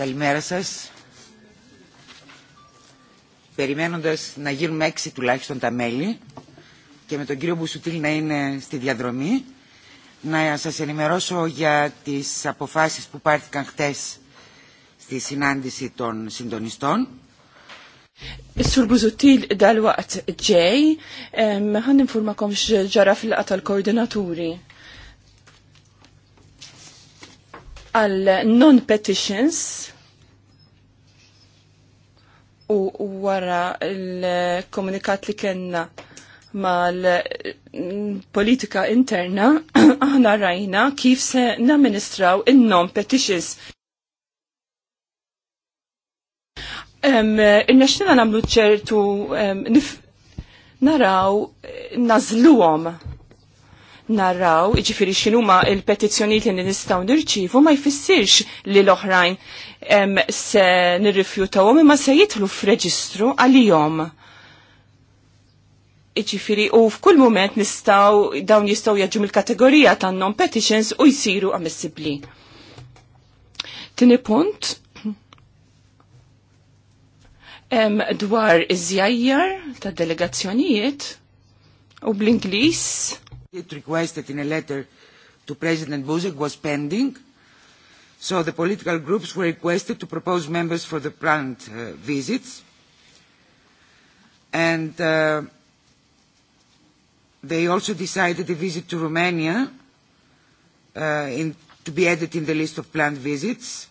Καλημέρα σας. Περιμένοντας να γίνουμε έξι τουλάχιστον τα μέλη και με τον κύριο Μπουσουτήλ να είναι στη διαδρομή, να σας ενημερώσω για τις αποφάσεις που πάρθηκαν χτες στη συνάντηση των συντονιστών. sur Buzutil dal-waqt ġej, ehm, ħan informakom x'ġara fil-qata l-koordinaturi. għal non-petitions u wara l-komunikat li kena mal-politika interna aħna rajna kif se naministraw in-non-petitions. Irnexxina namlu ċertu naraw eh, nażluhom naraw, ġifiri xinuma il-petizjoniet li nistaw nirċivu ma jfissirx li l-oħrajn se għom, imma se jitlu f'reġistru għal-jom. Iġifiri u f'kull moment nistaw dawn jistaw jaġġu mill-kategorija ta' non-petitions u jisiru ammissibli. Tini punt, em, dwar iż-żjajjar ta' delegazzjonijiet u bl-Inglis It requested in a letter to President Buzek was pending, so the political groups were requested to propose members for the planned uh, visits. And uh, they also decided a visit to Romania uh, in, to be added in the list of planned visits.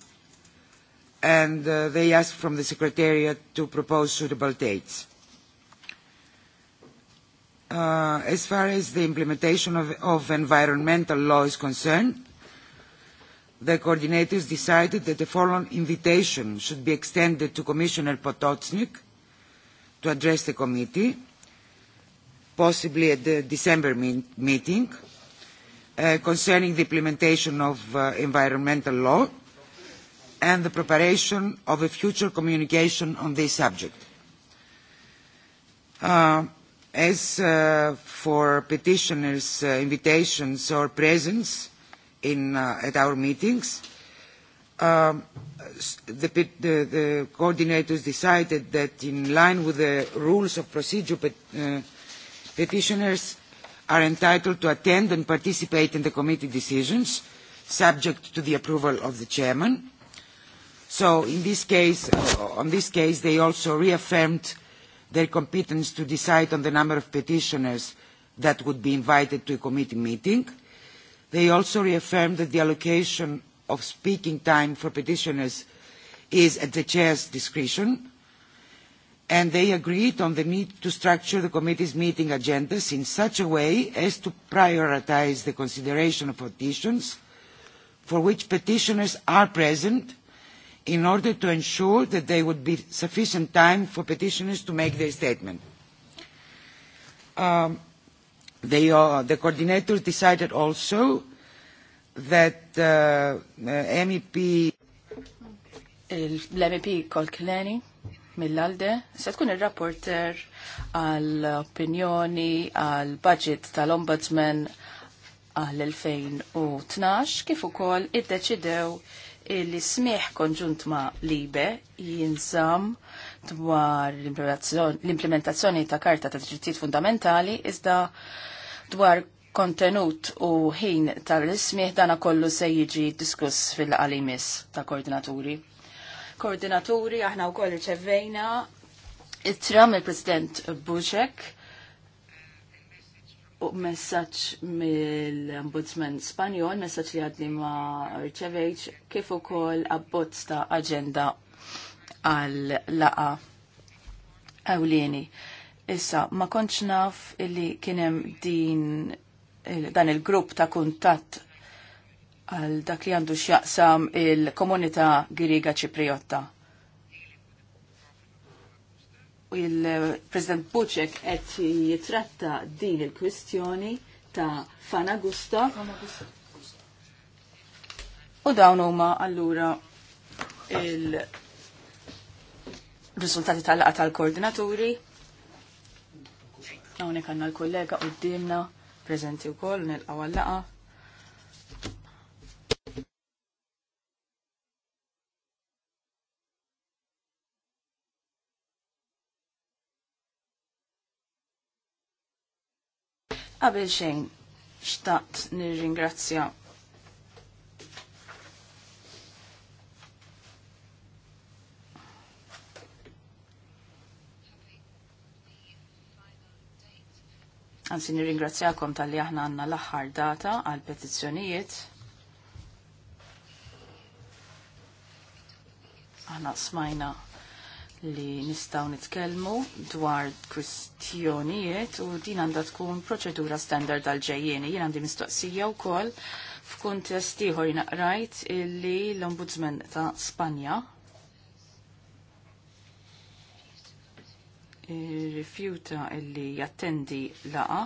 And uh, they asked from the Secretariat to propose suitable dates uh, as far as the implementation of, of environmental law is concerned, the coordinators decided that the following invitation should be extended to Commissioner Potocnik to address the committee, possibly at the December me- meeting, uh, concerning the implementation of uh, environmental law and the preparation of a future communication on this subject. Uh, As uh, for petitioners' uh, invitations or presence in, uh, at our meetings, um, the, the, the coordinators decided that in line with the rules of procedure, pet, uh, petitioners are entitled to attend and participate in the committee decisions subject to the approval of the chairman. So in this case, uh, on this case, they also reaffirmed uh, their competence to decide on the number of petitioners that would be invited to a committee meeting. They also reaffirmed that the allocation of speaking time for petitioners is at the chair's discretion, and they agreed on the need to structure the committee's meeting agendas in such a way as to prioritise the consideration of petitions for which petitioners are present in order to ensure that there would be sufficient time for petitioners to make their statement. Um, they, uh, the coordinators decided also that uh, uh MEP l-MEP Kolkleni mill-Alde se tkun il rapporter għall-opinjoni għall-budget tal-Ombudsman għall-2012 kif ukoll id deċidew li smieħ konġunt ma' Libe jinżam dwar l-implementazzjoni ta' Karta ta' Drittijiet Fundamentali iżda dwar kontenut u ħin tal-ismieħ dana kollu se jiġi diskuss fil-qalimis ta' koordinaturi. Koordinaturi aħna wkoll irċevejna it-tram il-President Buċek u messaċ mill-Ombudsman Spanjol, messaċ li għadni ma rċevejċ, kif ukoll abbozz ta' agenda għal laqa ewlieni. Issa, ma konċ naf illi kienem din dan il-grupp ta' kuntatt għal dak li għandu xjaqsam il-komunità Griga Ċipriotta il-President Buċek qed jitratta din il-kwistjoni ta' Fana Gusta. U dawn huma allura il- Riżultati tal-laqa tal-koordinaturi. Hawnhekk għandna l-kollega qudiemna preżenti wkoll nilqgħu għal-laqa. Qabel xejn, xtaqt nirringrazzja Anzi nirringrazzjakom tal-li aħna għanna l-aħħar data għal petizzjonijiet. Aħna smajna li nistaw nitkellmu dwar kwistjonijiet u din għandha tkun proċedura standard għal-ġejjeni. Jien għandi mistoqsija wkoll f'kuntest ieħor naqrajt illi l-Ombudsman ta' Spanja rifjuta illi jattendi laqa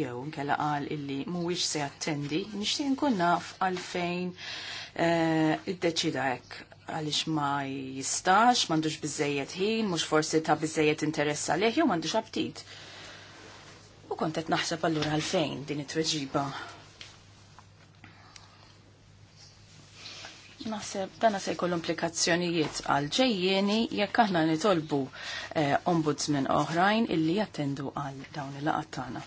jew nkella qal illi mhuwiex se jattendi, nixtieq nkun naf għalfejn eh, iddeċida hekk għalix ma jistax, mandux bizzejiet ħin, mux forsi ta' bizzejiet interess għalih, jew mandux abtit. U kontet naħseb allura għalfejn din it-tweġiba. Naħseb dana se jkollu implikazzjonijiet għal ġejjeni jekk aħna nitolbu eh, ombudsman oħrajn illi jattendu għal dawn il-laqat tagħna.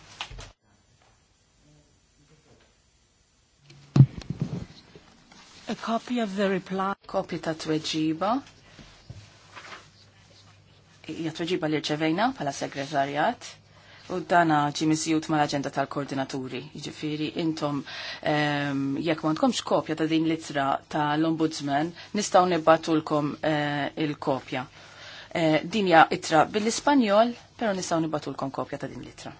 A copy of the reply. Kopja ta' tweġiba. Ija tweġiba li rċevejna pala segretarjat. U dana ġi misjut mal aġenda tal-koordinaturi. Ġifiri, intom, um, jekk mandkomx kopja ta' din litra tal-ombudsman, nistaw nibbatulkom eh, il-kopja. Eh, Dinja itra bil-Ispanjol, pero nistaw nibbatulkom kopja ta' din litra.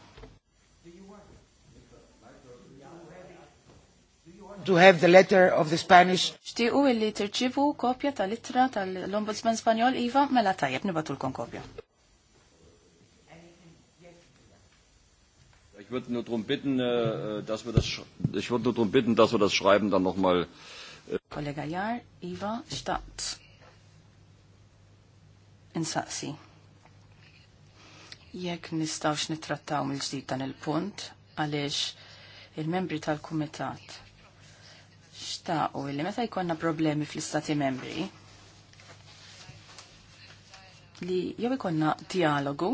to have the letter of the Spanish. Xtiqu illi tirċivu kopja tal-ittra tal-Ombudsman Spanjol Iva mela tajjeb nibatulkom kopja. Ich würde nur darum bitten, äh, äh, dass wir das, ich würde nur darum bitten, dass wir das Schreiben dann nochmal. Äh, Kollega Jar, Iva, Stadt. In Insaqsi. Jek nistawx nittrattaw mill-ġdid dan il-punt, għaliex il-membri tal-Kumitat xtaqu li meta jkollna problemi fl-istati membri li jew ikonna dialogu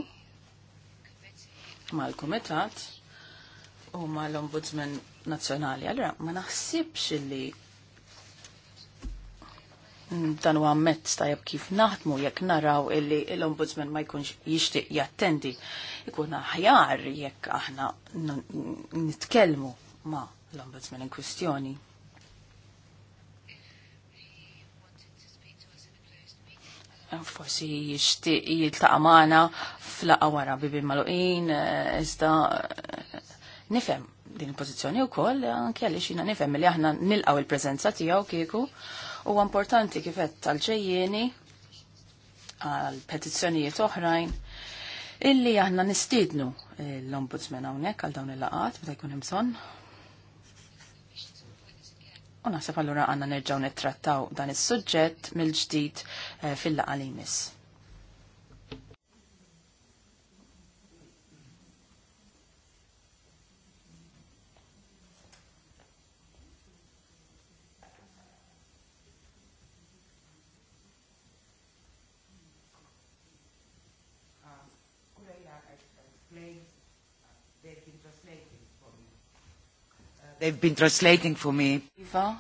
mal-kumitat u mal-ombudsman nazzjonali. Allora, ma naħsibx li dan huwa għammet tajjeb kif naħdmu jekk naraw illi l-ombudsman ma jkunx jixtieq jattendi. Ikun aħjar jekk aħna nitkellmu ma l-ombudsman in kwistjoni. forsi jixtieq jiltaq magħna flaqa wara bibi maluqin, iżda eh, nifhem din il-pożizzjoni wkoll anki għalli jiena nifhem li aħna nilqaw il prezenza tiegħu kieku huwa importanti kif tal ġejjeni għal petizzjonijiet oħrajn illi aħna nistiednu l-ombudsman hawnhekk għal dawn il-laqat meta jkun hemm bżonn. U naħseb allura għanna nerġaw nittrattaw dan is-suġġett mill-ġdid eh, fil-laqalimis. They've been translating for me. Iva,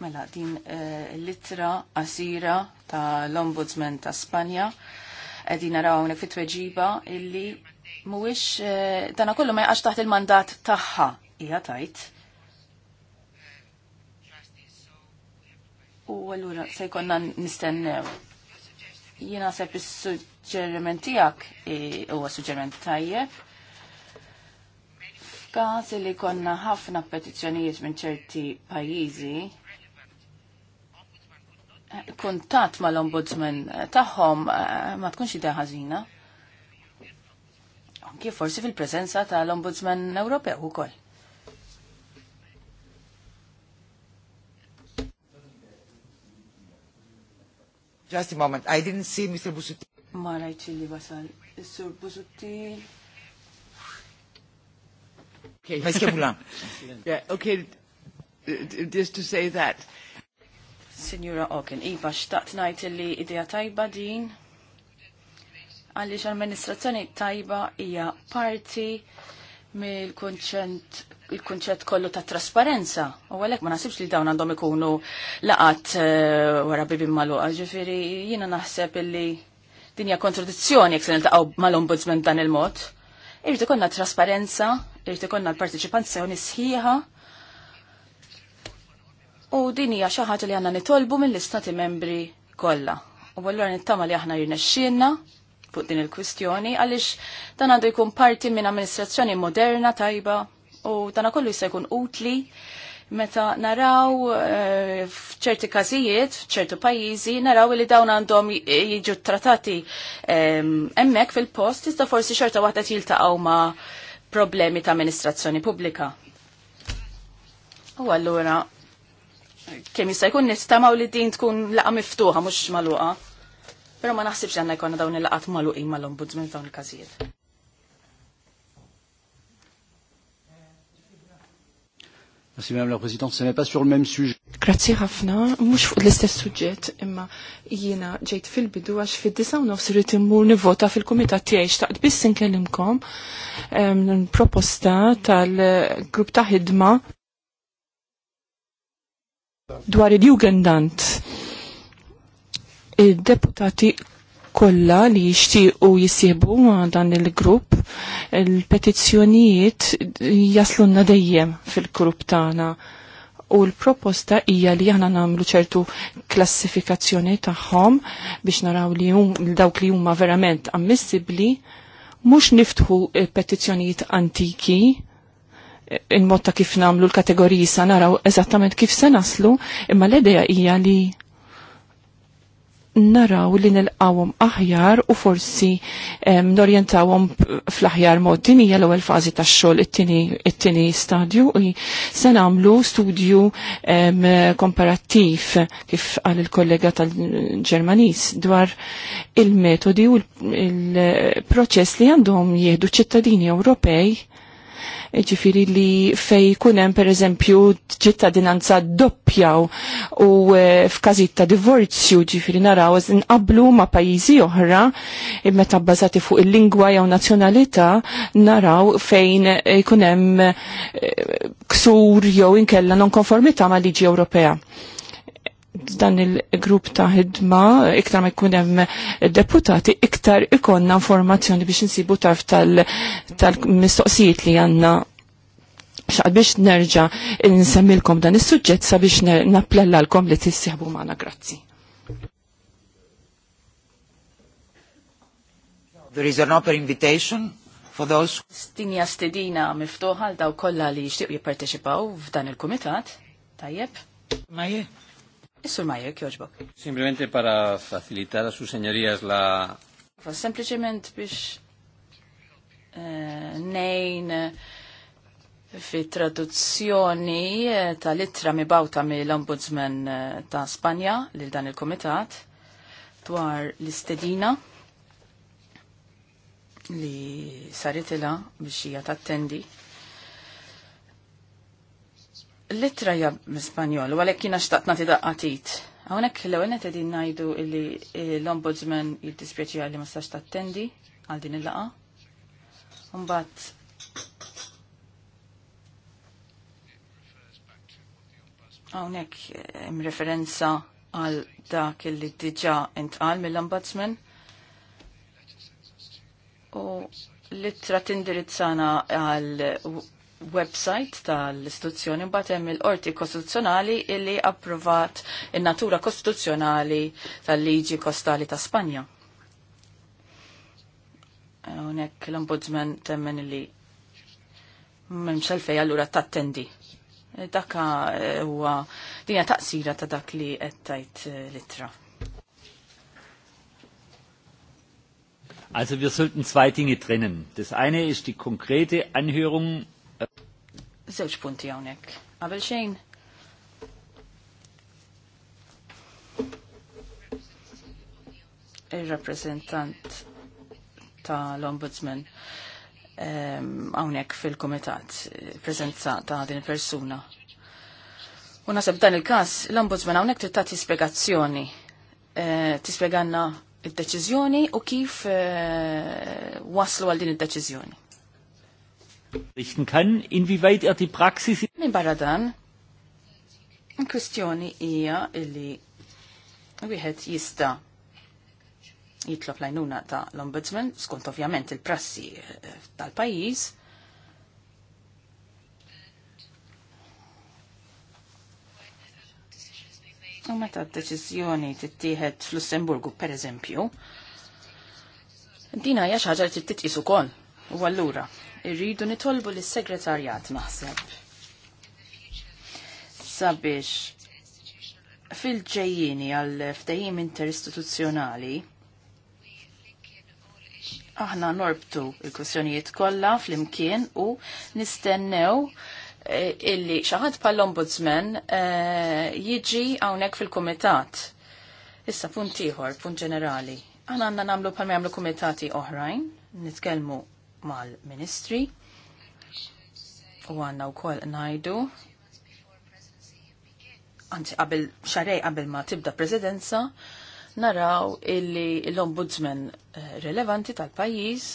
mela din uh, eh, litra asira ta' l-Ombudsman ta' Spanja. Din naraw hawnhekk fit-tweġiba illi mhuwiex eh, dana kollu ma jaqax taħt il-mandat tagħha hija tajt. U allura se jkollna nistennew. Jina sepp is-suġġeriment tiegħek eh, huwa suġġeriment tajjeb kas li konna ħafna petizzjonijiet minn ċerti pajjiżi, kuntat mal-ombudsman tagħhom eh, ma tkunx idea ħażina. Anki forsi fil prezenza tal-ombudsman Ewropew ukoll. Just a moment, I didn't see Mr. Busutti. Ma rajċi li wasal. Is-sur Busutti Okay. yeah, okay, just to say that. Signora Oken, iba xtaqt najt li idea tajba din għalix amministrazzjoni tajba hija parti mill-kunċent il-kunċett kollu ta' trasparenza. U għalek ma nasibx li dawn għandhom ikunu laqat eh, wara bibin malu. Ġifiri, jina naħseb illi dinja kontradizzjoni jek se niltaqgħu mal-ombudsman dan il-mod. Irrid konna trasparenza, irrid konna l-partiċipanzjoni sħiħa. U din hija xi ħaġa li għandna nitolbu mill-istati membri kollha. U allura nittama li aħna jirnexxielna fuq din il-kwistjoni għaliex dan għandu jkun parti minn amministrazzjoni moderna tajba u dan kollu jista' jkun utli Meta naraw eh, f'ċerti każijiet, f'ċertu pajjiżi, naraw li dawn għandhom jiġu trattati ehm, hemmhekk fil-post, iżda forsi xorta waħda jiltaqgħu ma' problemi ta' amministrazzjoni pubblika. U allura kemm jista' jkun nistamaw li din tkun laqa miftuħa mhux maluqa. Però ma naħsibx għandna jkollna dawn il-laqat magħluqin mal-ombudsman f'dawn il-każijiet. Merci Madame la Présidente, ce n'est pas sur le même sujet. Grazie ħafna, mhux fuq l-istess suġġett, imma jiena ġejt fil-bidu għax fid-disa u nofs irid immur nivvota fil-kumitat tiegħi xtaqt biss inkellimkom proposta tal-grupp ta' ħidma dwar il-Jugendant. Il-deputati kollha li jixtiequ jisiebu dan il-grupp. Il-petizzjonijiet jaslunna dejjem fil-grupp tagħna u l-proposta hija li aħna nagħmlu ċertu klassifikazzjoni tagħhom biex naraw li dawk li huma verament ammissibbli mhux niftħu petizzjonijiet antiki in mod ta' kif nagħmlu l-kategoriji sa naraw eżattament kif se naslu, imma l-idea hija li naraw li nilqawhom aħjar u forsi norjentawhom fl-aħjar mod. hija l-ewwel fażi tax-xogħol it-tieni stadju u se nagħmlu studju komparattiv kif qal il-kollega tal-Ġermaniż dwar il-metodi u il-proċess li għandhom jieħdu ċittadini Ewropej ġifiri li fej kunem per eżempju ċittadinanza doppjaw u e, f'kazit ta' divorzju ġifiri naraw nqablu ma' pajizi oħra meta bbażati fuq il-lingwa jew nazzjonalità naraw fejn e, kunem e, ksur jew inkella non konformità ma' liġi Ewropea dan il-grupp ta' ħidma, iktar ma jkun hemm deputati, iktar ikonna informazzjoni biex insibu tarf tal-mistoqsijiet li għandna xaqt biex nerġa' nsemmilkom dan is-suġġett sabiex nappellalkom li t-sihbu magħna grazzi. There is an open invitation for those. Stinja stedina miftuħa daw kollha li jixtiequ jiparteċipaw f'dan il-kumitat. Tajjeb. Ma jie is Mayer, Majer, kjoġbok. Simplemente para facilitar a su señorías la... Sempliciment biex eh, nejn eh, fi traduzzjoni eh, tal-ittra mi mill-Ombudsman ta' Spanja lil dan il-Komitat dwar l-istedina li saritila biex hija tattendi Litra ja Spanjol, għalek kina xtaqt nati daqqatit. Għonek l għonet net edin najdu illi l-ombudsman jiddispieċi għalli ma stax tattendi għal din il-laqa. Umbat Għonek im referenza għal dak li diġa intqal mill-ombudsman. U litra tindirizzana għal website tal-istituzzjoni mbagħad hemm il-qorti kostituzzjonali illi approvat in-natura kostituzzjonali tal-liġi kostali ta' Spanja. Hawnhekk l-ombudsman temmen li m'hemmx għalfejn allura tattendi. Dak huwa dinja taqsira ta' dak li qed tajt eh, litra. Also wir sollten zwei Dinge trennen. Das eine ist die konkrete Anhörung żewġ punti hawnhekk. Għabel xejn. Ir-rappreżentant tal-Ombudsman ehm, hawnhekk fil-Kumitat, prezenza ta' din persuna. U seb dan il-każ, l-Ombudsman hawnhekk trid tagħti spjegazzjoni. Eh, tispjeganna id-deċiżjoni u kif eh, waslu għal din id-deċiżjoni richten kann, inwieweit er die Praxis... Min barra dan, kwestjoni hija illi wieħed jista jitlob lajnuna ta' l-Ombudsman, skont ovvjament il-prassi eh, tal-pajjiż, U meta d-deċiżjoni tittieħed fl-Lussemburgu, per eżempju, din hija xi ħaġa li titqis ukoll u allura irridu nitolbu lis segretarjat naħseb. Sabiex fil-ġejjini għal ftehim interistituzzjonali aħna norbtu il-kwestjonijiet kollha flimkien u nistennew eh, illi xaħat pal-ombudsman eh, jiġi għawnek fil-komitat. Issa punt iħor, punt ġenerali. Għanna għanna namlu pal mjamlu komitati oħrajn, nitkelmu mal-Ministri u għanna u koll najdu għanti qabel xarej qabel ma tibda prezidenza naraw illi l-ombudsman eh, rilevanti tal-pajis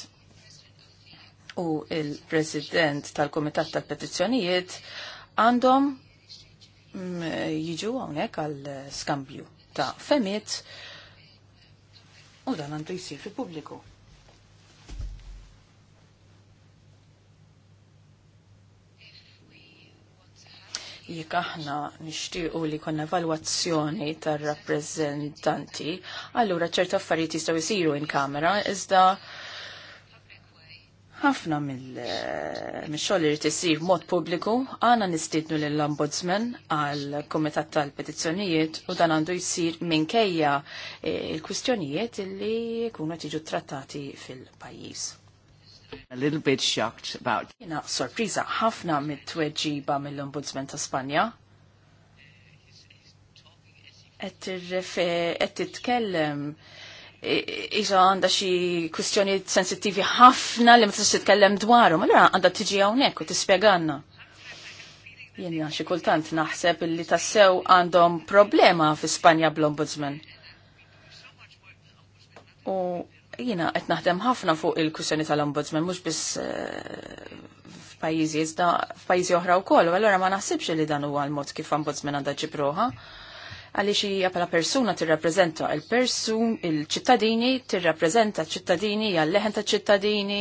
u il-president tal-komitat tal-petizzjonijiet għandhom mm, jiġu għonek għal eh, skambju ta' femiet u dan għandu jisir fi pubbliku. Jik aħna nixtiequ li konna evalwazzjoni tar-rappreżentanti, allura ċerta affarijiet jistgħu jsiru in kamera iżda ħafna mill-xogħol li tisir mod pubbliku għana nistiednu lill-Ombudsman għal Kumitat tal-Petizzjonijiet u dan għandu jsir minkejja eh, il-kwistjonijiet li jkunu qed trattati fil-pajjiż. A little bit shocked about. Jina sorpriza ħafna mit-tweġiba mill-Ombudsman ta' Spanja. Qed titkellem iġa għanda xi kwistjoni sensittivi ħafna li ma tistax titkellem dwarhom, allura għandha tiġi hawnhekk u tispjegana. Jena xi kultant naħseb li tassew għandhom problema fi Spanja bl-Ombudsman. Jina qed naħdem ħafna fuq il kussjoni tal-ombudsman mhux biss eh, f'pajjiżi iżda f'pajjiżi oħra wkoll, għallora ma naħsibx li dan huwa l-mod kif ombudsman għandha ġibruħa, għaliex hija bħala persuna tirrappreżenta il-persun, il-ċittadini, tirrappreżenta ċittadini, għal-leħen ta' ċittadini.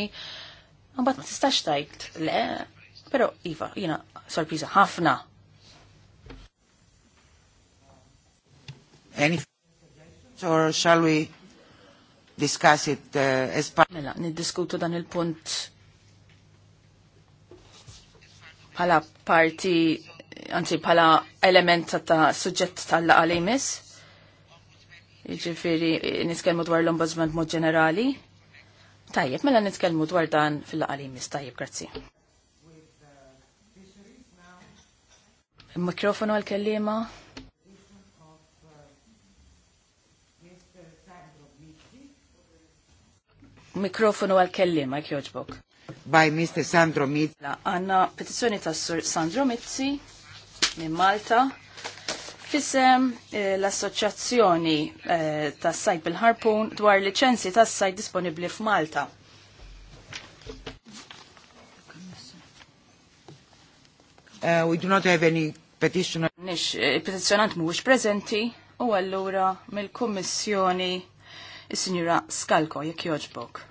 għambat ma tistax tajt le, però iva, jiena sorpriża ħafna. Any or shall we discuss it uh, as part. Mela, niddiskutu dan il-punt pala parti, anzi pala element ta' suġġett tal-laqa li jmiss. Ġifiri, dwar l-ombudsman mod ġenerali. Tajjeb, mela niskelmu dwar dan fil-laqa li Tajjeb, grazzi. Mikrofonu għal-kellima. Mikrofonu għal-kellima, kjoġbok. By Mr. Sandro Mizzi. Għanna petizjoni ta' Sur Sandro Mizzi minn Malta. Fisem eh, l-Assoċjazzjoni eh, ta' Sajt bil-Harpun dwar licenzi ta' sajt disponibli f'Malta. Uh, we do not have any petitioner. Nix, eh, petizjonant mhuwiex prezenti u allura mill-Kummissjoni is-Sinjura Skalko jekk joġbok.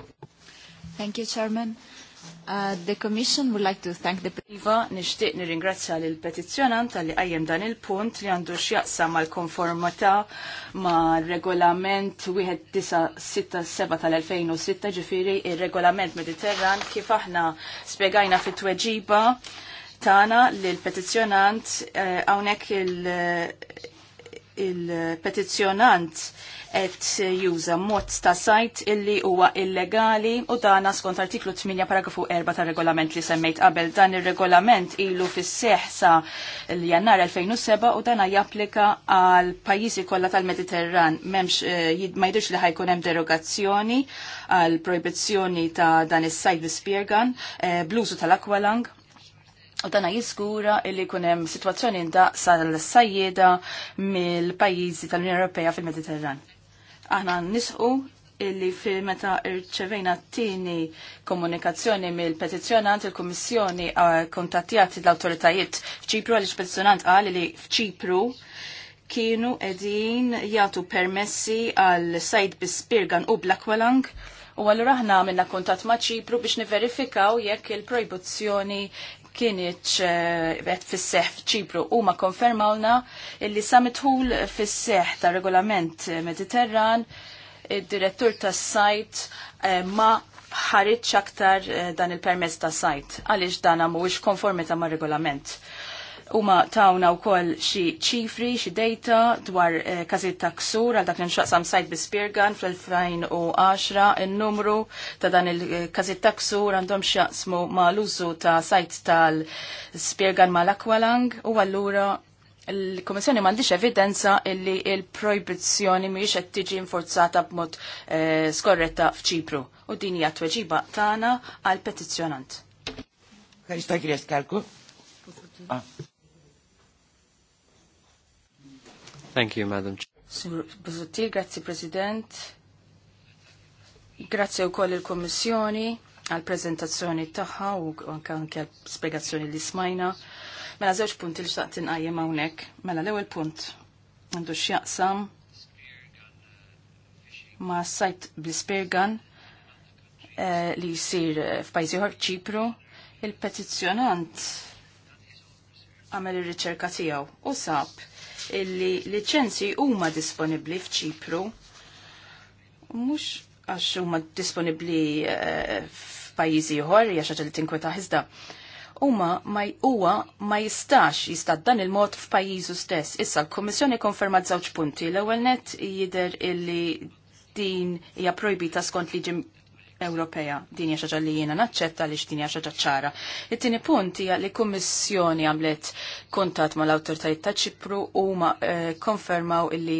Thank you, Chairman. Uh, the Commission would like to thank the... Iva, nishtiq nirringrazzja lil petizzjonant tal-li għajjem dan il-punt li għandu x'jaqsam mal konformata ma regolament 1967 tal-2006 ġifiri il-regolament mediterran kif aħna spiegajna fit tweġiba tana petizzjonant l uh, eh, il uh, il-petizjonant et juża mod ta' sajt illi huwa illegali u dana skont artiklu 8 paragrafu 4 ta' regolament li semmejt qabel dan ir-regolament ilu fis-seħ sa l-Jannar 2007 u dana japplika għal pajjiżi kollha tal-Mediterran m'hemmx eh, ma jidhirx li ħajkun hemm derogazzjoni għal proibizzjoni ta' dan is-sajt bi speargun eh, bluzu tal-aqualang U dana jizgura illi kunem situazzjoni da sal sajjeda mill-pajizi tal-Unjoni Ewropea fil-Mediterran. Aħna nisqu illi fi meta irċevejna t-tini komunikazzjoni mill-petizjonant il kummissjoni kontattjati l-autoritajiet f'Ċipru għal petizjonant għal li f'Ċipru kienu edin jgħatu permessi għal sajd bispirgan u blakwalang U għallura ħna għamilna kontat ma' ċipru biex niverifikaw jekk il-projbuzzjoni kienieċ eh, qed fis fċibru f'Ċipru huma konfermawna illi sa mitħul fis ta' regolament Mediterran id-direttur tas sajt eh, ma ħaritx aktar eh, dan il-permess ta' sajt għaliex dan mhuwiex ta' ma' regolament. Huma tawna wkoll xi ċifri, xi data dwar eh, ta' ksur għal dak li nxaqsam sajt bi Spirgan fl-2010 in-numru ta' dan il-każijiet eh, ta' ksur għandhom xaqsmu ma' l-użu ta' sajt tal-Spirgan mal-Akwalang u allura il-Komissjoni m'għandix evidenza illi il-proibizzjoni mhijiex qed tiġi infurzata b'mod eh, skorretta f'Ċipru. U din hija tweġiba tagħna għall petizzjonant. Karista kirja skalku? Ah. Thank you, Madam Chair. Sigur President. Grazzi u koll il-Kommissjoni għal-prezentazzjoni taħħa u anke għal-spiegazzjoni li smajna. Mela żewġ punti li xtaqt inqajjem hawnhekk. Mela l-ewwel punt għandu x'jaqsam ma' sajt bl spirgan eh, li jsir f'pajjiżi ħor ċipru. Il-petizzjonant għamel ir-riċerka tiegħu u sab illi liċenzji huma disponibbli f'Ċipru mhux għax huma disponibbli eh, f'pajjiżi oħor, hija li tinkweta iżda. Huma ma huwa ma jistax jista' dan il-mod f'pajjiżu stess. Issa l-Kummissjoni konfermat żewġ punti. L-ewwel nett jidher illi din hija projbita skont liġi Ewropea. Din hija xaġa li jiena naċċetta li din hija xaġa ċara. It-tieni punt hija li kummissjoni għamlet kuntatt mal-awtoritajiet ta' Ċipru u ma eh, konfermaw illi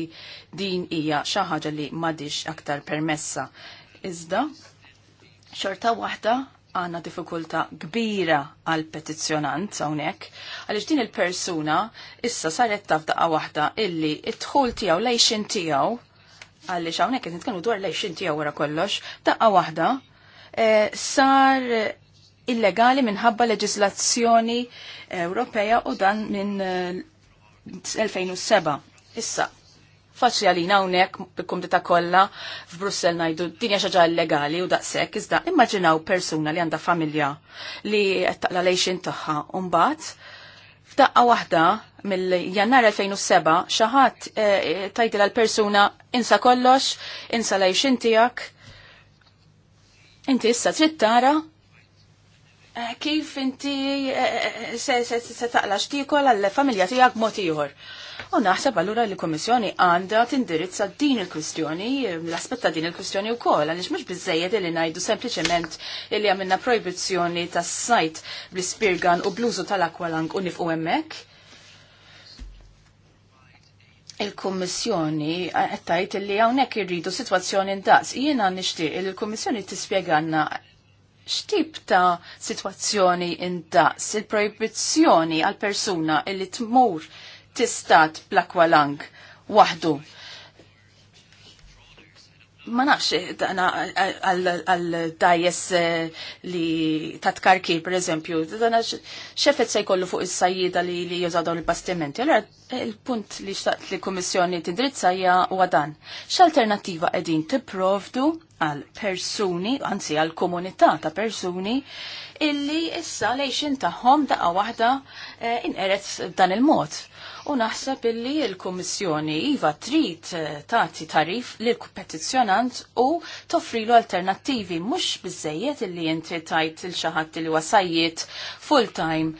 din hija xi ħaġa li m'għadix aktar permessa. Iżda xorta waħda għanna diffikulta kbira għal petizzjonant hawnhekk, għaliex din il-persuna issa saret tafdaqa waħda illi t dħul tiegħu lejxin tiegħu għalli xawnek qed nitkellmu dwar lejx inti wara kollox, taqqa' waħda eh, sar illegali minħabba leġislazzjoni Ewropea u dan minn 2007. Eh, Issa, faċli għalina unek bil-kumdita kolla f'Brussel najdu dinja xaġa illegali u daqsek, iżda immaġinaw persuna li għanda familja li la lejxin taħħa un-bat f'daqqa waħda mill-jannar 2007 xaħat eh, tajdil għal-persuna insa kollox, insa lajxin tijak, inti issa trid tara Eh, kif inti eh, eh, se taqla xtikol għall-familja tijak motiħor. U naħseb allura li komissjoni għanda tindirizza din il-kwistjoni, l-aspetta din il-kwistjoni u kol, għalix mux bizzejed li najdu sempliciment li għamilna proibizjoni tas sajt bl-spirgan u bluzu tal-akwalang u nifqu emmek. Il-Kommissjoni għettajt li għawnek irridu situazzjoni ndaqs. Jiena nishtiq il-Kommissjoni tispieganna x'tip ta' sitwazzjoni indaqs il-proibizzjoni għal persuna illi tmur tistat bl-akwalang waħdu. Ma nafx għal dajes eh, li tatkarki, per eżempju, xefet se jkollu fuq is-sajjida li li jużadaw il-bastimenti. Allora, il-punt li xtaqt li kummissjoni tindrizza hija huwa dan. X'alternattiva qegħdin tipprovdu għal persuni, anzi għal komunità ta' persuni, illi issa lejxin taħħom daqqa wahda eh, inqeret dan il-mod. U naħseb illi il-Kommissjoni iva trid eh, tagħti tarif l petizzjonant u toffrilu alternattivi mhux biżejjed illi inti tajt il xi ħadd li wasajjiet full time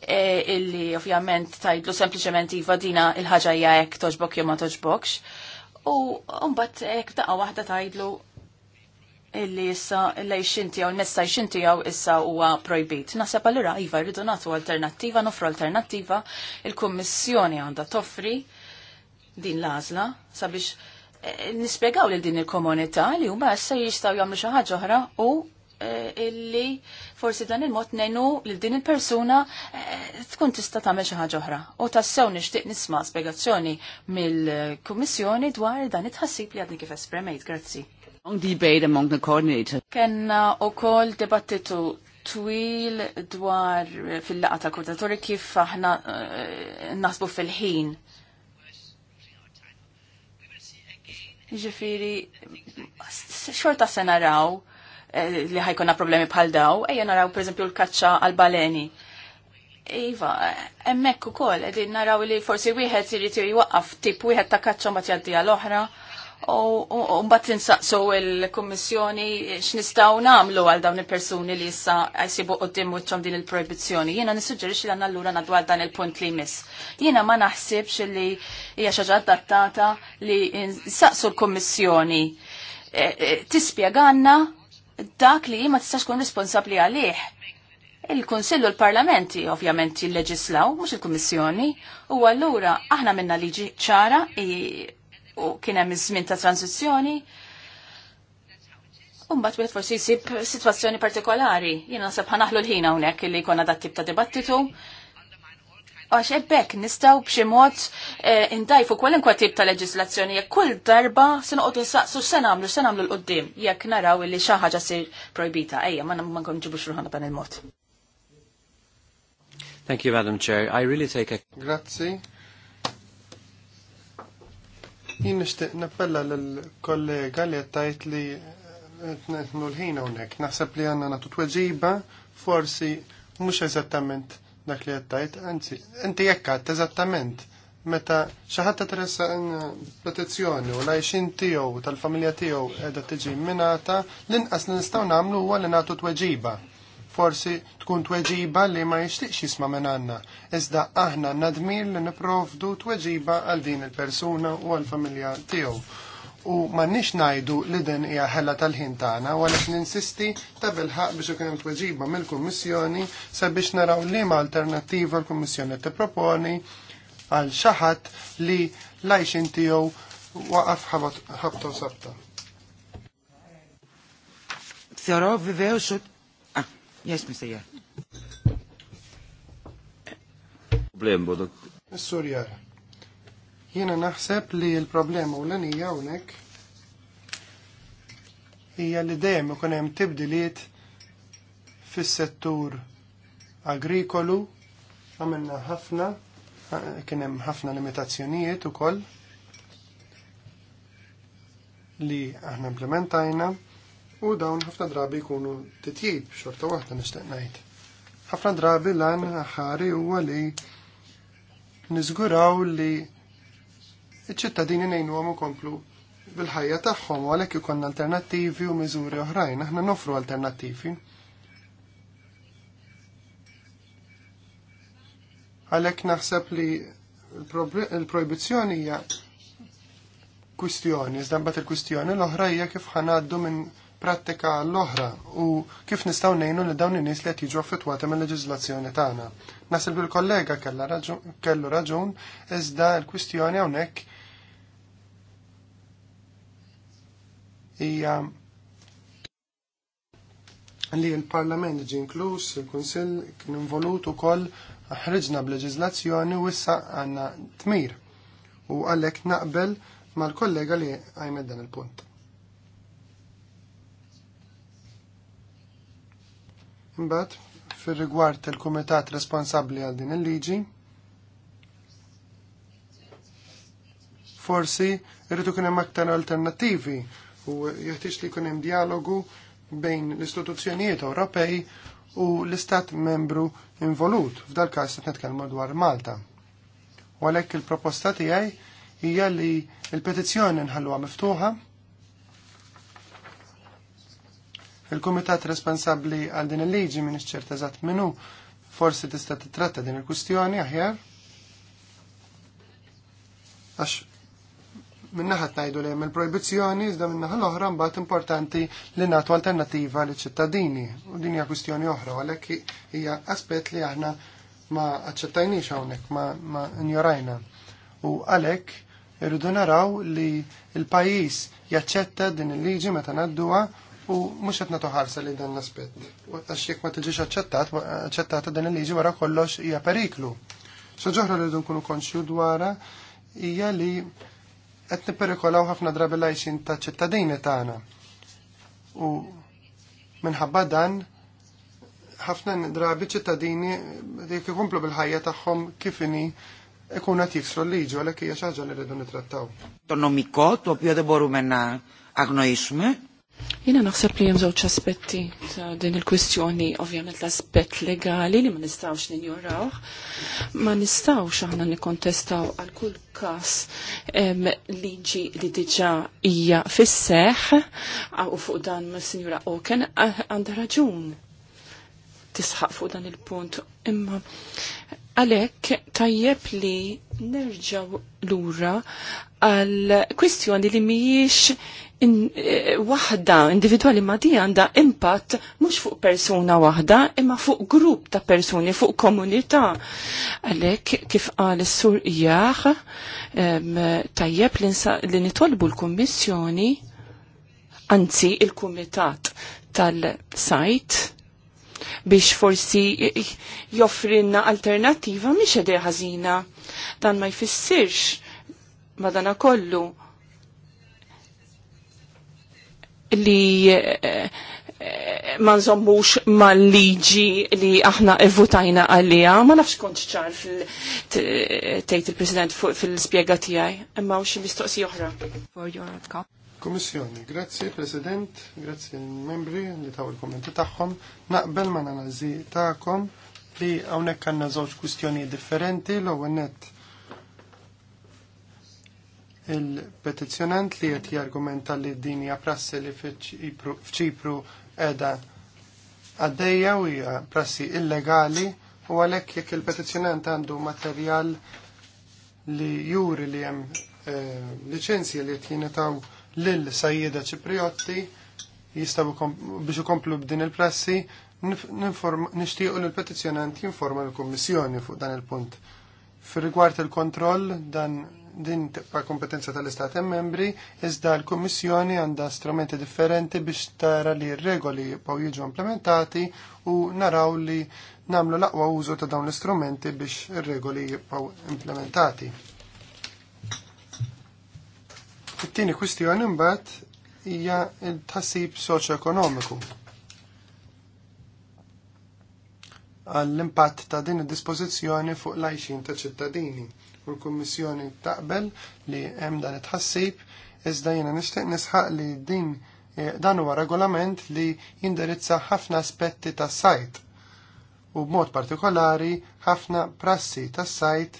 eh, illi ovvjament tajdlu sempliċement iva dina il-ħaġa hekk toġbok jew ma toġbokx. U mbagħad hekk daqqa waħda tajdlu illi issa illi xinti għaw, l xinti għaw issa huwa projbit. Nasab għallura Iva rridu natu alternativa, nofru alternativa, il-Kommissjoni għanda toffri din lazla, sabiex e, nispiegaw li din il-komunità li huma issa jistgħu jagħmlu xi ħaġa oħra u eh, illi forsi dan il-mod nenu li din il-persuna eh, tkun tista' tagħmel xi ħaġa oħra. U tassew nixtieq nisma' spjegazzjoni mill-Kummissjoni dwar dan it-ħassib li għadni kif espremejt. Grazzi. Long debate among the coordinators. Kenna u kol debattitu twil dwar fil-laqa tal kordatori kif aħna eh, nasbu fil-ħin. Ġifiri, xorta se naraw eh, li ħajkonna problemi bħal daw, ejja naraw per esempio l-kaċċa għal-baleni. Iva, emmek u kol, edin naraw li forsi wieħed irrit jwaqqaf tip wieħed ta' kaċċa ma tjaddi għal-oħra U mbagħad tinsaqsu il kummissjoni x'nistgħu nagħmlu għal dawn il-persuni li issa jsibu qudiem wiċċhom din il-proibizzjoni. Jiena nissuġġerixxi li għandna allura nadwar dan il-punt li jmiss. Jiena ma naħsibx li hija xi ħaġa adattata li nsaqsu l-Kummissjoni e, e, tispjeganna dak li ma tistax tkun responsabbli għalih. Il-Konsillu l-Parlamenti ovvjament jilleġislaw, mhux il-Kummissjoni, u allura aħna minna liġi ċara u kien hemm iż-żmien ta' tranzizzjoni. Umbat wieħed forsi jsib sitwazzjoni partikolari. Jiena naħseb ħanaħlu l-ħin hawnhekk li jkollna dat tip ta' dibattitu. Għax ebbek nistaw b'xi mod eh, indajfu kwalinkwa tip ta' leġislazzjoni jekk kull darba se noqogħdu nsaqsu se nagħmlu se nagħmlu l-qudiem jekk naraw li xi ħaġa ssir projbita. Ejja, ma nkomġibux ruħana dan il-mod. Thank you, Madam Chair. I really take a... Grazie. Jien nixtieq nappella lill-kollega li għattajt li nitnu l-ħin hawnhekk. Naħseb li għandna nagħtu tweġiba forsi mhux eżattament dak li għattajt, anzi, inti jekk għadt eżattament meta xaħat ta' teressa protezzjoni u lajxin tiegħu tal-familja tiegħu qiegħda tiġi minata, l-inqas li nistgħu nagħmlu huwa li nagħtu tweġiba forsi tkun tweġiba li ma jixtieqx jisma' minn għandna, iżda aħna nadmir li niprovdu tweġiba għal din il-persuna u għal familja tiegħu. U ma nix najdu li din hija ħella tal-ħin tagħna għaliex ninsisti ta' bilħaq biex ikun hemm tweġiba mill-Kummissjoni sabiex naraw liema alternattiva l-Kummissjoni tipproponi għal xi ħadd li lajxin tiegħu waqaf ħabta sabta. Θεωρώ βεβαίω ότι Yes, Mr. Jar. Problem bodu. Mr. Jar, jena naħseb li l-problema u l-anija unek hija li dejjem ikun hemm tibdiliet fis-settur agrikolu għamilna ħafna kien hemm ħafna limitazzjonijiet ukoll li aħna implementajna u dawn ħafna drabi jkunu titjib xorta waħda nixtieq ngħid. Ħafna drabi lan ħari huwa li niżguraw li iċ-ċittadini ngħinuhom ukomplu bil-ħajja tagħhom u għalhekk ikun alternattivi u miżuri oħrajn, aħna nofru alternattivi. Għalhekk naħseb li il-proibizzjoni hija kwistjoni, iżda mbagħad il-kwistjoni l-oħra hija kif ħanaddu minn prattika l-oħra u kif nistgħu nejnu li dawn in-nies li qed jiġu affettwati mill-leġiżlazzjoni tagħna. Nasib il-kollega kellu raġun iżda l-kwistjoni hawnhekk hija li l-Parlament ġi inkluż, il-Kunsill kien involut ukoll ħriġna b'leġiżlazzjoni u issa għandna tmir. U għalhekk naqbel mal-kollega li għajmed dan il-punt. Mbagħad fir-rigward il-kumitat responsabbli għal din il-liġi, forsi irrid kunem hemm aktar alternattivi u jħtiex li jkun hemm dialogu bejn l-istituzzjonijiet Ewropej u l-istat membru involut, f'dal każ qed nitkellmu dwar Malta. U għalhekk il-proposta tiegħi hija li l-petizzjoni nħalluha miftuħa Il-Kumitat responsabbli għal din il-liġi minn ċerta eżatt minnu forsi tista' titratta din il-kwistjoni aħjar? Għax minnaħat najdu li hemm il-proibizzjoni iżda minnaħa l-oħra mbagħad importanti li nagħtu alternattiva li ċittadini u din hija kwistjoni oħra għalhekk hija aspett li aħna ma aċċettajniex hawnhekk ma, ma injorajna. U għalhekk irridu naraw li l-pajjiż jaċċetta din il-liġi meta ngħadduha u mux għetna nagħtu li dan l-aspett. Għax jek ma tiġix għacċettat, għacċettat dan il-liġi wara kollox hija periklu. Xaġoħra li nkunu konxju dwara hija li għetni perikolaw ħafna drabi lajxin ta' ċittadini tagħna. U minħabba dan ħafna drabi ċittadini li kikumplu bil-ħajja tagħhom kifini inhi ikun qed jiksru l-liġi għalhekk hija xi ħaġa li rridu nittrattaw. Tonomiko, topja de menna agnoismi, Jena naħseb li hemm żewġ aspetti ta' din il-kwistjoni, ovvjament l-aspett legali li ma nistgħux ninjurawh, ma nistgħux aħna nikkontestaw għal kull każ liġi li diġà hija fis-seħħ u fuq dan mas-Sinjura Oken għandha raġun tisħaq fuq dan il-punt. Imma għalhekk tajjeb li nerġaw lura għal kwistjoni li mhijiex in, eh, wahda individuali ma di għanda impatt mux fuq persuna wahda imma fuq grupp ta' persuni, fuq komunità. Għalek kif għal sur jaħ um, tajjeb li nitolbu l-kommissjoni anzi il-kumitat tal-sajt biex forsi joffrinna alternativa miex ħażina. Dan ma jfissirx madana kollu li eh, eh, ma nżommux mal-liġi li aħna evvotajna għalija, ma nafx kont ċar fil-tejt il-President fil-spiega tijaj, imma u mistoqsi oħra. Komissjoni, grazie President, grazie membri li taw il-kommenti taħħom, naqbel ma nanazi taħkom li għawnek għanna zoċ kustjoni differenti l għannet il-petizjonant li qed jargumenta li din hija prassi li f'Ċipru qiegħda għaddejja u hija prassi illegali u għalhekk jekk il-petizjonant għandu materjal li juri li hemm eh, licenzja li qed jinetaw lil sajjeda Ċipriotti jistabu biex ikomplu b'din il-prassi nixtiequ l-petizjonant jinforma l-Kummissjoni fuq dan il-punt. Fir rigward il-kontroll dan din tibqa' kompetenza tal-Istati membri, iżda l-Kummissjoni għandha strumenti differenti biex tara li r-regoli jibqgħu jiġu implementati u naraw li nagħmlu l-aqwa użu ta' dawn l-istrumenti biex ir-regoli jibqgħu implementati. It-tieni kwistjoni mbagħad hija l-tħassib soċjoekonomiku. għall-impatt ta' din id-dispożizzjoni fuq l-għajxin ta' ċittadini u l-Kummissjoni taqbel li hemm dan it-ħassib, iżda jiena nixtieq nisħaq li din eh, dan huwa regolament li jindirizza ħafna aspetti tas-sajt u b'mod partikolari ħafna prassi tas-sajt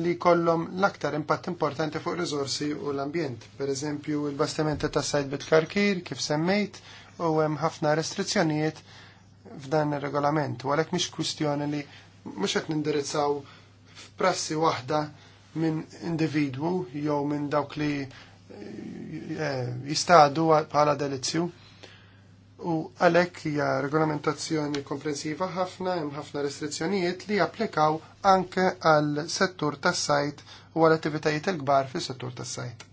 li kollom l-aktar impatt importanti fuq riżorsi u l-ambjent. Per eżempju, il-bastimenti ta' sajt bit-karkir, kif semmejt, u hemm ħafna restrizzjonijiet f'dan ir-regolament. U għalhekk mhix kwistjoni li mhux qed nindirizzaw prassi waħda minn individwu jew minn dawk li eh, jistadu bħala delizzju. U għalek hija regolamentazzjoni komprensiva ħafna hemm ħafna restrizzjonijiet li japplikaw anke għal settur tas-sajt u għal attivitajiet il-kbar fis-settur tas-sajt.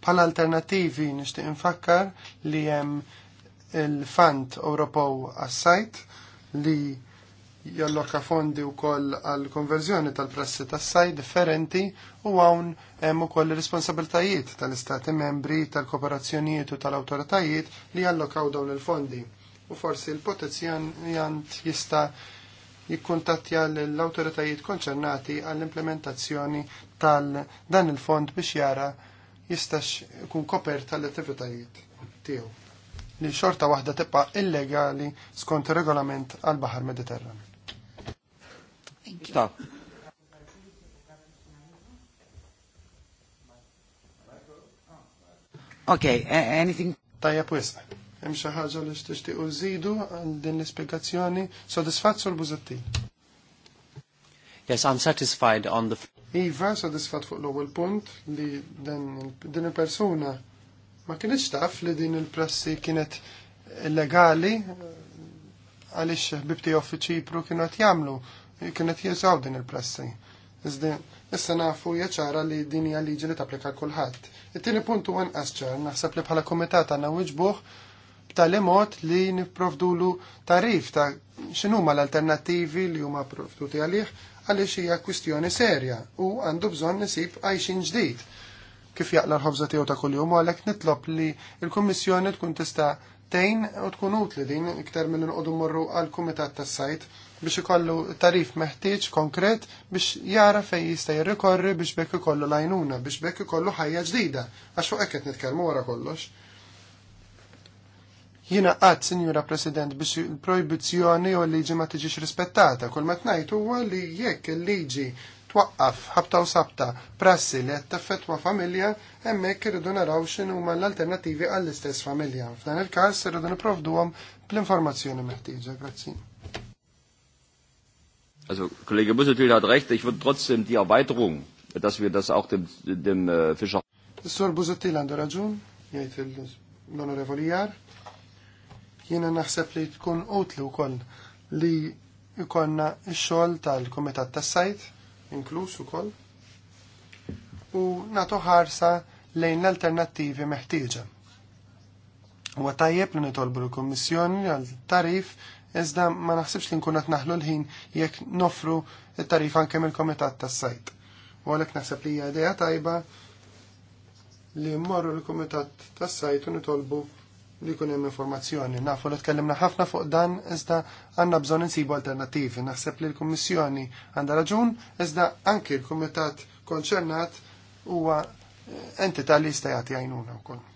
Bħala alternattivi nixtieq infakkar li hemm il fund Ewropew għas-sajt li Jolloka fondi u koll għal konverżjoni tal-prassi tas-saj differenti u għawn hemm ukoll responsabiltajiet tal-istati membri tal-kooperazzjonijiet u tal-awtoritajiet li jallokaw dawn il-fondi. U forsi l-potenzjant jista' jikkuntattja l-awtoritajiet konċernati għall-implementazzjoni tal-dan il-fond biex jara jistax kun kopert tal-attivitajiet tiegħu li xorta waħda tibqa' illegali skont ir regolament għall baħar Mediterran. Thank you. Okay, anything? Tajja pwis, hemm xi ħaġa li xtixtiequ żidu din l-ispjegazzjoni sodisfatt sur Bużatti. Yes, I'm satisfied on the Iva sodisfat fuq l-ewwel punt li din il-persuna ma kienx taf li din il-prassi kienet illegali għaliex bibti uffiċi pru kienu qed jagħmlu kienet jeżaw din il pressi Iżda issa nafu jaċara li din hija liġi li tapplika kulħadd. It-tieni punt huwa nqas ċar, naħseb li bħala kumitat għandna wiġbuh b'tali mod li nipprovdulu tarif ta' x'inhuma l-alternattivi li huma provduti għalih għaliex hija kwistjoni serja u għandu bżonn nisib għajxin ġdid kif jaqla l-ħobza tiegħu ta' kuljum u għalhekk nitlob li l-Kummissjoni tkun tista' tejn u tkun utli din iktar mill nqogħdu morru għall kumitat tas-sajt biex ikollu tarif meħtieġ konkret biex jara fej jista' jirrikorri biex bekk ikollu lajnuna, biex bekk ikollu ħajja ġdida, għax fuq hekk qed nitkellmu wara kollox. Jiena qatt, Sinjura President, biex il-projbizzjoni u l-liġi ma tiġix rispettata, kull ma tnajt huwa li jekk il-liġi twaqqaf ħabta u sabta prassi li qed taffetwa familja hemmhekk irridu naraw x'inhu huma l-alternattivi għall-istess familja. F'dan il-każ irridu nipprovduhom bl-informazzjoni meħtieġa. Grazzi. Also Kollege Bussetil hat recht, ich würde trotzdem die Erweiterung, dass wir das auch dem, dem äh, Fischer... Sor Bussetil hat raġun, jgħid l-onorevoli jar, jiena naħseb li tkun utli wkoll li jkollna x-xogħol tal-Kumitat tas-Sajt, inkluż ukoll, u nagħtu ħarsa lejn l-alternattivi meħtieġa. Huwa tajjeb li nitolbu l-Kummissjoni għal tarif iżda ma naħsibx li nkun qed naħlu l-ħin jekk nofru t-tarif anke mill-Komitat tas-Sajt. U għalhekk naħseb li hija idea tajba li mmorru l-Komitat tas-Sajt u nitolbu li jkun hemm informazzjoni. Nafu li tkellimna ħafna fuq dan iżda għandna bżonn insibu alternattivi. Naħseb li l-Kummissjoni għandha raġun iżda anki l-Kumitat konċernat huwa eh, entità li jista' jagħti għajnuna wkoll.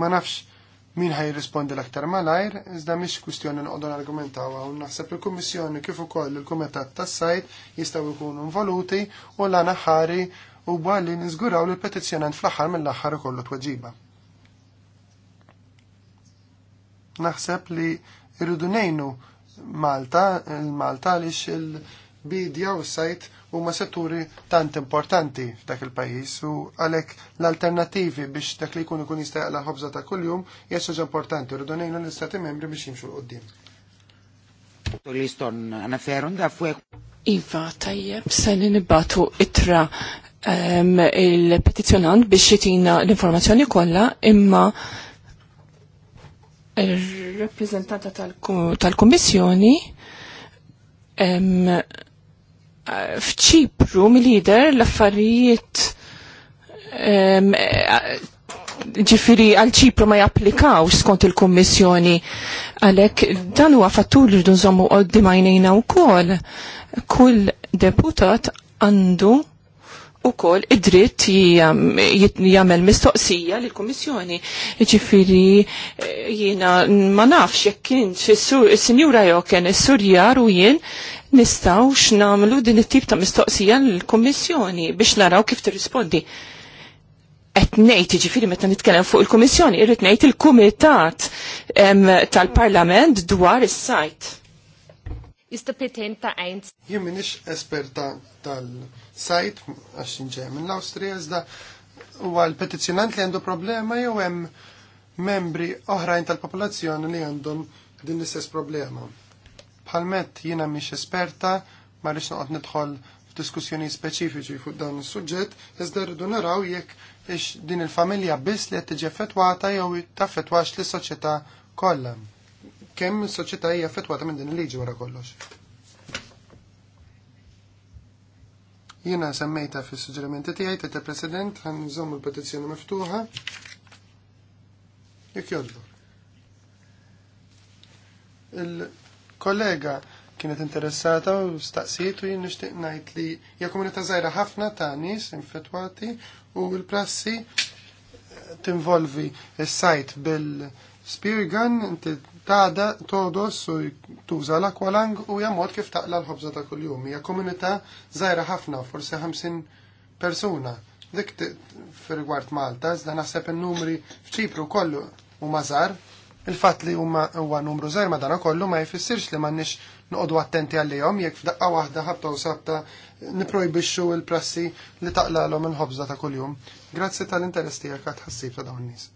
Ma nafx min ħaj jirrispondi l-aktar malajr, iżda kustjoni kwistjoni nqogħdu argumentaw hawn naħseb il-Kummissjoni kif ukoll il-Kumitat tas-sajt jistgħu jkunu involuti u l ħari u li niżguraw li l petizjonant fl-aħħar mill-aħħar t tweġiba. Naħseb li irridu ngħinu Malta, il-Malta għaliex xil. il bidja u sajt huma setturi tant importanti f'dak il-pajjiż u għalhekk l-alternattivi biex dak li jkun ikun jista' jaqla ħobza ta' kuljum hija xaġa importanti u rridu l-istati membri biex jimxu l qoddim Liston da fuq. Iva, tajjeb, se nibatu itra il-petizjonant biex jitina l-informazzjoni kollha imma il-rappresentanta tal-Kommissjoni tal Eh, fċipru mill-lider l-affarijiet eh, ġifiri għal ċipru ma japplikawx skont il-kommissjoni għalek dan huwa fattur li rridu nżommu għoddi majnejna u kol. Kull deputat għandu u kol id-dritt jagħmel mistoqsija lill kummissjoni Ġifiri eh, jiena ma nafx jekkin kien is-sinjura jew is-surjar u jien nistawx namlu din it-tip ta' mistoqsija l-Kommissjoni biex naraw kif tirrispondi. Qed ngħid jiġifieri meta nitkellem fuq il-Kummissjoni, irrid ngħid il-Kumitat tal-Parlament dwar is-sajt. Jista' petenta eins. Jien m'iniex esperta tal-sajt għax inġej mill-Awstrija iżda huwa l-petizzjonant li għandu problema jew hemm membri oħrajn tal-popolazzjoni li għandhom din l-istess problema Palmet jiena mhix esperta, ma rix noqgħod nidħol f'diskussjoni speċifiċi fuq dan is-suġġett, iżda rridu naraw jekk ix din il-familja biss li qed tiġi effettwata jew taffettwax lis soċjetà kollha. Kemm is-soċjetà hija effettwata minn din il-liġi wara kollox. Jiena semmejta fis-suġġerimenti tiegħi tgħid il-President ħanżomm il-petizzjoni miftuħa. Jekk jodlu kollega kienet interessata u staqsiet u jien nixtieq ngħid li hija komunità żgħira ħafna ta' nies infetwati u l-prassi eh, tinvolvi s-sajt bil-spear gun inti tada todos u tuża l-akwalang u hija mod kif taqla l-ħobża ta' kuljum. Hija komunità żgħira ħafna, forsi 50 persuna. Dik fir-rigward Malta, iżda naħseb in-numri f'Ċipru kollu u mażar Il-fatt li huma huwa numru żgħir ma dana kollu ma jfissirx li m'għandniex noqogħdu attenti għalihom jekk f'daqqa waħda ħabta u sabta niprojbixxu l-prassi li taqlalhom il-ħobża ta' kuljum. Grazzi tal-interess tiegħek għad ħassib ta' dawn nies.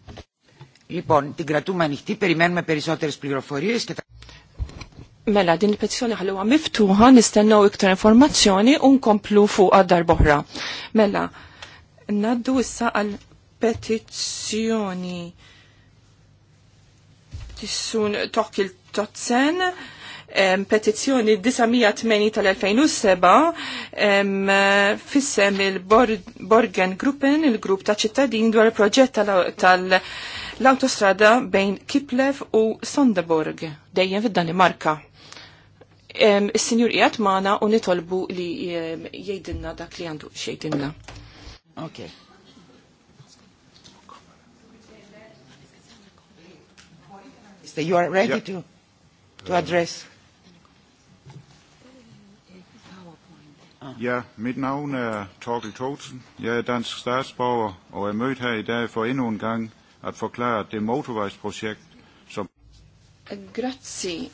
Λοιπόν, την κρατούμε ανοιχτή, περιμένουμε περισσότερες πληροφορίες και τα... Mela, din il-petizjoni ħalluwa miftuħa, nistennew iktar informazzjoni u nkomplu fuq għaddar boħra. Mela, naddu issa għal petizzjoni tissun Tokil Totsen, petizzjoni 980 tal-2007 fissem il-Borgen Gruppen, il-grupp ta' ċittadin dwar il-proġett tal-autostrada bejn Kiplev u Sonderborg, dejjem fid-Danimarka. is senjur qiegħed magħna u nitolbu li jgħidilna dak li għandu xejdinna. Okay. Minister, you are ready yeah. to, to address. Ja, mit navn er Torkel Thorsen. Jeg er dansk statsborger og er mødt her i dag for endnu en gang at forklare det motorvejsprojekt, som... Grazie.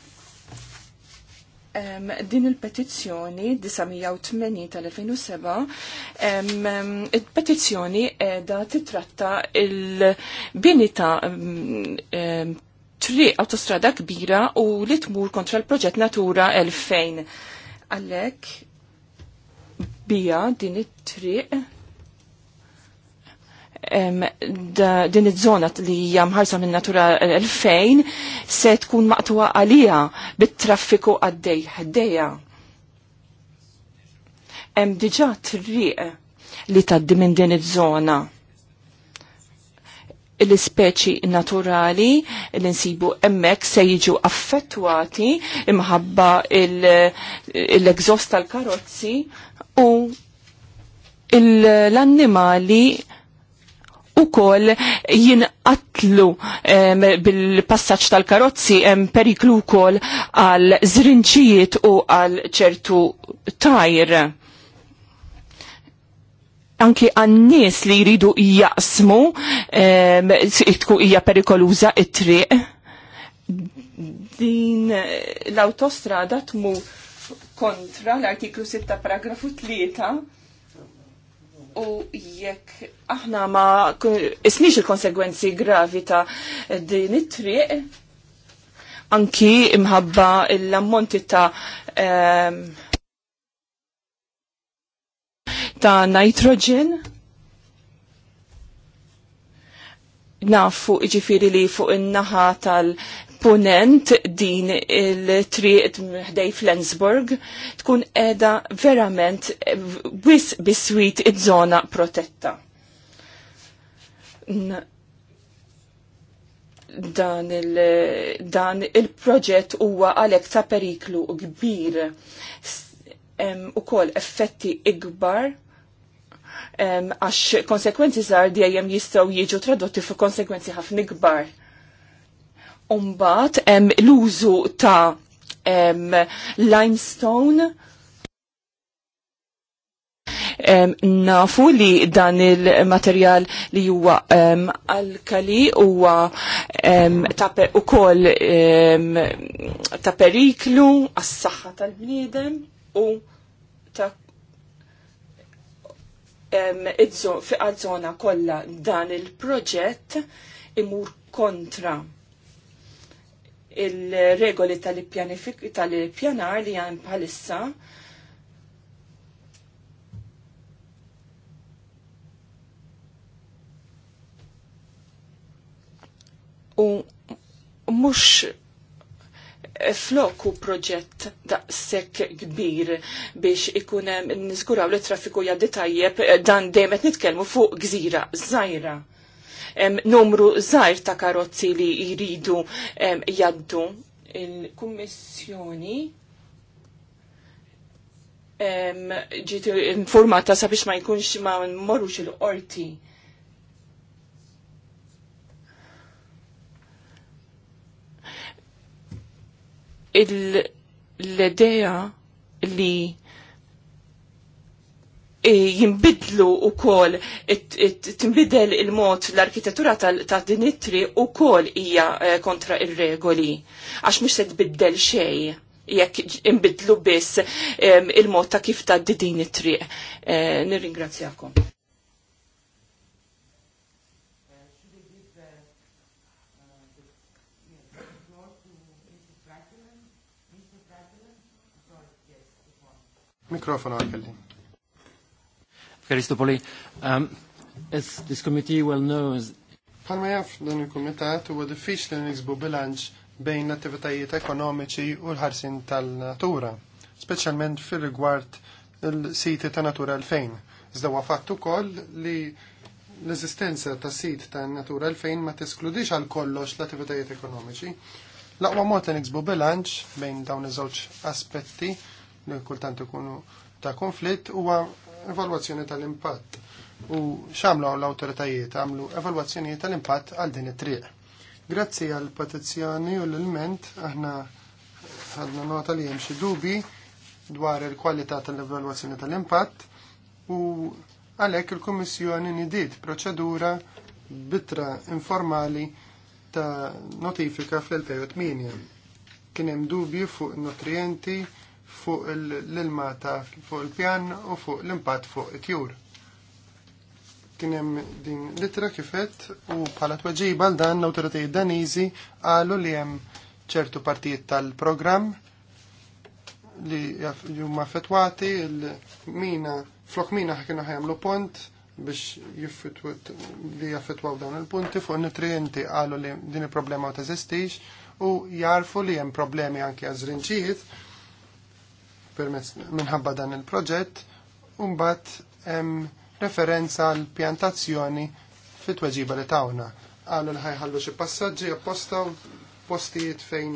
Um, din il-petizzjoni 980 tal-2007 um, il-petizzjoni edha titratta il-bini ta' um, triq autostrada kbira u li tmur kontra l-proġett Natura 2000. Għalek, bija din it-triq din iż-żona li hija mħarsa minn Natura 2000 se tkun maqtuwa għalija bit-traffiku għaddej ħdejja. Hemm diġà triq li tgħaddi minn din iż-żona l-speċi naturali li nsibu emmek se jiġu affettwati imħabba l-egżost tal-karozzi u l-annimali u kol jinqatlu bil-passaċ tal-karozzi em periklu kol għal zrinċijiet u għal ċertu tajr anki għannis li jridu jaqsmu ehm, tkun hija perikoluża it-triq. Din eh, l-autostrada tmu kontra l-artiklu 6 paragrafu 3 u jekk aħna ma isniex il-konsegwenzi gravi ta' din it-triq anki imħabba l-ammonti ta' um, ta' nitrogen. Nafu iġifiri li fuq in-naħa tal-punent din il-triq mħdej Flensburg tkun edha verament wis biswit id żona protetta. N dan il-proġett il huwa għalhekk ta' periklu kbir u kol effetti ikbar għax konsekwenzi zar dejjem jistaw jiġu tradotti fu konsekwenzi ħafna ikbar. Umbat l-użu ta' um, limestone Um, nafu li dan il-materjal li huwa alkali huwa u kol ta' periklu għas-saħħa tal-bniedem u ta' fiqa zona kolla dan il-proġett imur kontra il-regoli tal-pjanar li għan palissa u mux Flokku proġett daqshekk kbir biex ikun niskuraw li traffiku jaddi tajjeb eh, dan dejjem qed nitkellmu fuq gżira żgħira. Numru żgħir ta' karozzi li jridu eh, jgħaddu il-kummissjoni eh, ġiet informata sabiex ma jkunx ma mmorrux il-qorti l-idea li jimbidlu u kol, timbidel il-mod l-arkitettura ta' din it u kol hija eh, kontra ir-regoli, għax mux se tbiddel xej jekk imbidlu biss il-mod ta' kif ta' din it-triq. Eh, nirringrazzjakom. Mikrofon għal-kelli. Karistopoli, um, as this committee well knows... ma jaff dan il-komitat huwa diffiċli li niksbu bilanċ bejn l-attivitajiet ekonomiċi u l-ħarsin tal-natura, speċjalment fil-rigward il-siti ta' Natura 2000. Iżda huwa fatt ukoll li l-eżistenza ta' sit ta' Natura 2000 ma teskludix għal kollox l-attivitajiet ekonomiċi. L-aqwa mod li nixbu bilanċ bejn dawn iż-żewġ aspetti li kultant ikunu ta' konflitt huwa evalwazzjoni tal-impatt. U xamlu l-autoritajiet għamlu evalwazzjoni tal-impatt għal din it-triq. Grazzi għal petizzjoni u l-ilment aħna għadna nota li hemm xi dubi dwar il-kwalità tal-evalwazzjoni tal-impatt u għalhekk il-Kummissjoni nidiet proċedura bitra informali ta' notifika fl-2008. Kien hemm dubji fuq nutrienti, fuq l-ilma ta' fuq il-pjan u fuq l impat fuq it-tjur. Kien hemm din litra kifet u bħala tweġiba għal dan l-awtoritajiet Daniżi qalu li hemm ċertu partijiet tal program li huma fetwati il-mina flok mina kienu ħajamlu pont biex jiffitwet li jaffetwaw dawn il-punti fuq nutrienti qalu li din il-problema u teżistix u jarfu li hemm problemi anke għaż permezz minħabba dan il-proġett u mbagħad hemm referenza għal pjantazzjoni fit-tweġiba li tawna. Għallu li ħajħallu xi passaġġi apposta postijiet fejn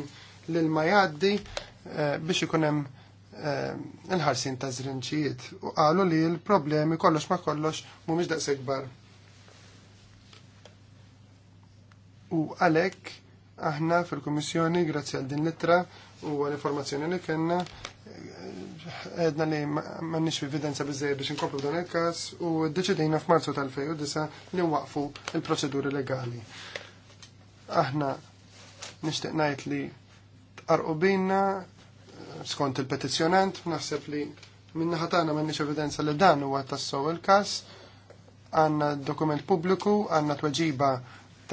l-ilma jgħaddi eh, biex ikun hemm eh, il-ħarsin ta' zrinċijiet u qalu li l-problemi kollox ma kollox mhumiex daqs ikbar. U għalhekk aħna fil-Kummissjoni grazzi għal din l-ittra u għall-informazzjoni li kellna Għedna li mannix evidenza bizzej biex nkoplu dan il-kas u deċidina f'Marzu tal-2009 li waqfu il-proċeduri legali. Aħna nishtiq ngħid li tqarqu bina eh, skont il-petizzjonant, naħseb li minna ħatana mannix evidenza li dan huwa tassew il-kas, għanna dokument pubbliku, għanna tweġiba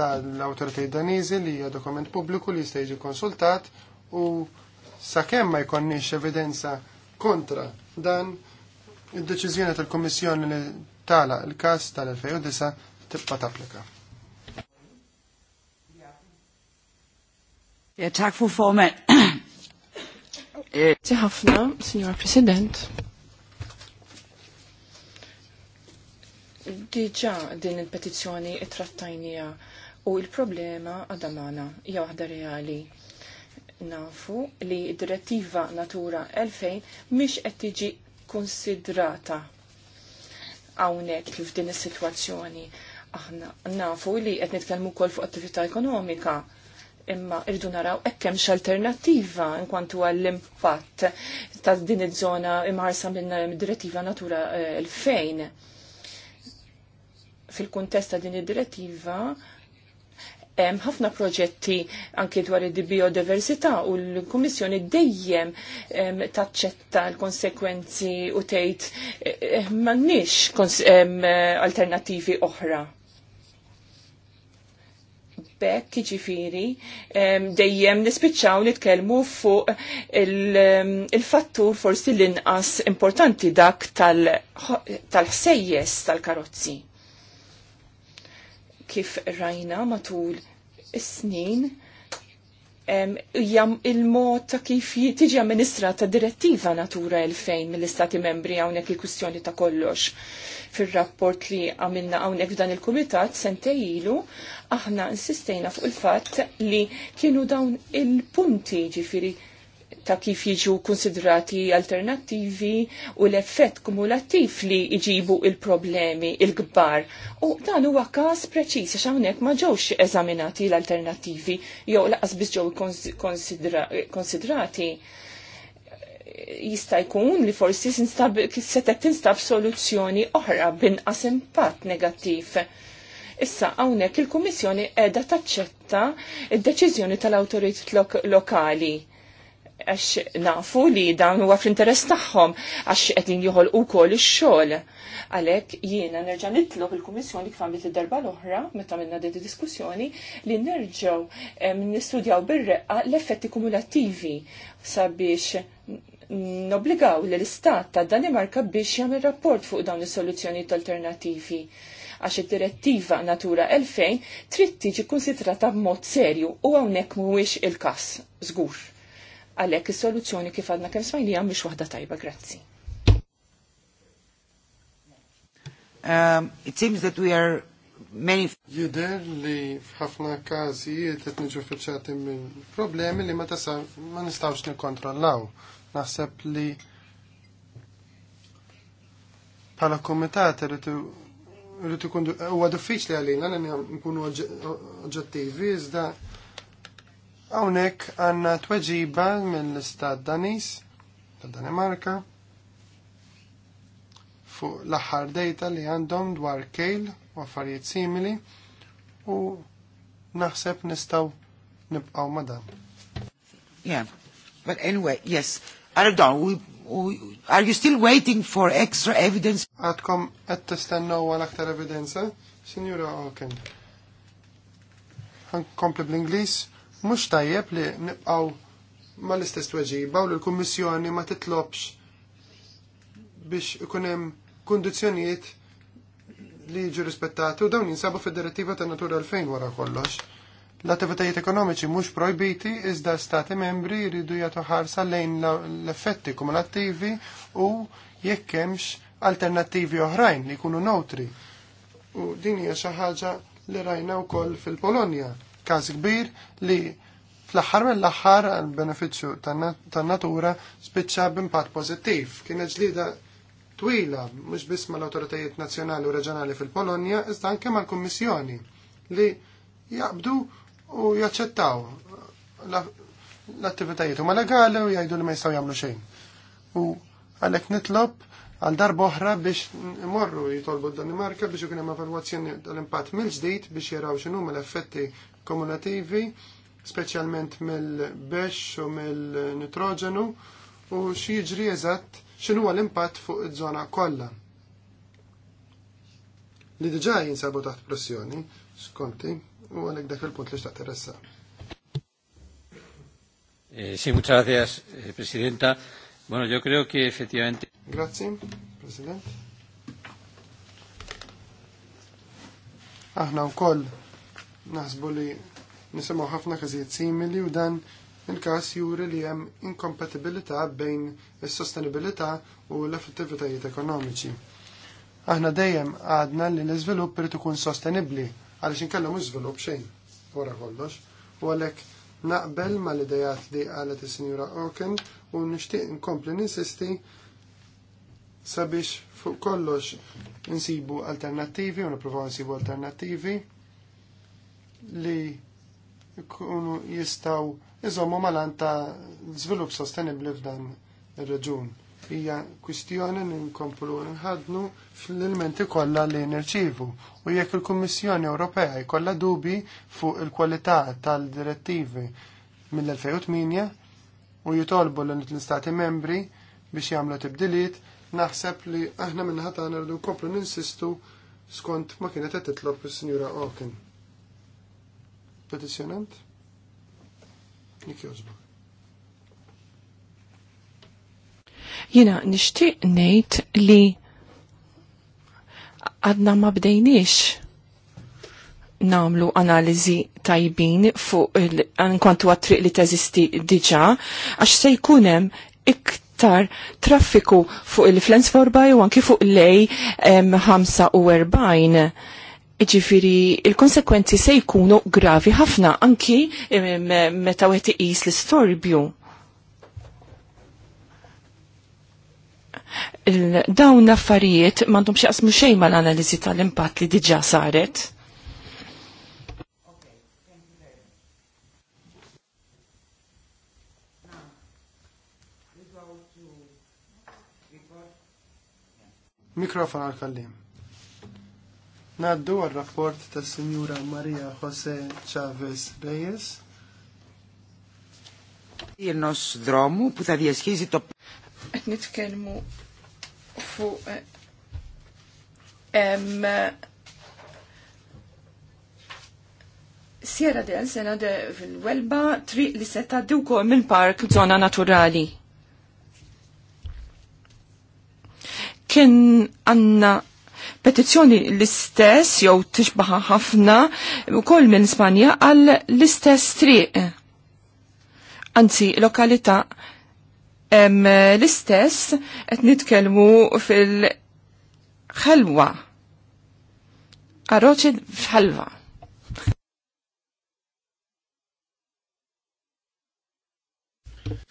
tal-autoritajt daniżi li hija dokument pubbliku li jista' jiġi konsultat u sakemm ma jkonniex evidenza Kontra dan id-deċiżjoni tal-Kommissjoni li tala il-kas tal-2009 tibqa tapplika. Ja, tak fu formen. Eh. ħafna, Signor President. Diġa din il-petizjoni trattajnija u il-problema għadamana, hija waħda reali nafu li direttiva Natura 2000 mhix qed tiġi konsidrata hawnhekk kif din is-sitwazzjoni. Aħna nafu li qed nitkellmu wkoll fuq attività ekonomika imma rridu naraw hekk hemm x'alternattiva inkwantu għall-impatt ta' din iż-żona imħarsa minn direttiva Natura 2000 fil-kuntest ta' din id-direttiva hemm ħafna proġetti anke dwar id-biodiversità u l-Kummissjoni dejjem taċċetta l-konsekwenzi u tgħid eh, eh, m'għandniex eh, alternattivi oħra bekk ġifiri dejjem nispiċċaw nitkellmu fuq il-fattur forsi l-inqas importanti dak tal-ħsejjes tal tal-karozzi kif rajna matul is-snin il-mod ta' kif tiġi amministra ta' direttiva Natura 2000 mill-Istati membri hawnhekk il-kwistjoni ta' kollox. Fir-rapport li għamilna hawnhekk f'dan il-kumitat sentejlu aħna insistejna fuq il-fatt li kienu dawn il-punti ġifiri ta' kif jiġu konsidrati alternativi u l-effett kumulattiv li jġibu il-problemi il-gbar. U dan huwa każ preċis għax hawnhekk ma ġewx eżaminati l-alternativi jew laqas biss ġew konsidrati jista' jkun li forsi setet tinstab soluzzjoni oħra binqas impatt negattiv. Issa hawnhekk il-Kummissjoni qiegħda taċċetta d-deċiżjoni tal-awtoritajiet lokali għax nafu li dan huwa fl-interess tagħhom għax qegħdin u wkoll ix-xogħol. Għalhekk jiena nerġa' nitlob il-Kummissjoni kif għamilt id-darba l-oħra meta minna din diskussjoni li nerġgħu eh, nistudjaw bir-reqqa l-effetti kumulattivi sabiex nobligaw l istat ta' Danimarka biex jagħmel rapport fuq dawn is-soluzzjonijiet alternattivi għax id-direttiva Natura 2000 trid tiġi konsidrata b'mod serju u hawnhekk mhuwiex il-każ żgur. Għalhekk is-soluzzjoni kif għadna kemm għam biex waħda tajba, grazzi. Um, it seems that we are many... Jider li f'ħafna każijiet qed niġu fiċċati minn problemi li ma tasa ma nistgħux nikkontrollaw. Naħseb li bħala kumitat rrid ikun huwa diffiċli għalina li nkunu oġġettivi iżda Hawnhekk għandna tweġiba mill-Istat Danis ta' Danimarka fuq l axħar dejta li għandhom dwar kejl u affarijiet simili u naħseb nistaw nibqaw ma' dan. Yeah, but anyway, yes, I don't know, we, we, are you still waiting for extra evidence? Għadkom qed tistennew għal aktar evidenza, Signora Oken. Għan kompli bl-Inglis Mhux tajjeb li nibqgħu mal-istess weġiba u l-Kummissjoni ma titlobx biex ikun hemm kundizzjonijiet li jiġu rispettati u dawn jinsabu fid-direttiva ta' natura 2000 wara kollox. L-attivitajiet ekonomiċi mhux projbiti iżda stati membri jridu jagħtu ħarsa lejn l-effetti kumulattivi u jekk hemmx alternattivi oħrajn li jkunu neutri. U din hija xi ħaġa li rajna wkoll fil-Polonja każ kbir li fl-aħħar mill-aħħar għal benefiċċju tan-natura spiċċa b'impatt pożittiv. Kienet ġlida twila mhux biss mal-awtoritajiet nazzjonali u reġjonali fil-Polonja, iżda anke mal-Kummissjoni li jaqbdu u jaċċettaw l-attivitajiet huma legali u jgħidu li ma jistgħu jagħmlu xejn. U għalhekk nitlob għal darba oħra biex morru jitolbu d-Danimarka biex kien hemm evalwazzjoni tal-impatt mill-ġdid biex jaraw x'inhu l-effetti kumulativi, specialment mill-bex u mill-nitrogenu, u xieġri eżat xinu għal impatt fuq id-zona kolla. Li diġà jinsabu taħt pressjoni, skonti, u għalek dak il-punt li xtaqt teressa. Eh, sí, muchas gracias, eh, Presidenta. Bueno, yo creo que efectivamente. Grazie, Presidente. Aħna wkoll Naħsbu li nisimgħu ħafna każijiet simili u dan il-każ juri li hemm inkompatibilità bejn is-sostenibilità u l-effettivitajiet ekonomiċi. Aħna dejjem għadna li l-iżvilupp irid ikun sostenibbli għaliex inkellhom iżvilupp xejn wara kollox u għalhekk naqbel mal-idejat li qalet is-Sinjura Oken u nixtieq nkompli ninsisti sabiex fuq kollox insibu alternattivi u nippruvaw insibu alternattivi li jkunu jistaw iżommu malan ta' żvilupp sostenibbli f'dan ir-reġun. Hija kwistjoni li nkomplu nħadnu fl-elementi kollha li nirċivu u jekk il-Kummissjoni Ewropea jkollha dubi fuq il-kwalità tal-direttivi mill-2008 u jitolbu l-istati membri biex jagħmlu tibdiliet, naħseb li aħna minnaħat għana rridu nkomplu ninsistu skont ma kienet qed titlob is-Sinjura Oken. Petizjonant? Nik jozbu. Jina, nishtiq nejt li għadna ma bdejniex namlu analizi tajbin fuq il-kontu għattriq li teżisti diġa, għax se jkunem iktar traffiku fuq il-Flens 4 u anki fuq lej 45 Iġifiri, il-konsekwenzi se jkunu gravi ħafna anki meta għeti iqis l-istorbju. Dawn l-affarijiet m'għandhom xaqsmu xejn mal-analiżi tal-impatt li diġà saret. Mikrofon għal-kallim. Naddu għal-rapport ta' Signora Maria Jose Chavez Reyes. Jirnos dromu, puta di eskizi top. Et nitkelmu fu eh, em Sierra del sena de fil tri li setta duko min park zona naturali. Kien għanna petizzjoni l-istess jew tixbaħa ħafna ukoll minn Spanja għal l-istess triq. Anzi, lokalità l-istess qed nitkellmu fil-ħelwa. Arroċi f'ħelwa.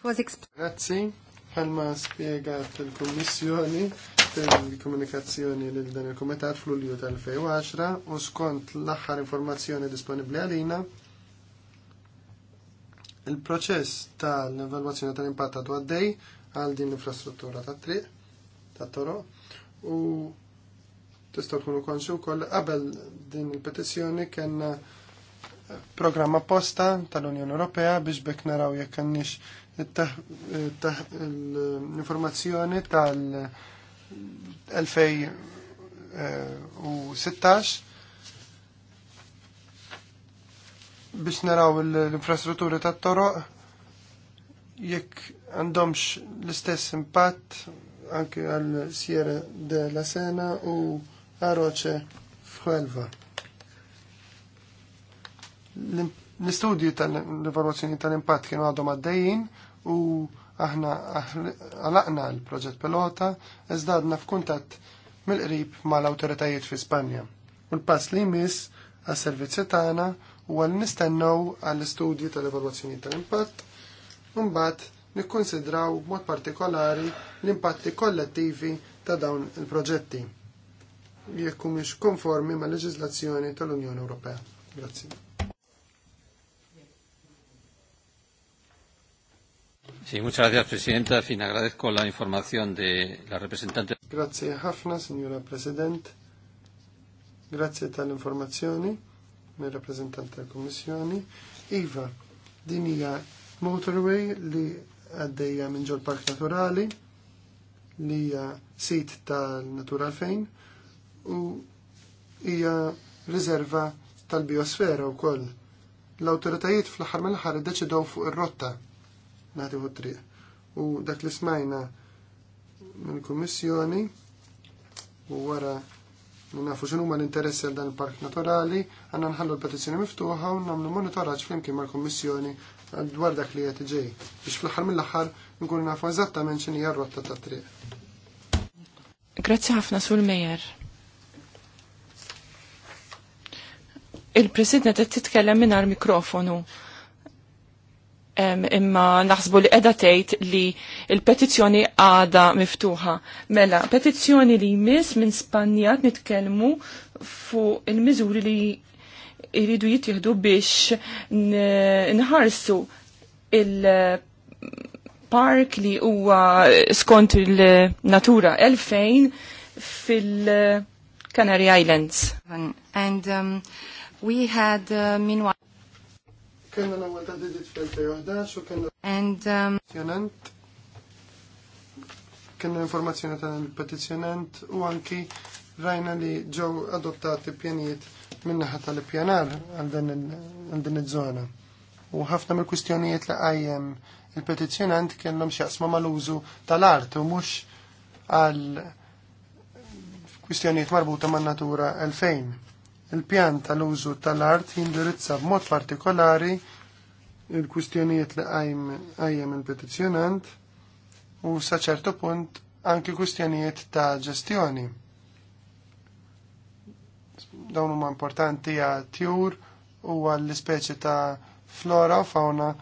Grazzi, ħalma spiegat fil-Kommissjoni fil-komunikazzjoni lil dan il-Kumitat fl-Ulju tal-2010 u skont l-aħħar informazzjoni disponibbli għalina il-proċess tal-evalwazzjoni tal-impatt ta' għaddej għal din l-infrastruttura ta' triq ta' toro u tistgħu tkunu konxu wkoll qabel din il-petizzjoni kellna programm apposta tal-Unjoni Ewropea biex bekk naraw jekk għandix l-informazzjoni tal- 2016 biex naraw l-infrastrutturi ta' toroq jekk għandhomx l-istess impatt anke għal Sierra de la Sena u Aroce f'Huelva. L-istudji tal-evaluazzjoni tal-impatt kienu għadhom għaddejjin u Aħna għalaqna l-proġett pilota iżda għadna f'kuntatt mill-qrib mal-awtoritajiet fi Spanja. U l-pass li jmiss għas-servizzi tagħna u għal nistennew għall-istudji tal-evalwazzjoni tal-impatt, mbagħad nikkonsidraw b'mod partikolari l-impatti kollettivi ta' dawn il-proġetti jekk mhux konformi mal-leġiżlazzjoni tal-Unjoni Ewropea. Grazzi. Sí, muchas gracias, Presidenta. fin, agradezco la información de la representante. Grazie ħafna, Signora President. Grazie tal-informazzjoni mir rappresentant tal-Kommissjoni. Iva, din hija motorway li għaddejja minn ġol park naturali li hija sit tal-Natural fein, u hija riserva tal-biosfera wkoll. L-awtoritajiet fl-aħħar ħar aħħar fuq ir-rotta nagħti triq. U dak li smajna mill-Kummissjoni u għara li nafu xinu huma l-interessi għal dan il-park naturali, għandna nħallu l-petizzjoni miftuħa u nagħmlu monitoraġġ flimkien mal-Kummissjoni dwar dak li qed ġej biex fl-aħħar mill-aħħar nkunu nafu eżattament x'inhi r-rotta ta' triq Grazzi ħafna sul Mejer. Il-President qed titkellem mingħajr mikrofonu imma naħsbu li edha tgħid li l-petizzjoni għada miftuħa. Mela, petizzjoni li jmiss minn Spanja nitkellmu fuq il-miżuri li jridu jittieħdu biex nħarsu il-park li huwa skont il-natura 2000 fil-Canary Islands. And um, we had uh, meanwhile Kenna l-ewwel ta' 2011 u And. Um... Kenna informazzjoni tal u anki rajna li ġew adottati pjanijiet min-naħa tal-pjanar għal din iż-żona. U ħafna mill-kwistjonijiet li qajjem il petizzjonant kellhom x'jaqsma mal-użu tal-art u mhux għall kwistjonijiet marbuta man-natura 2000. Il-pjan tal-użu tal-art jindirizza b'mod partikolari il-kwistjonijiet li għajjem il-petizjonant u saċertu punt anki kwistjonijiet ta' ġestjoni. Dawn huma importanti għal tjur u għall ispeċi ta' flora u fauna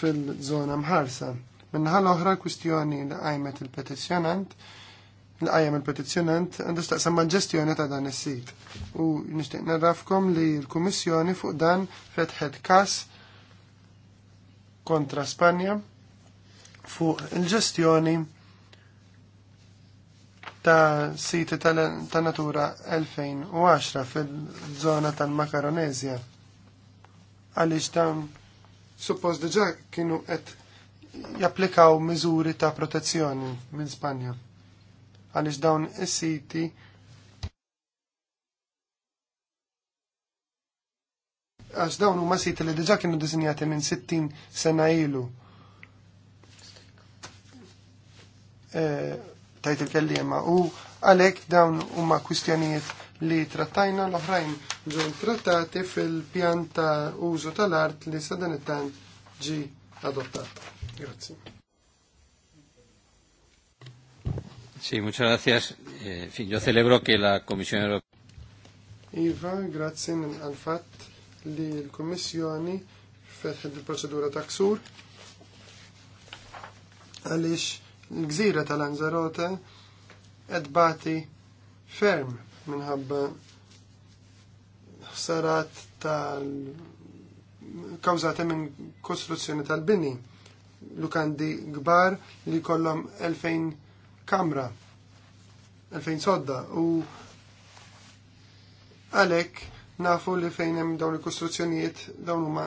fil-żona mħarsa. Minnaħal oħra kwistjoni li għajmet il-petizjonant Nqajem il-petizzjonant għandu staqsam ġestjoni ta' dan is-sit. U nixtieq narrafkom li l-Kummissjoni fuq dan fetħet kas kontra Spanja fuq il-ġestjoni ta' siti ta' natura 2010 fil-żona tal-Makaronezja. Għaliex dan suppost diġà kienu qed japplikaw miżuri ta' protezzjoni minn Spanja għaliex dawn is-siti għax dawn huma siti li diġà kienu dizinjati minn 60 sena ilu. Eh, tajt il-kellima u għalhekk dawn huma kwistjonijiet li trattajna l-oħrajn ġew trattati fil-pjan ta' użu tal-art li sadan it-tan ġi adottat. Grazie. Sì, muchas gracias. Eh, fin, yo celebro que la Comisión Europea. Iva, grazie al fatt li l Commissione fece il procedura taxur. ksur għaliex l-gżira tal-Anzarote edbati ferm minħabba ħsarat tal kawzata minn kostruzzjoni tal-bini lukandi gbar li kollom 2000 kamra għalfejn sodda u għalek nafu li fejn hemm dawn il-kostruzzjonijiet dawn huma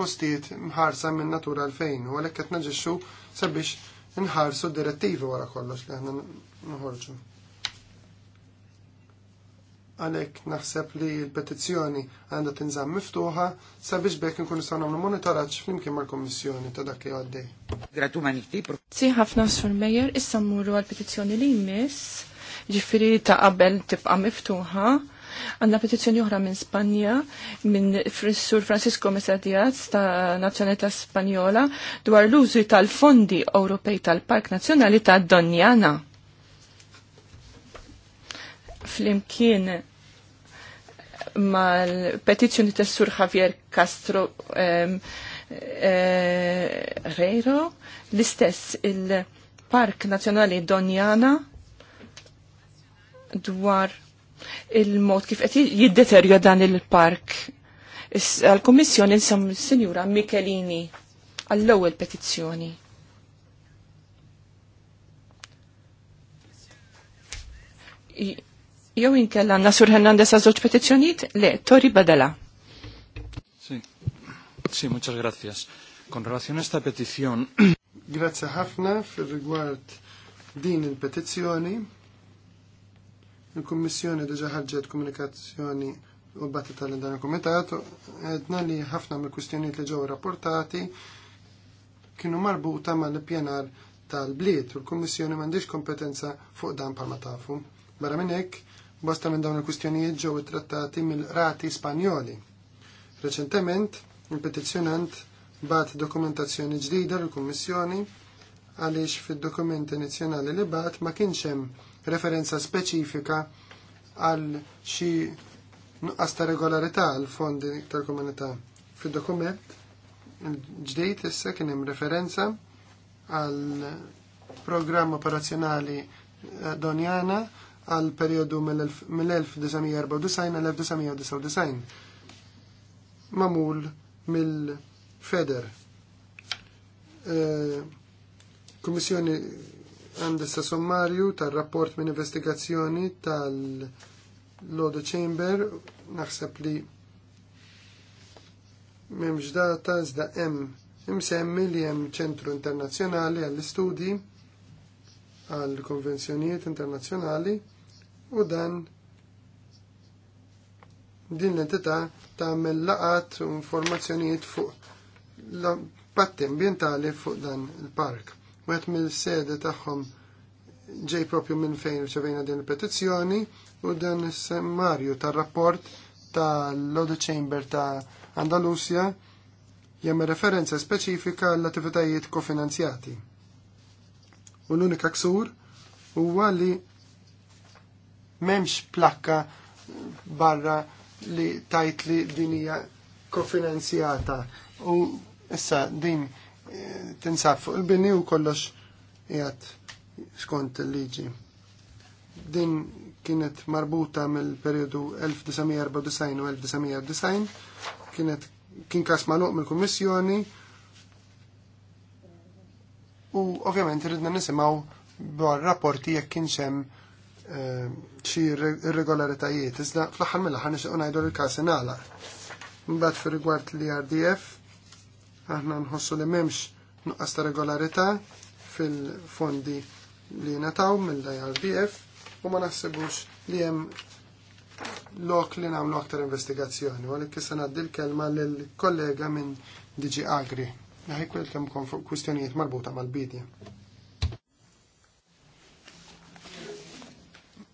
postijiet mħarsa minn natura għalfejn u għalek qed naġixxu sabiex nħarsu direttivi wara kollox li aħna noħorġu għalek naħseb li l-petizzjoni għandha tinżamm miftuħa sabiex bekk nkunu sa nagħmlu monitoraġġ flimkien mal-Kommissjoni ta' dak li għaddej. Gratu ma nixtieq. Si ħafna Sur Mejjer issa mmurru għall-petizzjoni li jmiss, ġifieri ta' qabel tibqa' miftuħa. Għandna petizzjoni oħra minn Spanja minn Sur Francisco Mesadiaz ta' Nazzjonalità Spanjola dwar l-użu tal-fondi Ewropej tal-Park Nazzjonali ta' Donjana flimkien mal-petizjoni ta' Sur Javier Castro um, eh, Reiro, l-istess il-Park Nazjonali Donjana dwar il-mod kif qed jiddeterja dan il-park. Għal-Kommissjoni nsam il-Sinjura Michelini għall-ewwel petizzjoni. Jew inkella Nasur Sur Hernandez għal żewġ petizzjonijiet? Le, Tori Badala. Si, si, muchas gracias. Con relación a esta petición... Grazie ħafna fil-rigward din il-petizzjoni. Il-Kummissjoni diġa ħarġet komunikazzjoni u batta tal-dan il-Komitat, Edna li ħafna mill kwistjoniet li ġew rapportati kienu marbuta ma l pjenar tal-bliet u l-Kommissjoni m'għandix kompetenza fuq dan palma tafu. Barra minn hekk Bosta minn dawn il-kustjonijiet ġew trattati mill-rati Spanjoli. Reċentement, il-petizzjonant bat dokumentazzjoni ġdida l-Kummissjoni għaliex fid-dokument inizjonali li bat ma kienx hemm referenza speċifika għal xi nuqqas ta' regolarità għal fondi tal-komunità. Fid-dokument ġdejt issa kien hemm referenza għal programm operazzjonali donjana għal periodu mill-1994 għal 1999 mamul mill-Feder. Eh, Kummissjoni għandessa sommarju tal-rapport minn investigazzjoni tal-Lodo Chamber naħseb li memx data iżda hemm imsemmi li hemm ċentru internazzjonali għall-istudji għall konvenzjonijiet internazzjonali u dan din l-entità tagħmel laqat u informazzjonijiet fuq l-patti ambientali fuq dan il-park. Wieħed mill-sede tagħhom ġej propju minn fejn rċevejna din il-petizzjoni u dan is-semmarju tar-rapport tal-Lodi Chamber ta' Andalusja jemme referenza speċifika l-attivitajiet kofinanzjati. U l-unika ksur huwa li M'hemmx plakka barra li tajt li din hija kofinanzjata. U issa din eh, tinsab fuq il-bini u kollox qiegħed skont il-liġi. Din kienet marbuta mill-periodu 1994 u 1990 kienet kien kas maluq mill-Kummissjoni u ovvjament ridna nisimgħu dwar rapporti jekk kienx hemm Ehm, xi irregolaritajiet, iżda fl-aħħar mill ħan nixtieq ngħidu l-każ ingħalaq. Mbagħad fi rigward l-IRDF aħna nħossu li m'hemmx nuqqas ta' regolarità fil-fondi li nataw mill rdf u ma naħsibux li hemm lok li nagħmlu aktar investigazzjoni, għalik issa naddi l-kelma lill-kollega minn DG Agri. Ħajkwil kemm kwistjonijiet marbuta mal-bidja.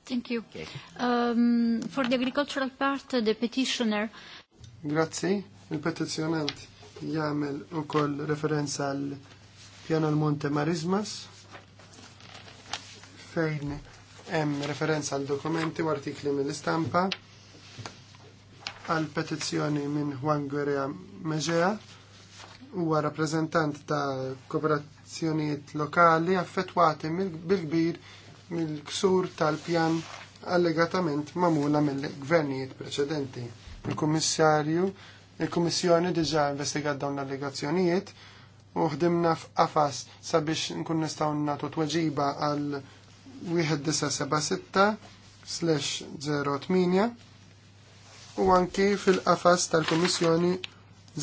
Thank you. Okay. Um, for the agricultural part, the petitioner. Grazzi. il jamel jagħmel ukoll referenza piano al monte Marismas fejn hemm referenza għal dokumenti u artikli mill-istampa għal petizzjoni minn Juan Guerrea Mejea huwa rappreżentant ta' kooperazzjonijiet lokali affettwati bil-kbir bil kbir mill-ksur tal-pjan allegatament mamula mill-gvernijiet preċedenti. Il-Kummissarju, il-Kummissjoni diġa investigat dawn l-allegazzjonijiet u ħdimna f'qafas sabiex nkun nistgħu nagħtu tweġiba għal 1976/08 u anki fil-qafas tal-Kummissjoni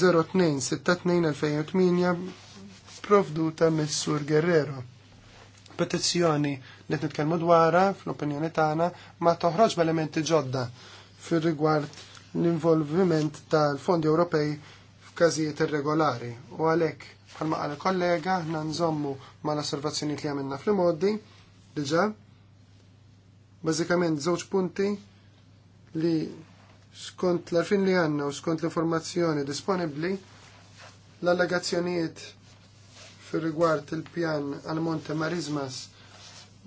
0262-2008 provduta mis-Sur Guerrero. Petizzjoni li titkellmu dwarha fl-opinjoni tagħna ma toħroġ b'elementi ġodda fir-rigward l-involviment tal-fondi Ewropej f'każijiet irregolari u għalhekk bħalma qal kollega aħna nżommu mal osservazzjoni li għamilna fl-modi diġà bażikament żewġ punti li skont l-arfin li għanna u skont l-informazzjoni disponibli l-allegazzjonijiet fir rigward il-pjan għal-Monte Marismas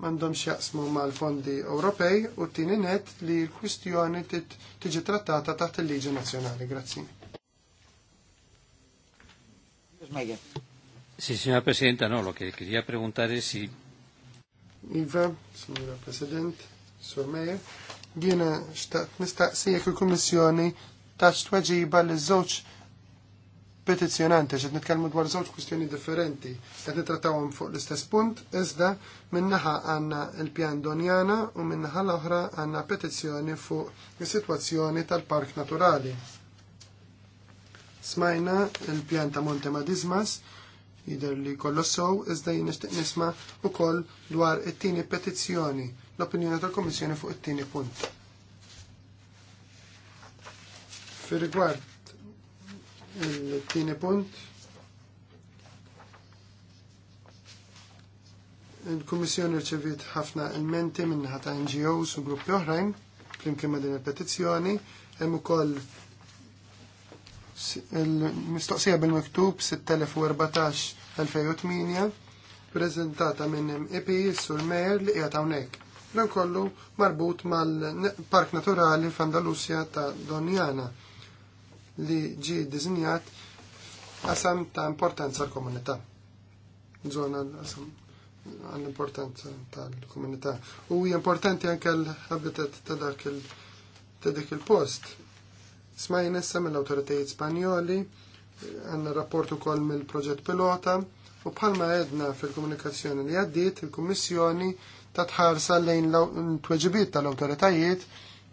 m'għandhom x'jaqsmu mal-fondi Ewropej u t-tieni net li l-kwistjoni tiġi trattata taħt il-liġi nazjonali. Grazzi. Sì, signora Presidente, no, lo che quería preguntare si... Iva, signora Presidente, Sur Meyer, jiena xtaqt nistaqsijek il-Kummissjoni taċ tweġiba le żewġ petizjonanti, xed nitkellmu dwar żewġ kwistjoni differenti qed nitrattawhom fuq l-istess punt iżda minnaħa għandna l-pjan donjana u minnaħa l-oħra għandna petizzjoni fuq is-sitwazzjoni tal-park naturali. Smajna l-pjan ta' Monte Madismas jidher li kollo-sow iżda jien nixtieq nisma' ukoll dwar it-tieni petizzjoni l-opinjoni tal-Komissjoni fuq it-tieni punt. Fi rigward il-tieni punt. Il-Kummissjoni rċevit ħafna elmenti minn ta' NGOs u gruppi oħrajn flimkien ma' din il-petizzjoni hemm ukoll il-mistoqsija bil-miktub 6014-2008 prezentata minn EP sur Mejer li qiegħed hawnhekk. Dan kollu marbut mal-Park Naturali f'Andalusja ta' Donjana li ġi dizinjat qasam ta' importanza l-komunità. Zona għall-importanza tal-komunità. U hija importanti anke l-habitat ta' dak il dik il-post. Smajna issa mill-awtoritajiet Spanjoli, għandna rapport ukoll mill-proġett pilota, u bħalma għedna fil-komunikazzjoni li għaddiet il-Kummissjoni ta' tħarsa lejn l-tweġibiet tal-awtoritajiet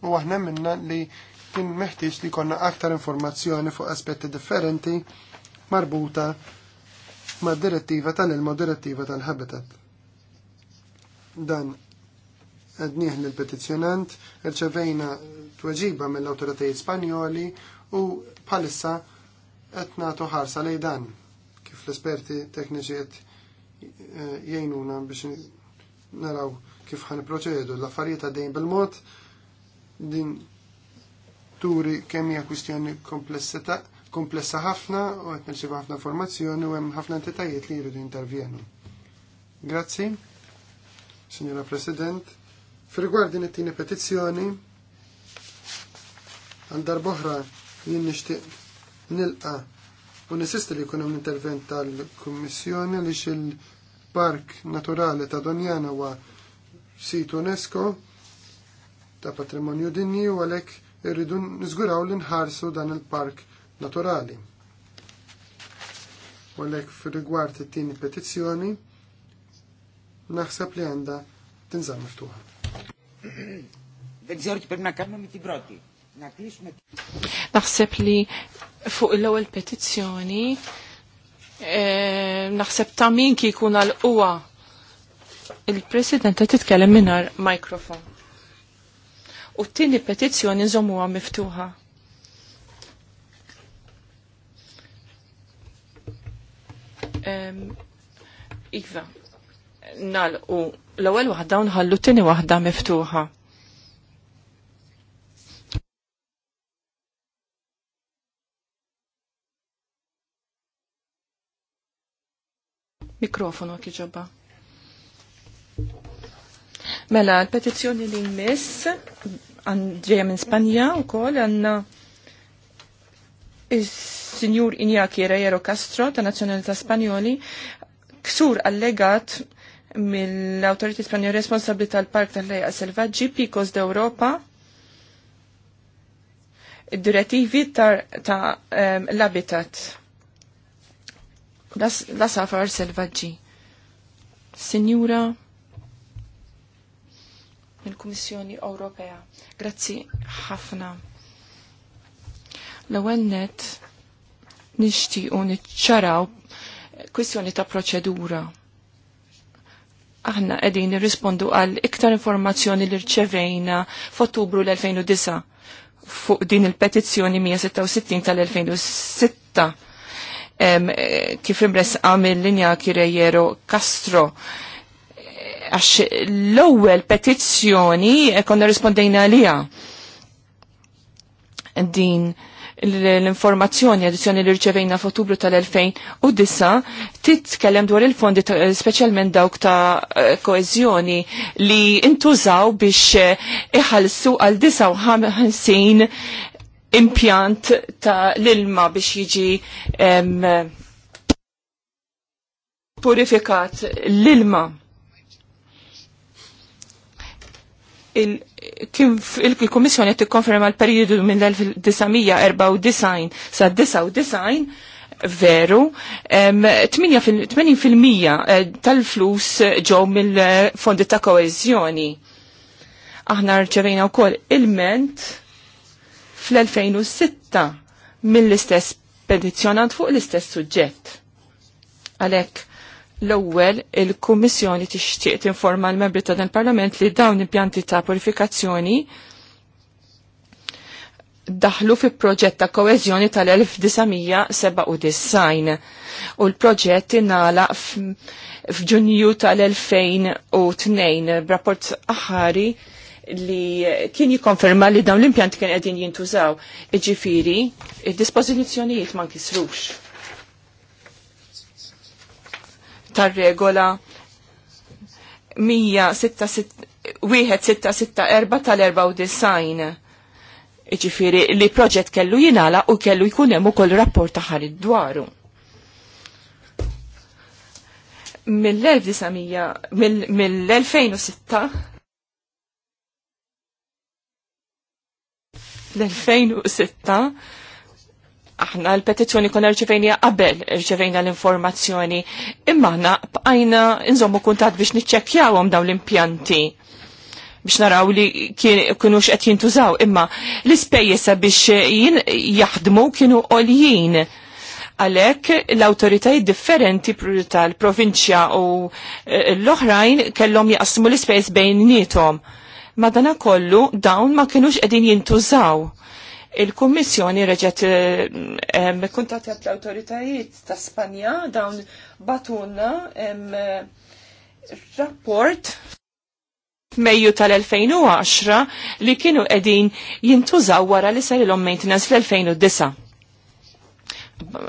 u aħna minna li kien meħtieġ li konna aktar informazzjoni fuq aspetti differenti marbuta ma' direttiva tal-ilma direttiva tal-habitat. Dan għadniħ l-petizjonant, irċevejna tweġiba mill-autoritajiet spanjoli u bħalissa qed nagħtu ħarsa lej dan kif l-esperti tekniċi qed eh, jgħinuna biex naraw kif ħan proċedu l-affarijiet għaddejn bil-mod din turi kemm hija kwistjoni komplessa ħafna u qed nirċievu ħafna informazzjoni u hemm ħafna entitajiet li jridu jintervjenu. Grazzi, Signora President. fir din it-tieni petizzjoni għal darb'oħra jien nixtieq nilqa' u nisisti li jkun hemm intervent tal-Kummissjoni għaliex il-Park Naturali ta' Donjana huwa sit UNESCO ta' patrimonju dinji u għalhekk irridu niżguraw li nħarsu dan il-park naturali. U lek fil-rigward it tini petizzjoni, naħseb li għandha tinżamm miftuħa. Naħseb li fuq l-ewwel petizzjoni eh, naħseb ta' min kikun għal-uwa il-President titkellem minar mikrofon u t-tini petizzjoni nżommuha miftuħa. Um, iva, nalqu l-ewwel wahda unħallu t-tieni waħda miftuħa. Mikrofonu kieġoba. Mela, l-petizzjoni li jmiss, għandġeja minn Spanja u kol, għanna il-Sinjur Injaki Rejero Castro ta' Nazjonalità Spanjoli, ksur allegat mill-autoriti spanjoli responsabli tal-Park tal-Lejqa Selvaġġi, Pikos d'Europa, id-direttivi ta', l-habitat. l-asafar selvaġġi. Sinjura mill-Kummissjoni Ewropea. Grazzi ħafna. L-ewwel net nixtiequ niċċaraw kwistjoni ta' proċedura. Aħna qegħdin nirrispondu għal iktar informazzjoni li rċevejna f'Ottubru l-2009 fuq din il-petizzjoni 166 tal-2006 eh, kif imresqa mill-linja Kirejero Castro għax l-ewwel petizzjoni eh, konna rispondejna għalija. Din l-informazzjoni edizzjoni li rċevejna f'Ottubru tal-2009 titkellem dwar il-fondi speċjalment dawk ta' eh, koezjoni li intużaw biex eh, iħallsu għal 59 impjant ta' l-ilma biex jiġi purifikat l-ilma il-Komissjoni qed tikkonferma l periodu minn l-1994 sa 99 veru, 80% eh, tal-flus ġew mill-fondi ta' koeżjoni. Aħna rċevejna wkoll il-ment fl-2006 mill-istess petizzjonant fuq l-istess suġġett. Għalhekk l-ewwel il-Kummissjoni tixtieq tinforma l-membri ta' dan il-Parlament li dawn impjanti ta' purifikazzjoni daħlu fi proġett ta' koeżjoni tal-1997 u l-proġett inala f'Ġunju tal-2002 b'rapport aħari li kien jikonferma li dawn l-impjanti kien qegħdin jintużaw. Iġifieri, id-dispożizzjonijiet ma nkisrux tar-regola 1664 tal-94 iġifiri li proġett kellu jinala u kellu jkun hemm ukoll rapport taħar dwaru. Mill-1900 mill-2006 l-2006 aħna l-petizzjoni konna rċevejna qabel rċevejna l-informazzjoni, imma aħna bqajna nżommu kuntat biex niċċekkjawhom dawn l-impjanti biex naraw li kienu xqed jintużaw, imma l-ispejjesa biex jaħdmu kienu għoljien. Għalek l-autoritajiet differenti tal-provinċja u e, l-oħrajn kellhom jaqsmu l-ispejjeż bejn nietom. Madana kollu dawn ma kienux qegħdin jintużaw il-Kummissjoni reġet eh, kuntatjat l-autoritajiet ta' Spanja dawn batuna rapport Mejju tal-2010 li kienu edin jintużaw wara li l maintenance l-2009.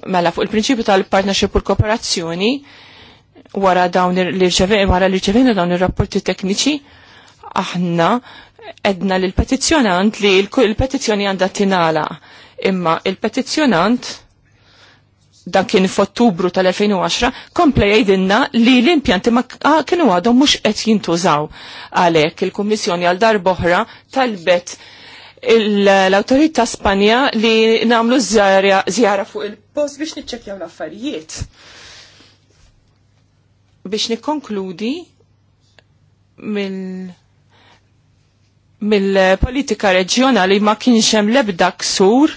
Mela fuq il-prinċipju tal-partnership u l-kooperazzjoni wara dawn li rċevena dawn ir-rapporti tekniċi aħna edna li l-petizjonant li l-petizjoni għanda tinala. Imma l-petizjonant dan kien f'Ottubru tal-2010 komple jgħidilna li l-impjanti ma ah, kienu għadhom mhux qed jintużaw. Għalhekk il-Kummissjoni għal darb'oħra talbet l-autorità Spanja li nagħmlu żjara fuq il-post biex niċċekkjaw l-affarijiet. Biex nikkonkludi mill- mill-politika reġjonali ma kienx hemm l-ebda ksur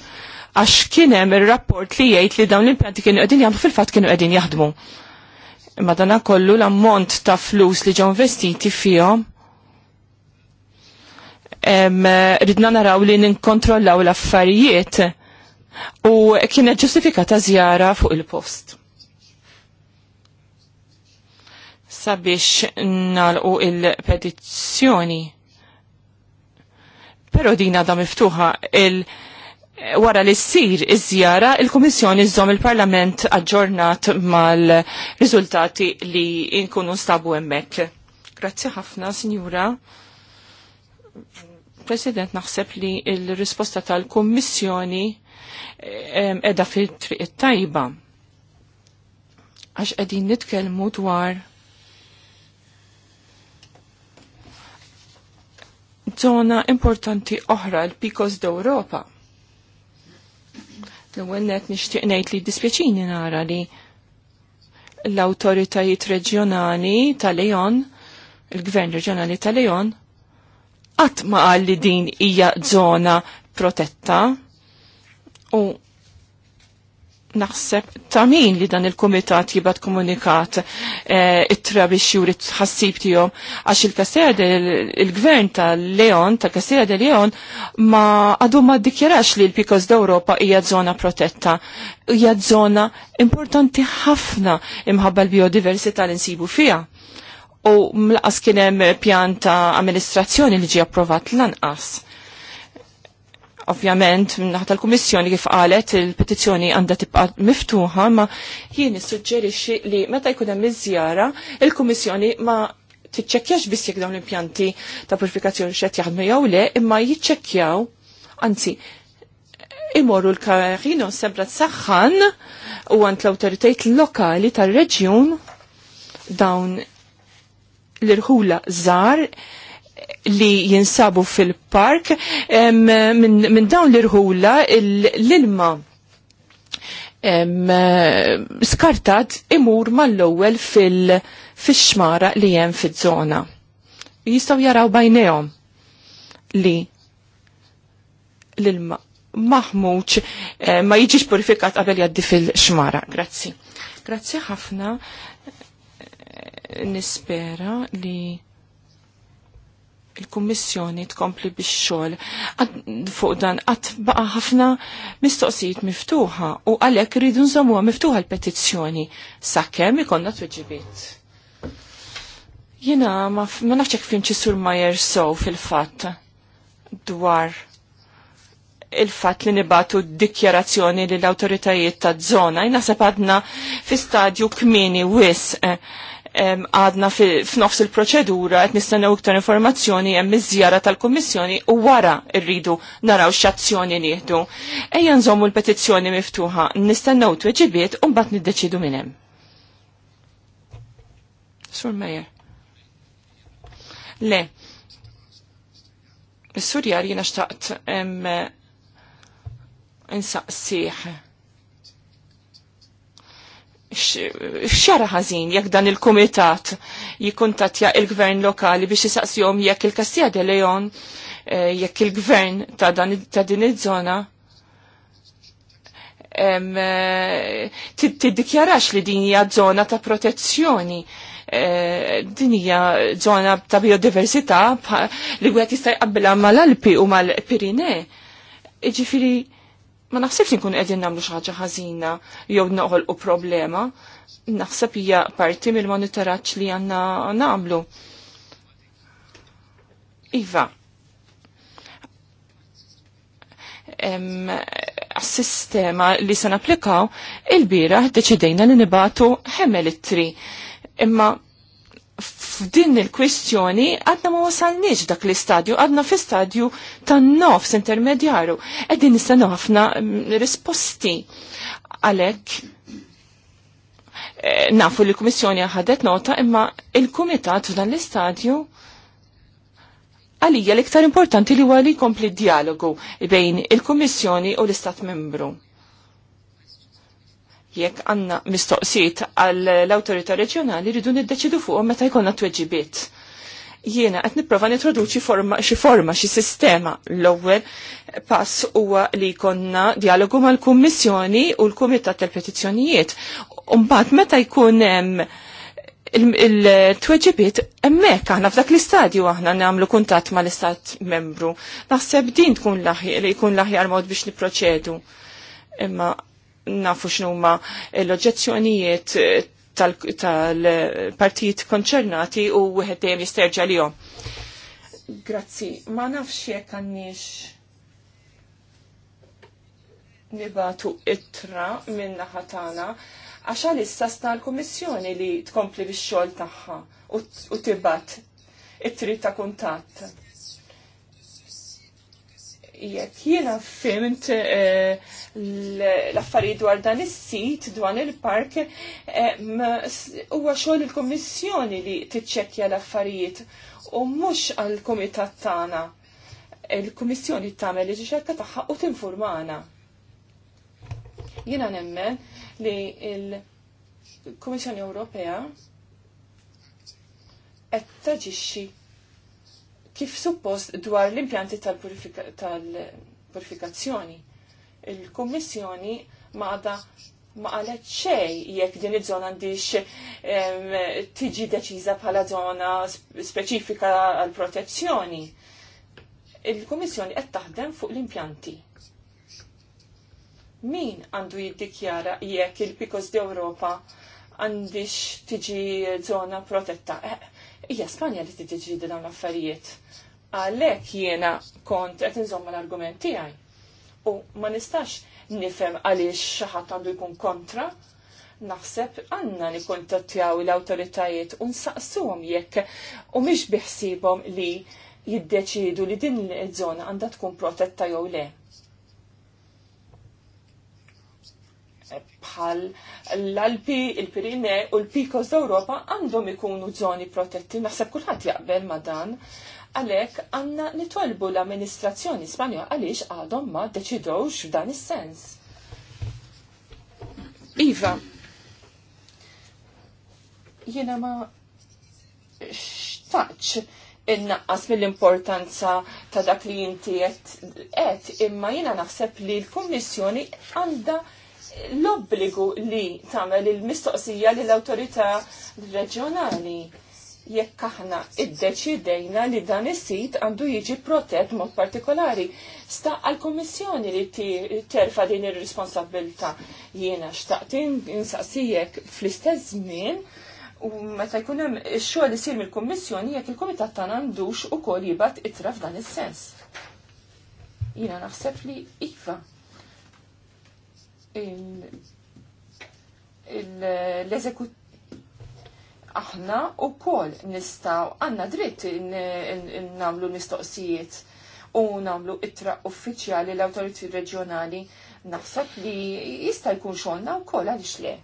għax kien hemm ir-rapport li jgħid li dawn l-impjanti kienu qegħdin jagħmlu fil-fatt kienu qegħdin jaħdmu. Madana kollu l-ammont ta' flus li ġew investiti fihom ridna naraw li ninkontrollaw l-affarijiet u kienet ġustifikata żjara fuq il-post. Sabiex nalqu il-petizzjoni pero din għadha miftuħa il- Wara li ssir iż-żjara, il-Kummissjoni żżomm il-Parlament aġġornat mal-riżultati li nkunu stabu hemmhekk. Grazzi ħafna, Sinjura. President, naħseb li il-risposta tal-Kummissjoni edha fit triq tajba. Għax qegħdin nitkellmu dwar zona importanti oħra l-Pikos d'Europa. L-għennet nishtiqnejt ngħid li dispjaċini nara li l-autoritajiet reġjonali tal-Lejon, il-gvern reġjonali tal-Lejon, qatt ma qal li din hija zona protetta u naħseb ta' min li dan il-komitat jibat komunikat eh, it-tra biex juri tħassib tijom għax il-kasser il-gvern ta' Leon, ta' kasseja de Leon ma għadu ma dikjarax li l-Pikos d'Europa hija zona protetta hija zona importanti ħafna imħabba l-biodiversità li nsibu fija u mlaqas kienem pjan ta' amministrazzjoni li ġi approvat lanqas Ovvjament, naħta l-Kummissjoni kif qalet il-petizzjoni għandha tibqa' miftuħa, ma jien nissuġġerixxi li meta jkun hemm iż-żjara, il-Kummissjoni ma tiċċekkjax biss jekk dawn l-impjanti ta' purifikazzjoni xed jaħdmu jew le, imma jiċċekkjaw, anzi, imorru l-karino sembra saħħan u għand l-autoritajt lokali tal-reġjun dawn l-irħula żgħar li jinsabu fil-park minn min dawn l-irħula l-ilma skartat imur mal-ewwel fil-xmara li hemm fiż-żona. Jistgħu jaraw bajnejhom li l-ilma maħmuċ eh, ma jiġix purifikat qabel jaddi fil-xmara. Grazzi. Grazzi ħafna eh, nispera li il-Kummissjoni tkompli biex xogħol fuq dan qatt baqa' ħafna mistoqsijiet miftuħa u għalhekk iridu nżommuha miftuħa l-petizzjoni sakemm ikonna tweġibiet. Jiena ma nafx hekk fimċi sur Majer sow fil-fatt dwar il-fatt li nibatu dikjarazzjoni l autoritajiet ta' zona. Jnaħseb għadna fi stadju kmini wis eh, għadna f'nofs il-proċedura qed nistennew iktar informazzjoni hemm iż-żjara tal-Kummissjoni u wara rridu naraw x'azzjoni nieħdu. Ejja nżommu l-petizzjoni miftuħa, nistennew tweġibiet u mbagħad niddeċidu minn hemm. Sur Mejer. Le. Is-Surjar jiena xtaqt insaqsih xara ħażin jekk dan il-kumitat jikkuntatja il-gvern lokali biex jisaqsjom jekk il-Kastija de Leon eh, jekk il-gvern ta' din iż-żona eh, tiddikjarax li din hija żona ta' protezzjoni eh, din hija żona ta' biodiversità li wieħed jista' jqabbilha mal-Alpi u mal-Pirine. Ġifieri ma naħsibx nkun qegħdin nagħmlu xi ħaġa ħażina jew noħolqu problema. Naħseb hija parti mill-monitoraġġ li għandna nagħmlu. Iva. Għas-sistema li se napplikaw il-bira deċidejna li nibatu ħemel it-tri. Imma f'din il-kwistjoni għadna ma wasalniex dak l-istadju, għadna fi stadju tan nofs intermedjaru. Eddin nistennu ħafna mm, risposti għalek eh, nafu li l-Kummissjoni ħadet nota imma il-Kumitat f'dan l-istadju għalija l-iktar importanti li huwa li jkompli dialogu bejn il-Kummissjoni u l-Istat membru Jekk għanna mistoqsit għall l-autorita reġjonali ridu niddeċidu fuqhom meta jkollna tweġibiet jiena qed nipprova nitroduċi forma xi forma xi sistema. L-ewwel pass huwa li jkollna dialogu mal-Kummissjoni u l-Kumitat tal-Petizzjonijiet. Mbagħad meta jkun hemm il-tweġibiet emmek aħna f'dak l-istadju aħna nagħmlu kuntatt mal-istat membru. Naħseb din tkun laħi li jkun laħjar mod biex niproċedu. Imma nafu x'numa l-oġġezzjonijiet eh, tal-partijiet konċernati u wieħed dejjem jisterġa' lihom. Grazzi, ma nafx jekk għanniex nibatu ittra minn ħatana għaxa issa sta l kummissjoni li tkompli bix-xogħol tagħha u tibat it-trid ta' kuntatt jekk jiena fimt eh, l-affarijiet dwar dan is-sit dwar il-park eh, huwa xogħol il-Kummissjoni li tiċċekkja l-affarijiet u mhux għall-Kumitat tagħna. Il-Kummissjoni tagħmel li riċerka tagħha u tinfurmana. Jiena nemmen li il-Kummissjoni Ewropea qed taġixxi kif suppost dwar l-impjanti tal-purifikazzjoni. Tal purifikazzjoni il il kummissjoni għada ma qalet xej jekk din iż-żona għandix tiġi deċiża bħala żona speċifika għal protezzjoni. Il-Kummissjoni qed taħdem fuq l-impjanti. Min għandu jiddikjara jekk il-Pikos d'Ewropa għandix tiġi żona protetta? Eh, hija Spanja li t tiġridi dawn l-affarijiet. Għalhekk jiena kont qed nżomma l-argument tiegħi. U ma nistax nifhem għaliex xi ħadd għandu jkun kontra naħseb għanna nikontattjaw l-autoritajiet u saqsum jekk u miex biħsibom li jiddeċidu li din l-żona għandha tkun protetta jew le. bħal l-Alpi, il-Pirine u l-Pikos d'Ewropa għandhom ikunu zoni protetti, naħseb kulħadd jaqbel ma dan, għalhekk għandna nitolbu l-amministrazzjoni Spanja għaliex għadhom ma deċidowx f'dan is-sens. Iva, jiena ma xtaċ innaqqas mill-importanza ta' dak li jinti qed imma jiena naħseb li l kommissjoni għandha l-obbligu li tagħmel il-mistoqsija li l awtorità reġjonali jekk aħna iddeċidejna li dan is-sit għandu jiġi protett mod partikolari. Sta għal-Kommissjoni li terfa din ir-responsabilità. Jiena xtaqt insaqsijek fl-istess żmien u meta jkun hemm ix-xogħol isir mill-Kummissjoni jekk il-Kumitat tagħna għandux ukoll jibgħat ittra f'dan is-sens. Jiena naħseb li iva l-eżekut aħna u koll nistaw għanna dritt namlu mistoqsijiet u namlu itra uffiċjali l-autoriti reġjonali naħseb li jista' jkun xogħolna wkoll għaliex le.